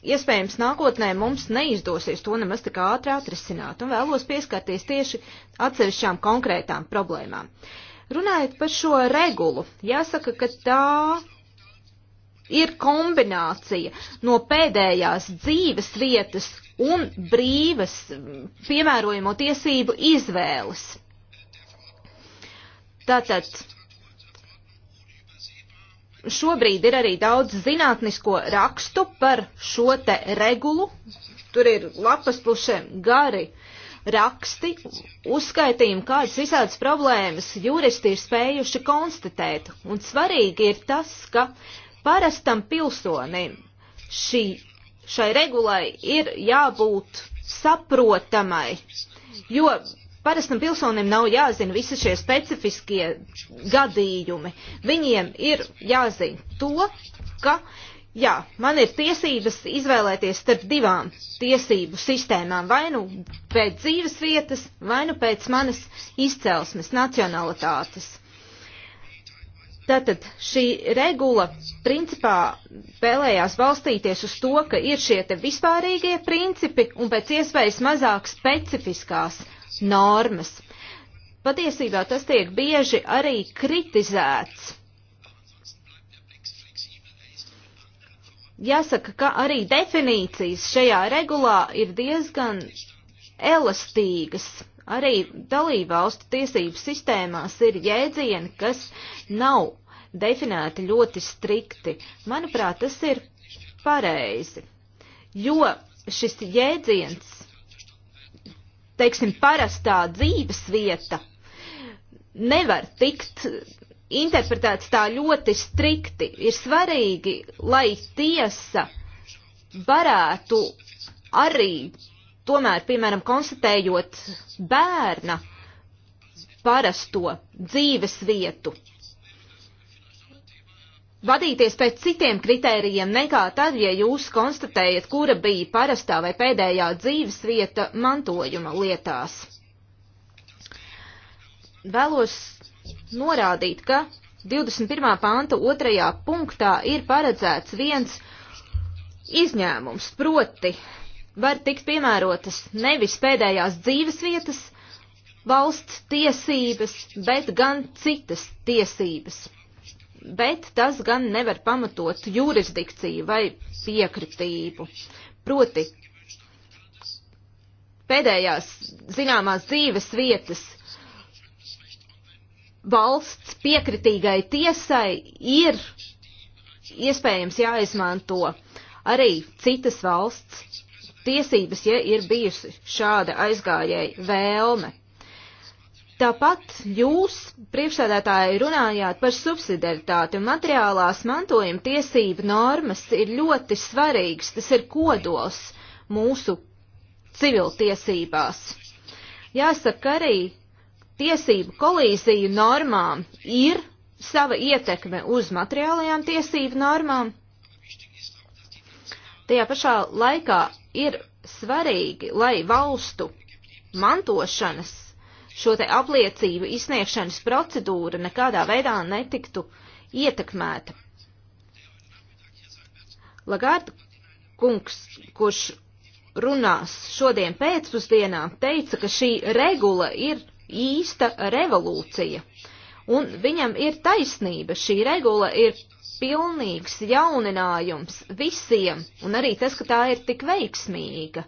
iespējams nākotnē mums neizdosies to nemaz tik ātri atrisināt, un vēlos pieskarties tieši atsevišķām konkrētām problēmām. Runājot par šo regulu, jāsaka, ka tā ir kombinācija no pēdējās dzīves vietas un brīvas mm, piemērojamo tiesību izvēles. Tātad šobrīd ir arī daudz zinātnisko rakstu par šo te regulu. Tur ir lapas pušiem gari raksti, uzskaitījumi, kādas visādas problēmas juristi ir spējuši konstatēt. Un svarīgi ir tas, ka parastam pilsonim šī, šai regulai ir jābūt saprotamai, jo Parastam pilsonim nav jāzina visi šie specifiskie gadījumi. Viņiem ir jāzina to, ka, jā, man ir tiesības izvēlēties starp divām tiesību sistēmām, vai nu pēc dzīves vietas, vai nu pēc manas izcelsmes, nacionalitātes. Tātad šī regula principā vēlējās balstīties uz to, ka ir šie te vispārīgie principi un pēc iespējas mazāk specifiskās normas. Patiesībā tas tiek bieži arī kritizēts. Jāsaka, ka arī definīcijas šajā regulā ir diezgan elastīgas. Arī dalībvalstu tiesību sistēmās ir jēdzieni, kas nav definēti ļoti strikti. Manuprāt, tas ir pareizi, jo šis jēdziens teiksim, parastā dzīves vieta nevar tikt interpretēts tā ļoti strikti. Ir svarīgi, lai tiesa varētu arī, tomēr, piemēram, konstatējot bērna parasto dzīves vietu, vadīties pēc citiem kritērijiem nekā tad, ja jūs konstatējat, kura bija parastā vai pēdējā dzīves vieta mantojuma lietās. Vēlos norādīt, ka 21. panta otrajā punktā ir paredzēts viens izņēmums, proti var tikt piemērotas nevis pēdējās dzīves vietas valsts tiesības, bet gan citas tiesības bet tas gan nevar pamatot jurisdikciju vai piekritību. Proti, pēdējās zināmās dzīves vietas valsts piekritīgai tiesai ir iespējams jāizmanto arī citas valsts tiesības, ja ir bijusi šāda aizgājēja vēlme. Tāpat jūs, priekšsēdētāji, runājāt par subsidiaritāti un materiālās mantojuma tiesību normas ir ļoti svarīgas. Tas ir kodols mūsu civiltiesībās. Jāsaka arī, tiesību kolīziju normām ir sava ietekme uz materiālajām tiesību normām. Tajā pašā laikā ir svarīgi, lai valstu mantošanas šo te apliecību izsniegšanas procedūra nekādā veidā netiktu ietekmēta. Lagārda kungs, kurš runās šodien pēcpusdienā, teica, ka šī regula ir īsta revolūcija. Un viņam ir taisnība, šī regula ir pilnīgs jauninājums visiem, un arī tas, ka tā ir tik veiksmīga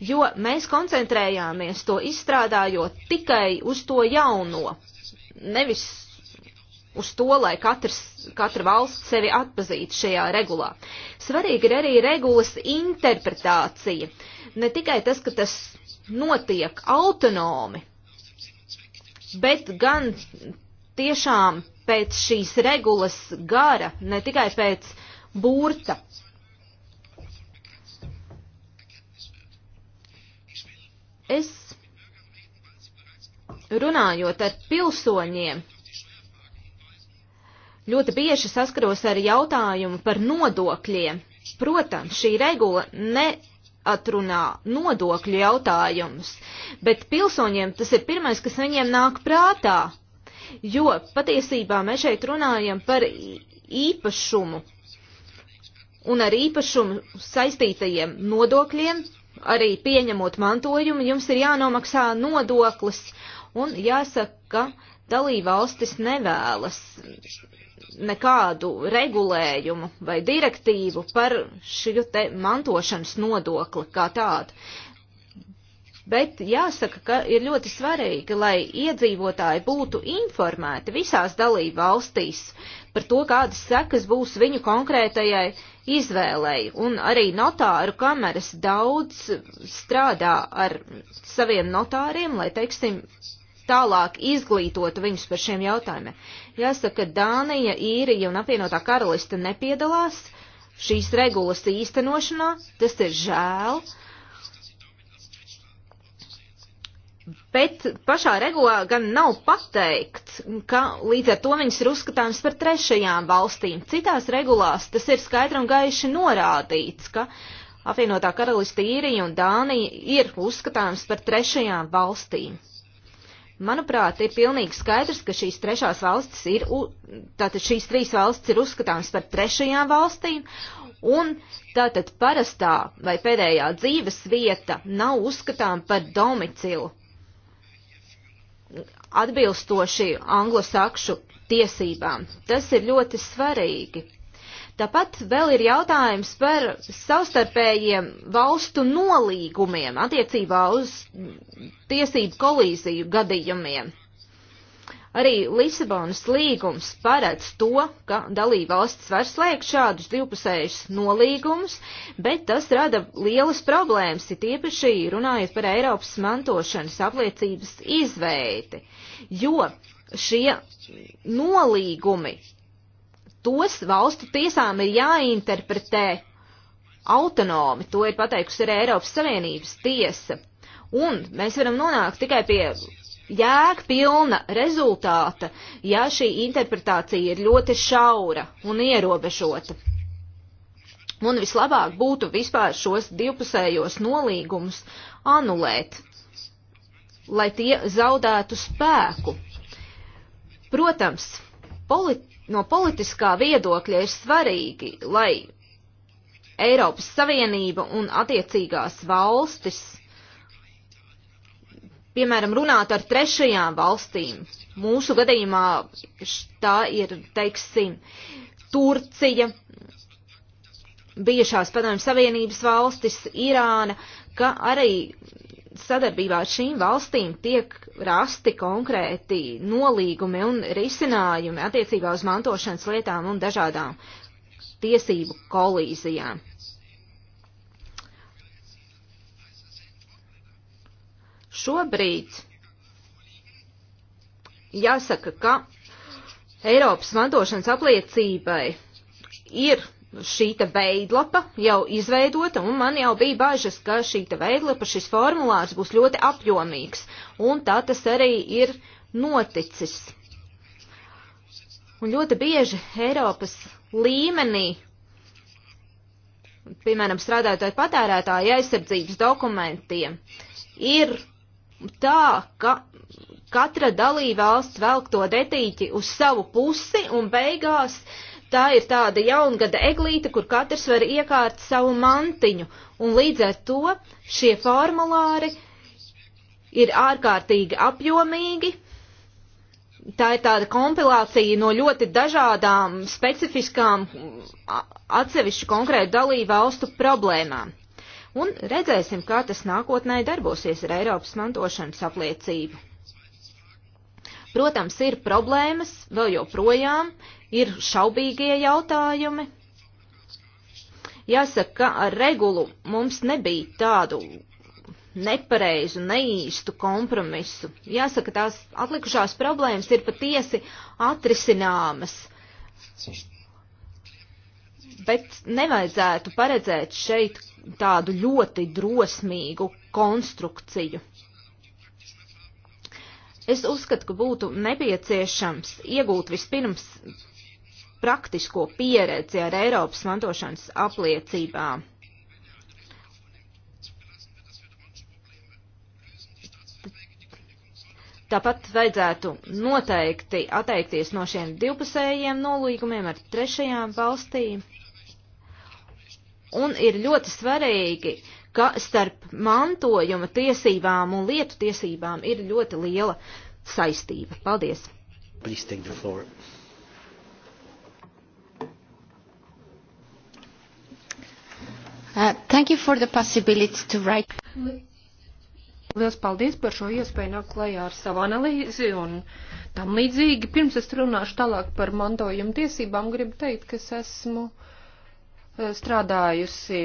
jo mēs koncentrējāmies to izstrādājot tikai uz to jauno, nevis uz to, lai katrs, katra valsts sevi atpazītu šajā regulā. Svarīgi ir arī regulas interpretācija. Ne tikai tas, ka tas notiek autonomi, bet gan tiešām pēc šīs regulas gara, ne tikai pēc burta. Es runājot ar pilsoņiem, ļoti bieži saskaros ar jautājumu par nodokļiem. Protams, šī regula neatrunā nodokļu jautājumus, bet pilsoņiem tas ir pirmais, kas viņiem nāk prātā, jo patiesībā mēs šeit runājam par īpašumu un ar īpašumu saistītajiem nodokļiem, arī pieņemot mantojumu, jums ir jānomaksā nodoklis. Un jāsaka, ka dalībvalstis nevēlas nekādu regulējumu vai direktīvu par šo te mantošanas nodokli kā tādu bet jāsaka, ka ir ļoti svarīgi, lai iedzīvotāji būtu informēti visās dalību valstīs par to, kādas sekas būs viņu konkrētajai izvēlei. Un arī notāru kameras daudz strādā ar saviem notāriem, lai, teiksim, tālāk izglītotu viņus par šiem jautājumiem. Jāsaka, Dānija, Īrija un apvienotā karalista nepiedalās šīs regulas īstenošanā, tas ir žēl, uh, bet pašā regulā gan nav pateikts, ka līdz ar to viņas ir uzskatāmas par trešajām valstīm. Citās regulās tas ir skaidri un gaiši norādīts, ka apvienotā karalista īrija un Dānija ir uzskatāmas par trešajām valstīm. Manuprāt, ir pilnīgi skaidrs, ka šīs trešās valstis ir, tātad šīs trīs valstis ir uzskatāmas par trešajām valstīm, un tātad parastā vai pēdējā dzīves vieta nav uzskatām par domicilu atbilstoši anglosakšu tiesībām. Tas ir ļoti svarīgi. Tāpat vēl ir jautājums par savstarpējiem valstu nolīgumiem attiecībā uz tiesību kolīziju gadījumiem. Arī Lisabonas līgums paredz to, ka dalībvalstis var slēgt šādus divpusējus nolīgumus, bet tas rada lielas problēmas, it īpaši runājot par Eiropas mantošanas apliecības izveidi, jo šie nolīgumi tos valstu tiesām ir jāinterpretē autonomi, to ir pateikusi arī Eiropas Savienības tiesa. Un mēs varam nonākt tikai pie jēgpilna rezultāta, ja šī interpretācija ir ļoti šaura un ierobežota. Un vislabāk būtu vispār šos divpusējos nolīgumus anulēt, lai tie zaudētu spēku. Protams, polit no politiskā viedokļa ir svarīgi, lai Eiropas Savienība un attiecīgās valstis piemēram, runāt ar trešajām valstīm. Mūsu gadījumā tā ir, teiksim, Turcija, bijušās padomju savienības valstis, Irāna, ka arī sadarbībā ar šīm valstīm tiek rasti konkrēti nolīgumi un risinājumi attiecībā uz mantošanas lietām un dažādām tiesību kolīzijām. Šobrīd jāsaka, ka Eiropas mantošanas apliecībai ir šīta veidlapa jau izveidota, un man jau bija bažas, ka šīta veidlapa, šis formulārs būs ļoti apjomīgs, un tā tas arī ir noticis. Un ļoti bieži Eiropas līmenī, piemēram, strādātāju patērētāju aizsardzības dokumentiem, ir tā, ka katra dalībvalsts velk to detīķi uz savu pusi un beigās tā ir tāda jaungada eglīte, kur katrs var iekārt savu mantiņu. Un līdz ar to šie formulāri ir ārkārtīgi apjomīgi. Tā ir tāda kompilācija no ļoti dažādām specifiskām atsevišķu konkrētu dalību valstu problēmām un redzēsim, kā tas nākotnē darbosies ar Eiropas mantošanas apliecību. Protams, ir problēmas, vēl joprojām ir šaubīgie jautājumi. Jāsaka, ka ar regulu mums nebija tādu nepareizu, neīstu kompromisu. Jāsaka, tās atlikušās problēmas ir patiesi atrisināmas. Bet nevajadzētu paredzēt šeit tādu ļoti drosmīgu konstrukciju. Es uzskatu, ka būtu nepieciešams iegūt vispirms praktisko pieredzi ar Eiropas mantošanas apliecībām. Tāpat vajadzētu noteikti atteikties no šiem divpusējiem nolīgumiem ar trešajām valstīm. Un ir ļoti svarīgi, ka starp mantojuma tiesībām un lietu tiesībām ir ļoti liela saistība. Paldies! Please take the floor. Uh, thank you for the possibility to write. Liels paldies par šo iespēju nāk klajā ar savu analīzi un tam līdzīgi. Pirms es runāšu tālāk par mantojuma tiesībām, gribu teikt, ka es esmu uh, strādājusi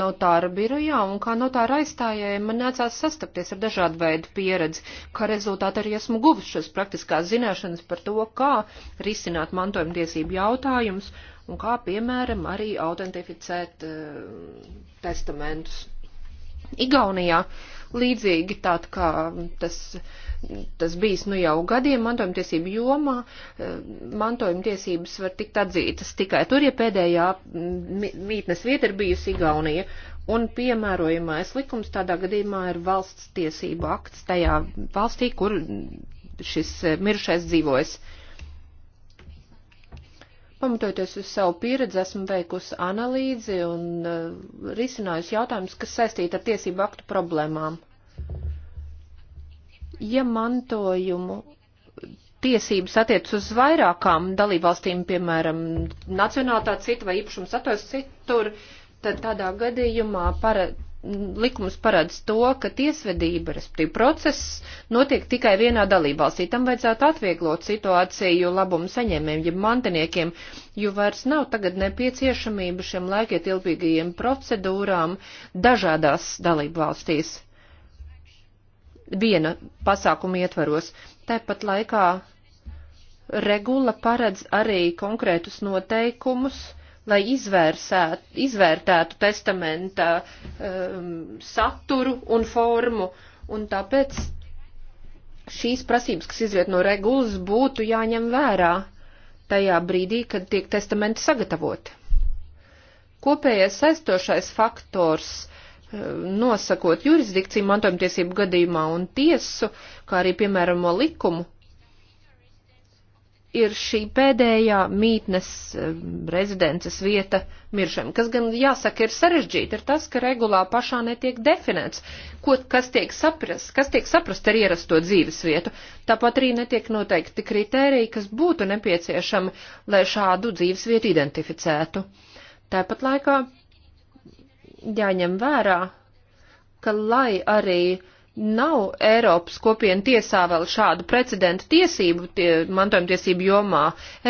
notāra birojā un kā notāra aizstājēja man nācās sastapties ar dažādu veidu pieredzi, kā rezultāti arī esmu guvis šos praktiskās zināšanas par to, kā risināt mantojumtiesību jautājumus un kā, piemēram, arī autentificēt uh, testamentus. Igaunijā uh, līdzīgi tād kā tas, tas bijis nu jau gadiem mantojumtiesību jomā, eh, mantojumtiesības var tikt atzītas tikai tur, ja pēdējā mītnes vieta ir bijusi Igaunija. Un piemērojamais likums tādā gadījumā ir valsts tiesību akts tajā valstī, kur šis eh, mirušais dzīvojas. Uh, Pamatojoties uz savu pieredzi, esmu veikusi analīzi un uh, risinājusi jautājumus, kas saistīti ar tiesību aktu problēmām. Ja mantojumu tiesības attiec uz vairākām dalībvalstīm, piemēram, nacionālā cita vai īpašums atos citur, tad tādā gadījumā para, likums paredz to, ka tiesvedība, respektīvi process, notiek tikai vienā dalībvalstī. Tam vajadzētu atvieglot situāciju labumu saņēmējiem, ja mantiniekiem, jo vairs nav tagad nepieciešamība šiem laikietilpīgajiem procedūrām dažādās dalībvalstīs. Viena pasākuma ietvaros. Tāpat laikā regula paredz arī konkrētus noteikumus, lai izvērsēt, izvērtētu testamenta um, saturu un formu. Un tāpēc šīs prasības, kas izriet no regulas, būtu jāņem vērā tajā brīdī, kad tiek testamenti sagatavoti. Kopējais saistošais faktors um, nosakot jurisdikciju mantojumtiesību gadījumā un tiesu, kā arī piemēramo likumu, ir šī pēdējā mītnes eh, rezidences vieta miršam, kas gan jāsaka ir sarežģīti, ir tas, ka regulā pašā netiek definēts, ko, kas tiek saprast, kas tiek saprast ar ierasto dzīves vietu. Tāpat arī netiek noteikti kriteriji, kas būtu nepieciešami, lai šādu dzīves vietu identificētu. Tāpat laikā jāņem vērā, ka lai arī uh, nav Eiropas kopienu tiesā vēl šādu precedentu tiesību tie, mantojumtiesību jomā.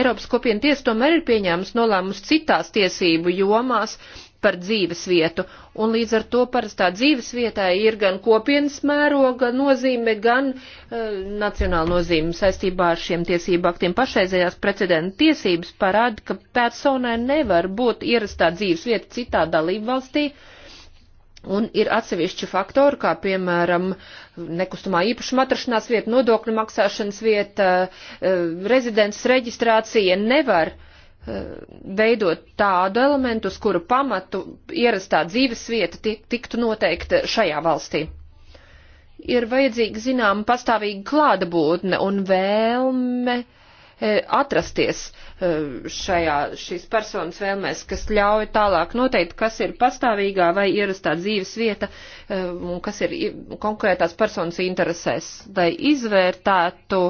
Eiropas kopienu tiesa tomēr ir pieņēmusi nolēmumus citās tiesību jomās par dzīves vietu, un līdz ar to parastā dzīves vietai ir gan kopienas mēroga nozīme, gan e, nacionāla nozīme saistībā ar šiem tiesību aktiem. Pašreizējās precedenta tiesības parāda, ka personai nevar būt ierastā dzīves vieta citā dalību valstī, uh, Un ir atsevišķi faktori, kā piemēram nekustamā īpašuma atrašanās vieta, nodokļu maksāšanas vieta, eh, rezidents reģistrācija nevar eh, veidot tādu elementu, uz kuru pamatu ierastā dzīves vieta tiktu noteikta šajā valstī. Ir vajadzīga, zinām, pastāvīga klātbūtne un vēlme uh, E, atrasties e, šajā šīs personas vēlmēs, kas ļauj tālāk noteikt, kas ir pastāvīgā vai ierastā dzīves vieta e, un kas ir konkrētās personas interesēs, lai izvērtētu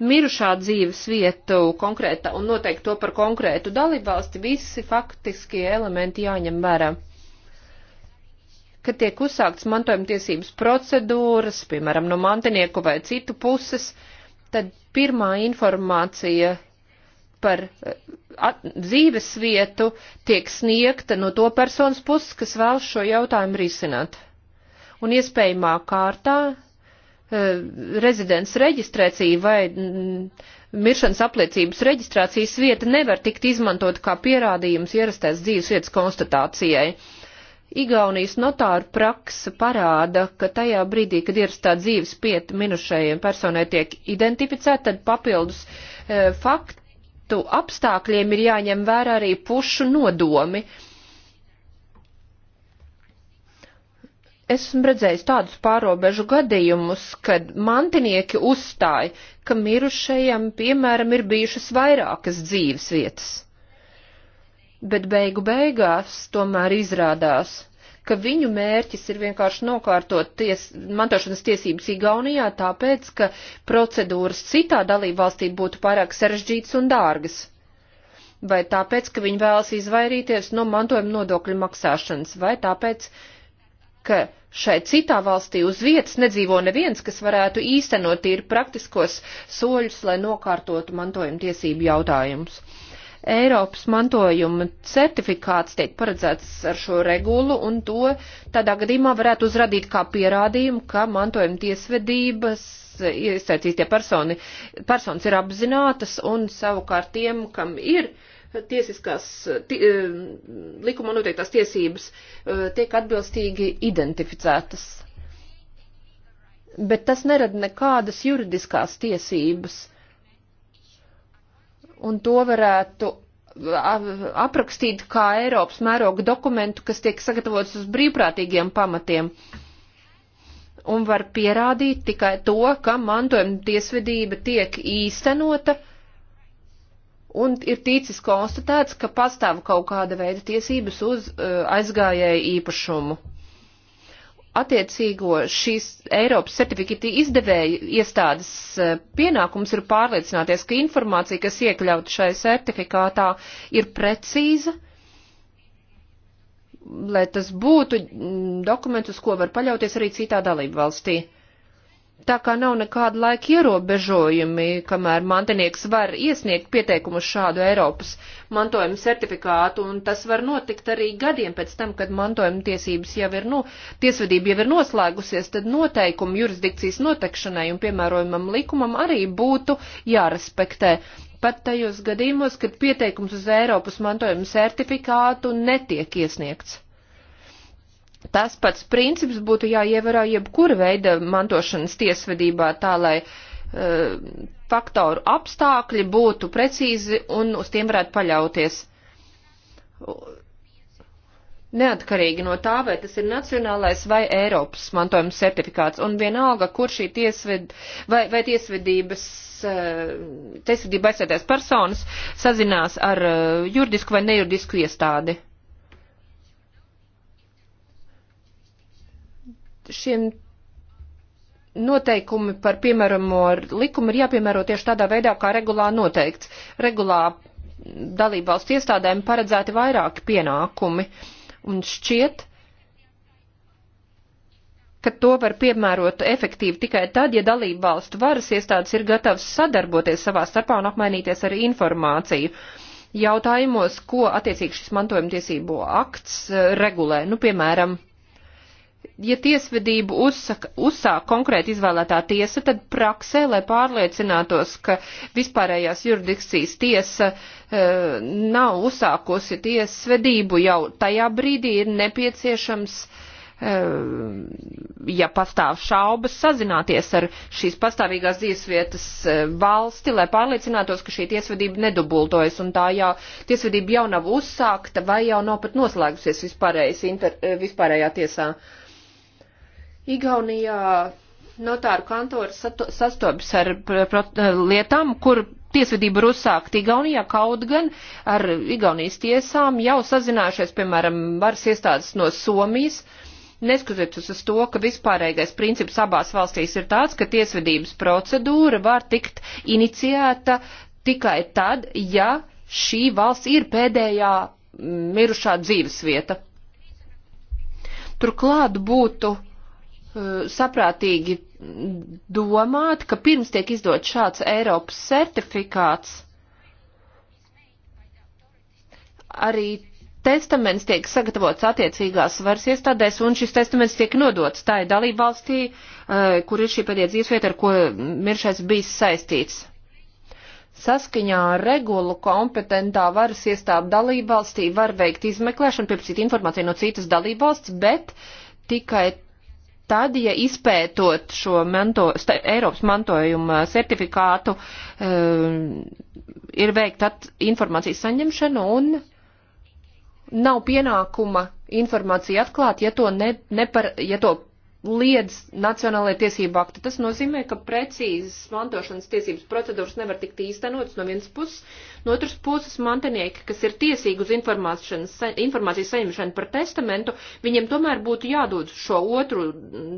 mirušā dzīves vietu konkrētā un noteikti to par konkrētu dalībvalsti, visi faktiskie elementi jāņem vērā ka tiek uzsākts mantojuma tiesības procedūras, piemēram, no mantinieku vai citu puses, tad Pirmā informācija par eh, at, dzīves vietu tiek sniegta no to personas puses, kas vēlas šo jautājumu risināt. Un iespējamā kārtā eh, rezidents reģistrācija vai mm, miršanas apliecības reģistrācijas vieta nevar tikt izmantot kā pierādījums ierastās dzīves vietas konstatācijai. Uh, Igaunijas notāru praksa parāda, ka tajā brīdī, kad ir tā dzīves pieta minušajiem personai tiek identificēta, tad papildus e, faktu apstākļiem ir jāņem vērā arī pušu nodomi. Esmu redzējis tādus pārobežu gadījumus, kad mantinieki uzstāja, ka mirušajam, piemēram, ir bijušas vairākas dzīves vietas bet beigu beigās tomēr izrādās, ka viņu mērķis ir vienkārši nokārtot ties, mantošanas tiesības Igaunijā, tāpēc, ka procedūras citā dalībvalstī būtu pārāk sarežģītas un dārgas. Vai tāpēc, ka viņi vēlas izvairīties no mantojuma nodokļu maksāšanas, vai tāpēc, ka šai citā valstī uz vietas nedzīvo neviens, kas varētu īstenot ir praktiskos soļus, lai nokārtotu mantojuma tiesību jautājumus. Eiropas mantojuma certifikāts tiek paredzēts ar šo regulu, un to tādā gadījumā varētu uzradīt kā pierādījumu, ka mantojuma tiesvedības iesaistītie personi, personas ir apzinātas, un savukārt tiem, kam ir tiesiskās, ti, eh, likuma noteiktās tiesības, eh, tiek atbilstīgi identificētas. Bet tas nerada nekādas juridiskās tiesības uh, un to varētu aprakstīt kā Eiropas mēroga dokumentu, kas tiek sagatavots uz brīvprātīgiem pamatiem. Un var pierādīt tikai to, ka mantojuma tiesvedība tiek īstenota un ir ticis konstatēts, ka pastāv kaut kāda veida tiesības uz uh, aizgājēju īpašumu attiecīgo šīs Eiropas certifikāta izdevēja iestādes e, pienākums ir pārliecināties, ka informācija, kas iekļauta šajā certifikātā, ir precīza, lai tas būtu mm, dokumentus, ko var paļauties arī citā dalību valstī tā kā nav nekāda laika ierobežojumi, kamēr mantinieks var iesniegt pieteikumu uz šādu Eiropas mantojuma certifikātu, un tas var notikt arī gadiem pēc tam, kad mantojuma tiesības jau ir, nu, tiesvedība jau ir noslēgusies, tad noteikumi jurisdikcijas notekšanai un piemērojumam likumam arī būtu jārespektē. Pat tajos gadījumos, kad pieteikums uz Eiropas mantojuma certifikātu netiek iesniegts. Tas pats princips būtu jāievērā jebkura veida mantošanas tiesvedībā, tā lai uh, faktoru apstākļi būtu precīzi un uz tiem varētu paļauties. Neatkarīgi no tā, vai tas ir nacionālais vai Eiropas mantojuma certifikāts, un vienalga, kur šī tiesved, vai, vai tiesvedības, e, tiesvedība aizsēties personas sazinās ar e, juridisku vai nejuridisku iestādi. šiem noteikumi par piemēramo likumu ir jāpiemēro tieši tādā veidā, kā regulā noteikts. Regulā dalībvalstu iestādēm paredzēti vairāki pienākumi, un šķiet, ka to var piemērot efektīvi tikai tad, ja dalībvalstu varas iestādes ir gatavas sadarboties savā starpā un apmainīties ar informāciju jautājumos, ko attiecīgi šis mantojumtiesību akts eh, regulē, nu, piemēram, ja tiesvedību uzsaka, uzsāk konkrēti izvēlētā tiesa, tad praksē, lai pārliecinātos, ka vispārējās juridikcijas tiesa e, nav uzsākusi tiesvedību, jau tajā brīdī ir nepieciešams, e, ja pastāv šaubas, sazināties ar šīs pastāvīgās dzīvesvietas e, valsti, lai pārliecinātos, ka šī tiesvedība nedubultojas un tā jau tiesvedība jau nav uzsākta vai jau nav pat noslēgusies e, vispārējā tiesā. Igaunijā notāru kantors sastopas ar lietām, kur tiesvedība ir uzsākta Igaunijā, kaut gan ar Igaunijas tiesām jau sazinājušies, piemēram, varas iestādes no Somijas. Neskatoties uz to, ka vispārējais princips abās valstīs ir tāds, ka tiesvedības procedūra var tikt iniciēta tikai tad, ja šī valsts ir pēdējā mm, mirušā dzīves vieta. Turklāt būtu Eh, saprātīgi domāt, ka pirms tiek izdot šāds Eiropas certifikāts, arī testaments tiek sagatavots attiecīgās varas iestādēs, un šis testaments tiek nodots tai dalību valstī, eh, kur ir šī pēdējā dzīvesvieta, ar ko miršais bijis saistīts. Saskaņā ar regulu kompetentā varas iestāde dalību valstī var veikt izmeklēšanu, pieprasīt informāciju no citas dalību valsts, bet tikai Tad, ja izpētot šo manto, Eiropas mantojuma certifikātu, um, ir veikta informācijas saņemšana un nav pienākuma informāciju atklāt, ja to, ne, ne par, ja to liedz nacionālajie tiesību akti. Tas nozīmē, ka precīzas mantošanas tiesības procedūras nevar tikt īstenotas no vienas puses, no otras puses mantinieki, kas ir tiesīgi uz informācijas saņemšanu par testamentu, viņiem tomēr būtu jādod šo otru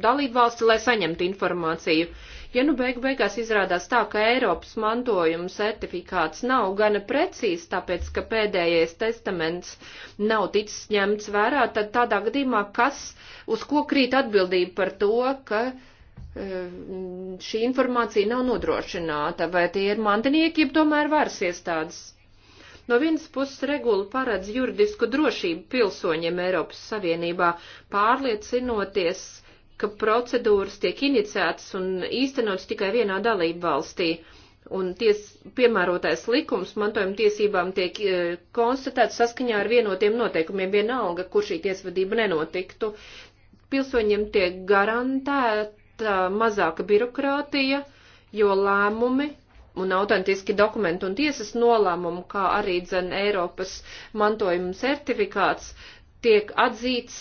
dalību valsti, lai saņemtu informāciju. Uh, Ja nu beig beigās izrādās tā, ka Eiropas mantojuma certifikāts nav gana precīzs, tāpēc, ka pēdējais testaments nav ticis ņemts vērā, tad tādā gadījumā kas, uz ko krīt atbildība par to, ka e, šī informācija nav nodrošināta, vai tie ir mantinieki, jeb tomēr varas iestādes. No vienas puses regula paredz juridisku drošību pilsoņiem Eiropas Savienībā, pārliecinoties, ka procedūras tiek inicētas un īstenotas tikai vienā dalību valstī. Un ties, piemērotais likums mantojuma tiesībām tiek e, konstatēts saskaņā ar vienotiem noteikumiem, vienalga, kur šī tiesvedība nenotiktu. Pilsoņiem tiek garantēta mazāka birokrātija, jo lēmumi un autentiski dokumenti un tiesas nolēmumu, kā arī dzen Eiropas mantojuma certifikāts, tiek atzīts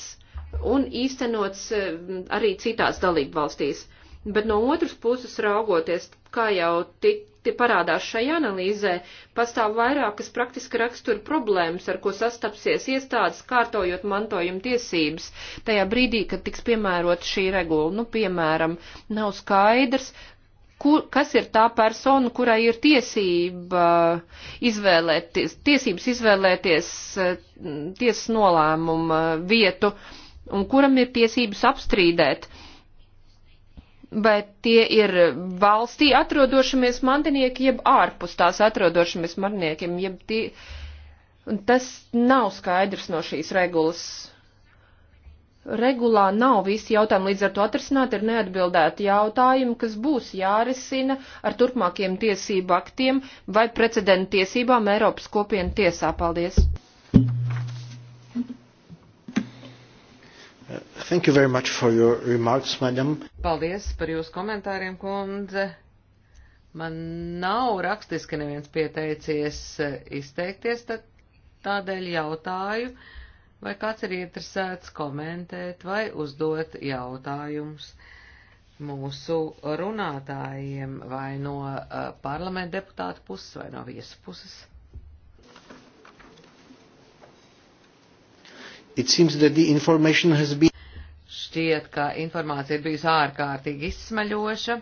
un īstenots eh, arī citās dalību valstīs. Bet no otras puses raugoties, kā jau tik parādās šajā analīzē, pastāv vairākas praktiski rakstura problēmas, ar ko sastapsies iestādes, kārtojot mantojuma tiesības. Tajā brīdī, kad tiks piemērot šī regula, nu, piemēram, nav skaidrs, kur, kas ir tā persona, kurai ir tiesība izvēlēties, tiesības izvēlēties eh, tiesas nolēmuma vietu. Uh, un kuram ir tiesības apstrīdēt, vai tie ir valstī atrodošamies mantinieki, jeb ārpus tās atrodošamies mantiniekiem, jeb tie, un tas nav skaidrs no šīs regulas. Regulā nav visi jautājumi, līdz ar to atrisināt ir neatbildēti jautājumi, kas būs jārisina ar turpmākiem tiesību aktiem vai precedentu tiesībām Eiropas kopienu tiesā. Paldies! Uh, thank you very much for your remarks, madam. Paldies par jūsu komentāriem, kundze. Man nav rakstiski neviens pieteicies uh, izteikties, tad tādēļ jautāju, vai kāds ir interesēts komentēt vai uzdot jautājumus mūsu runātājiem vai no uh, parlamenta deputāta puses vai no viesu puses. Been... Šķiet, ka informācija ir bijusi ārkārtīgi izsmaļoša.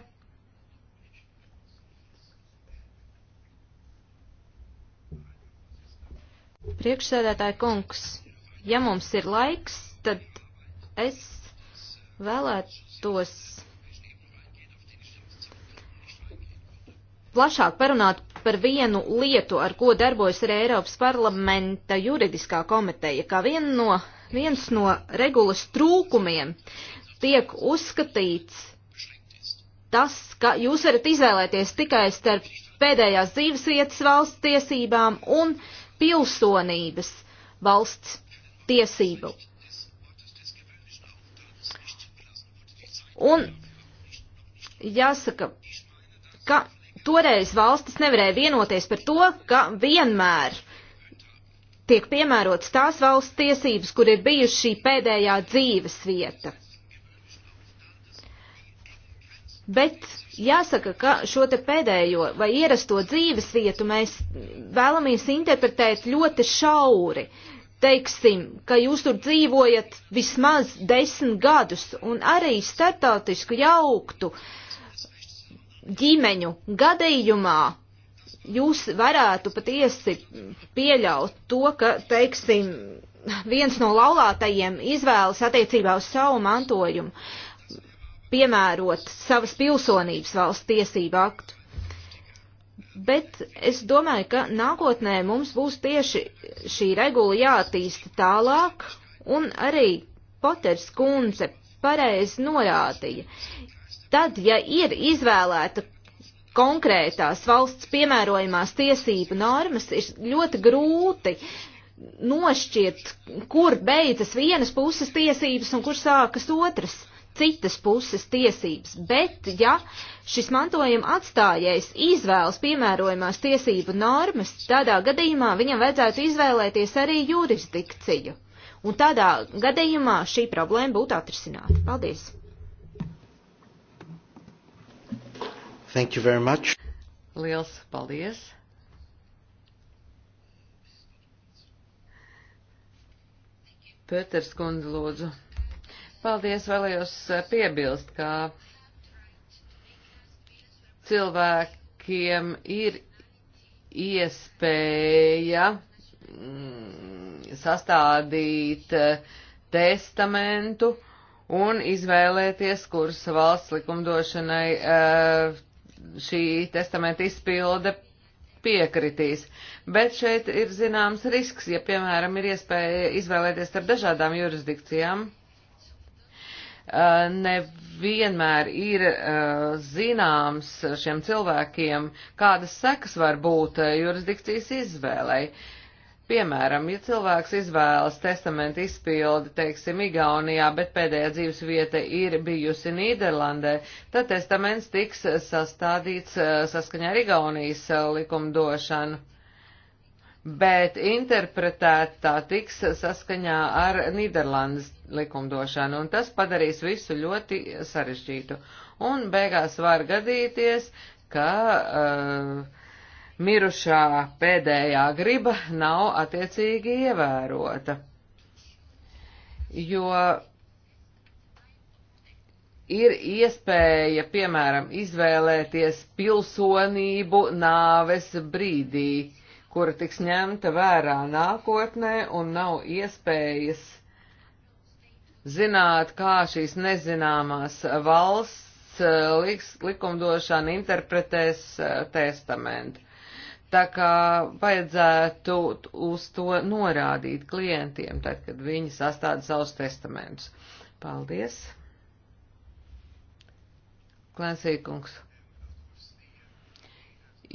Priekšsēdētāji kungs, ja mums ir laiks, tad es vēlētos plašāk parunāt par vienu lietu, ar ko darbojas arī Eiropas parlamenta juridiskā komiteja, kā vien no, viens no regulas trūkumiem tiek uzskatīts tas, ka jūs varat izvēlēties tikai starp pēdējās dzīves vietas valsts tiesībām un pilsonības valsts tiesību. Un jāsaka, ka toreiz valstis nevarēja vienoties par to, ka vienmēr tiek piemērotas tās valsts tiesības, kur ir bijusi šī pēdējā dzīves vieta. Bet jāsaka, ka šo te pēdējo vai ierasto dzīves vietu mēs vēlamies interpretēt ļoti šauri. Teiksim, ka jūs tur dzīvojat vismaz desmit gadus un arī startautisku jauktu uh, ģimeņu gadījumā jūs varētu patiesi pieļaut to, ka, teiksim, viens no laulātajiem izvēlas attiecībā uz savu mantojumu piemērot savas pilsonības valsts tiesību aktu. Bet es domāju, ka nākotnē mums būs tieši šī regula jātīsta tālāk, un arī Poters kundze pareizi norādīja, Tad, ja ir izvēlēta konkrētās valsts piemērojumās tiesību normas, ir ļoti grūti nošķirt, kur beidzas vienas puses tiesības un kur sākas otras citas puses tiesības, bet ja šis mantojuma atstājējs izvēlas piemērojumās tiesību normas, tādā gadījumā viņam vajadzētu izvēlēties arī jurisdikciju. Un tādā gadījumā šī problēma būtu atrisināta. Paldies! Thank you very much. Liels paldies. Pēters Kundze, lūdzu. Paldies, vēlējos eh, piebilst, ka cilvēkiem ir iespēja mm, sastādīt eh, testamentu un izvēlēties, kuras valsts likumdošanai eh, šī testamenta izpilde piekritīs. Bet šeit ir zināms risks, ja, piemēram, ir iespēja izvēlēties starp dažādām jurisdikcijām. Nevienmēr ir zināms šiem cilvēkiem, kādas sekas var būt jurisdikcijas izvēlei. Piemēram, ja cilvēks izvēlas testamentu izpildi, teiksim, Igaunijā, bet pēdējā dzīves vieta ir bijusi Nīderlandē, tad testaments tiks sastādīts eh, saskaņā ar Igaunijas eh, likumdošanu, bet interpretēt tā tiks saskaņā ar Nīderlandes likumdošanu, un tas padarīs visu ļoti sarežģītu. Un beigās var gadīties, ka. Uh, mirušā pēdējā griba nav attiecīgi ievērota. Jo ir iespēja, piemēram, izvēlēties pilsonību nāves brīdī, kura tiks ņemta vērā nākotnē un nav iespējas zināt, kā šīs nezināmās valsts eh, liks, likumdošana interpretēs eh, testamentu Tā kā vajadzētu uz to norādīt klientiem, tad, kad viņi sastāda savus testamentus. Paldies! Klēnsīkungs.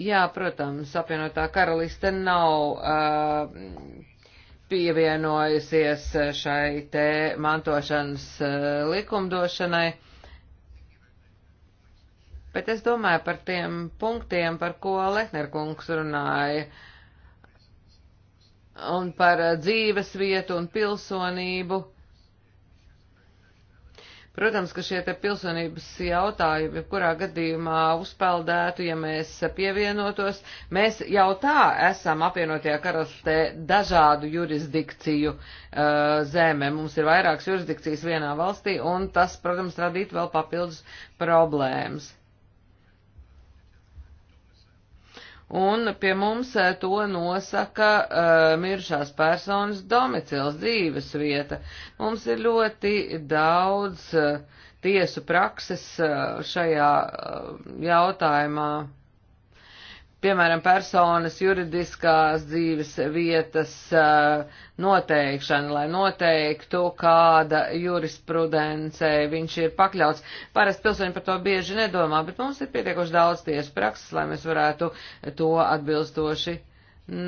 Jā, protams, apvienotā karaliste nav uh, pievienojusies šai te mantošanas uh, likumdošanai. Bet es domāju par tiem punktiem, par ko Lehner kungs runāja, un par eh, dzīves vietu un pilsonību. Protams, ka šie te pilsonības jautājumi, kurā gadījumā uzpeldētu, ja mēs pievienotos, mēs jau tā esam apvienotajā karalistē dažādu jurisdikciju uh, zeme. Mums ir vairākas jurisdikcijas vienā valstī, un tas, protams, radītu vēl papildus problēmas. un pie mums eh, to nosaka uh, eh, miršās personas domicils, dzīves vieta. Mums ir ļoti daudz uh, tiesu prakses uh, šajā uh, jautājumā piemēram, personas juridiskās dzīves vietas eh, noteikšana, lai noteiktu, kāda jurisprudence viņš ir pakļauts. Parasti pilsoņi par to bieži nedomā, bet mums ir pietiekoši daudz tiesu prakses, lai mēs varētu to atbilstoši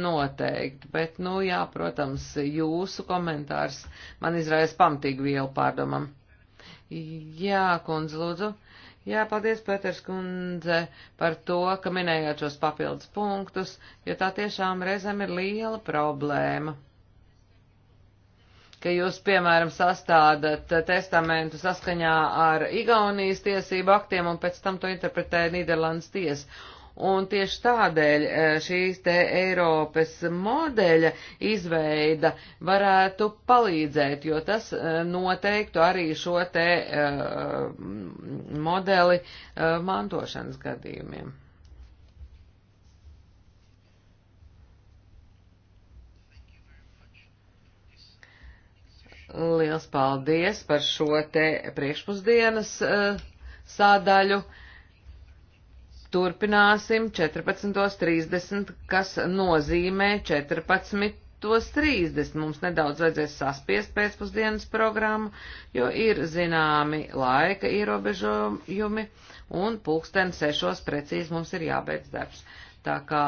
noteikt. Bet, nu jā, protams, jūsu komentārs man izraisa pamatīgu vielu pārdomam. Jā, kundze, lūdzu. Uh, Jā, paldies, Pēters kundze, par to, ka minējāt šos papildus punktus, jo tā tiešām reizēm ir liela problēma. Ka jūs, piemēram, sastādat testamentu saskaņā ar Igaunijas tiesību aktiem un pēc tam to interpretē Nīderlandes tiesa Un tieši tādēļ e, šīs te Eiropas modeļa izveida varētu palīdzēt, jo tas e, noteiktu arī šo te e, modeli mantošanas gadījumiem. Liels paldies par šo te priekšpusdienas uh, sādaļu. Uh, turpināsim 14.30, kas nozīmē 14.30. Mums nedaudz vajadzēs saspiest pēcpusdienas programmu, jo ir zināmi laika ierobežojumi, un pulksten sešos precīzi mums ir jābeidz darbs. Tā kā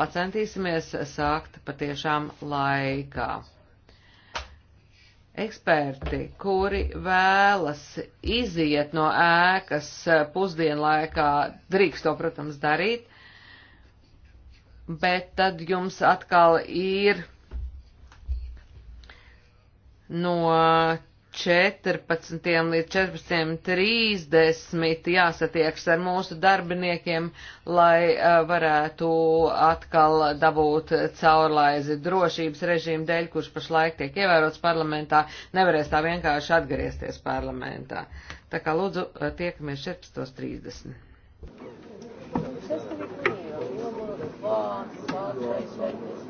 pacentīsimies sākt patiešām laikā. Eksperti, kuri vēlas iziet no ēkas pusdienlaikā, drīkst to, protams, darīt, bet tad jums atkal ir no 14. līdz 14.30 jāsatieks ar mūsu darbiniekiem, lai uh, varētu atkal dabūt caurlaizi drošības režīmu dēļ, kurš pašlaik tiek ievērots parlamentā, nevarēs tā vienkārši atgriezties parlamentā. Tā kā lūdzu, tiekamies 14.30. Just to be clear, you almost lost, lost, lost, lost.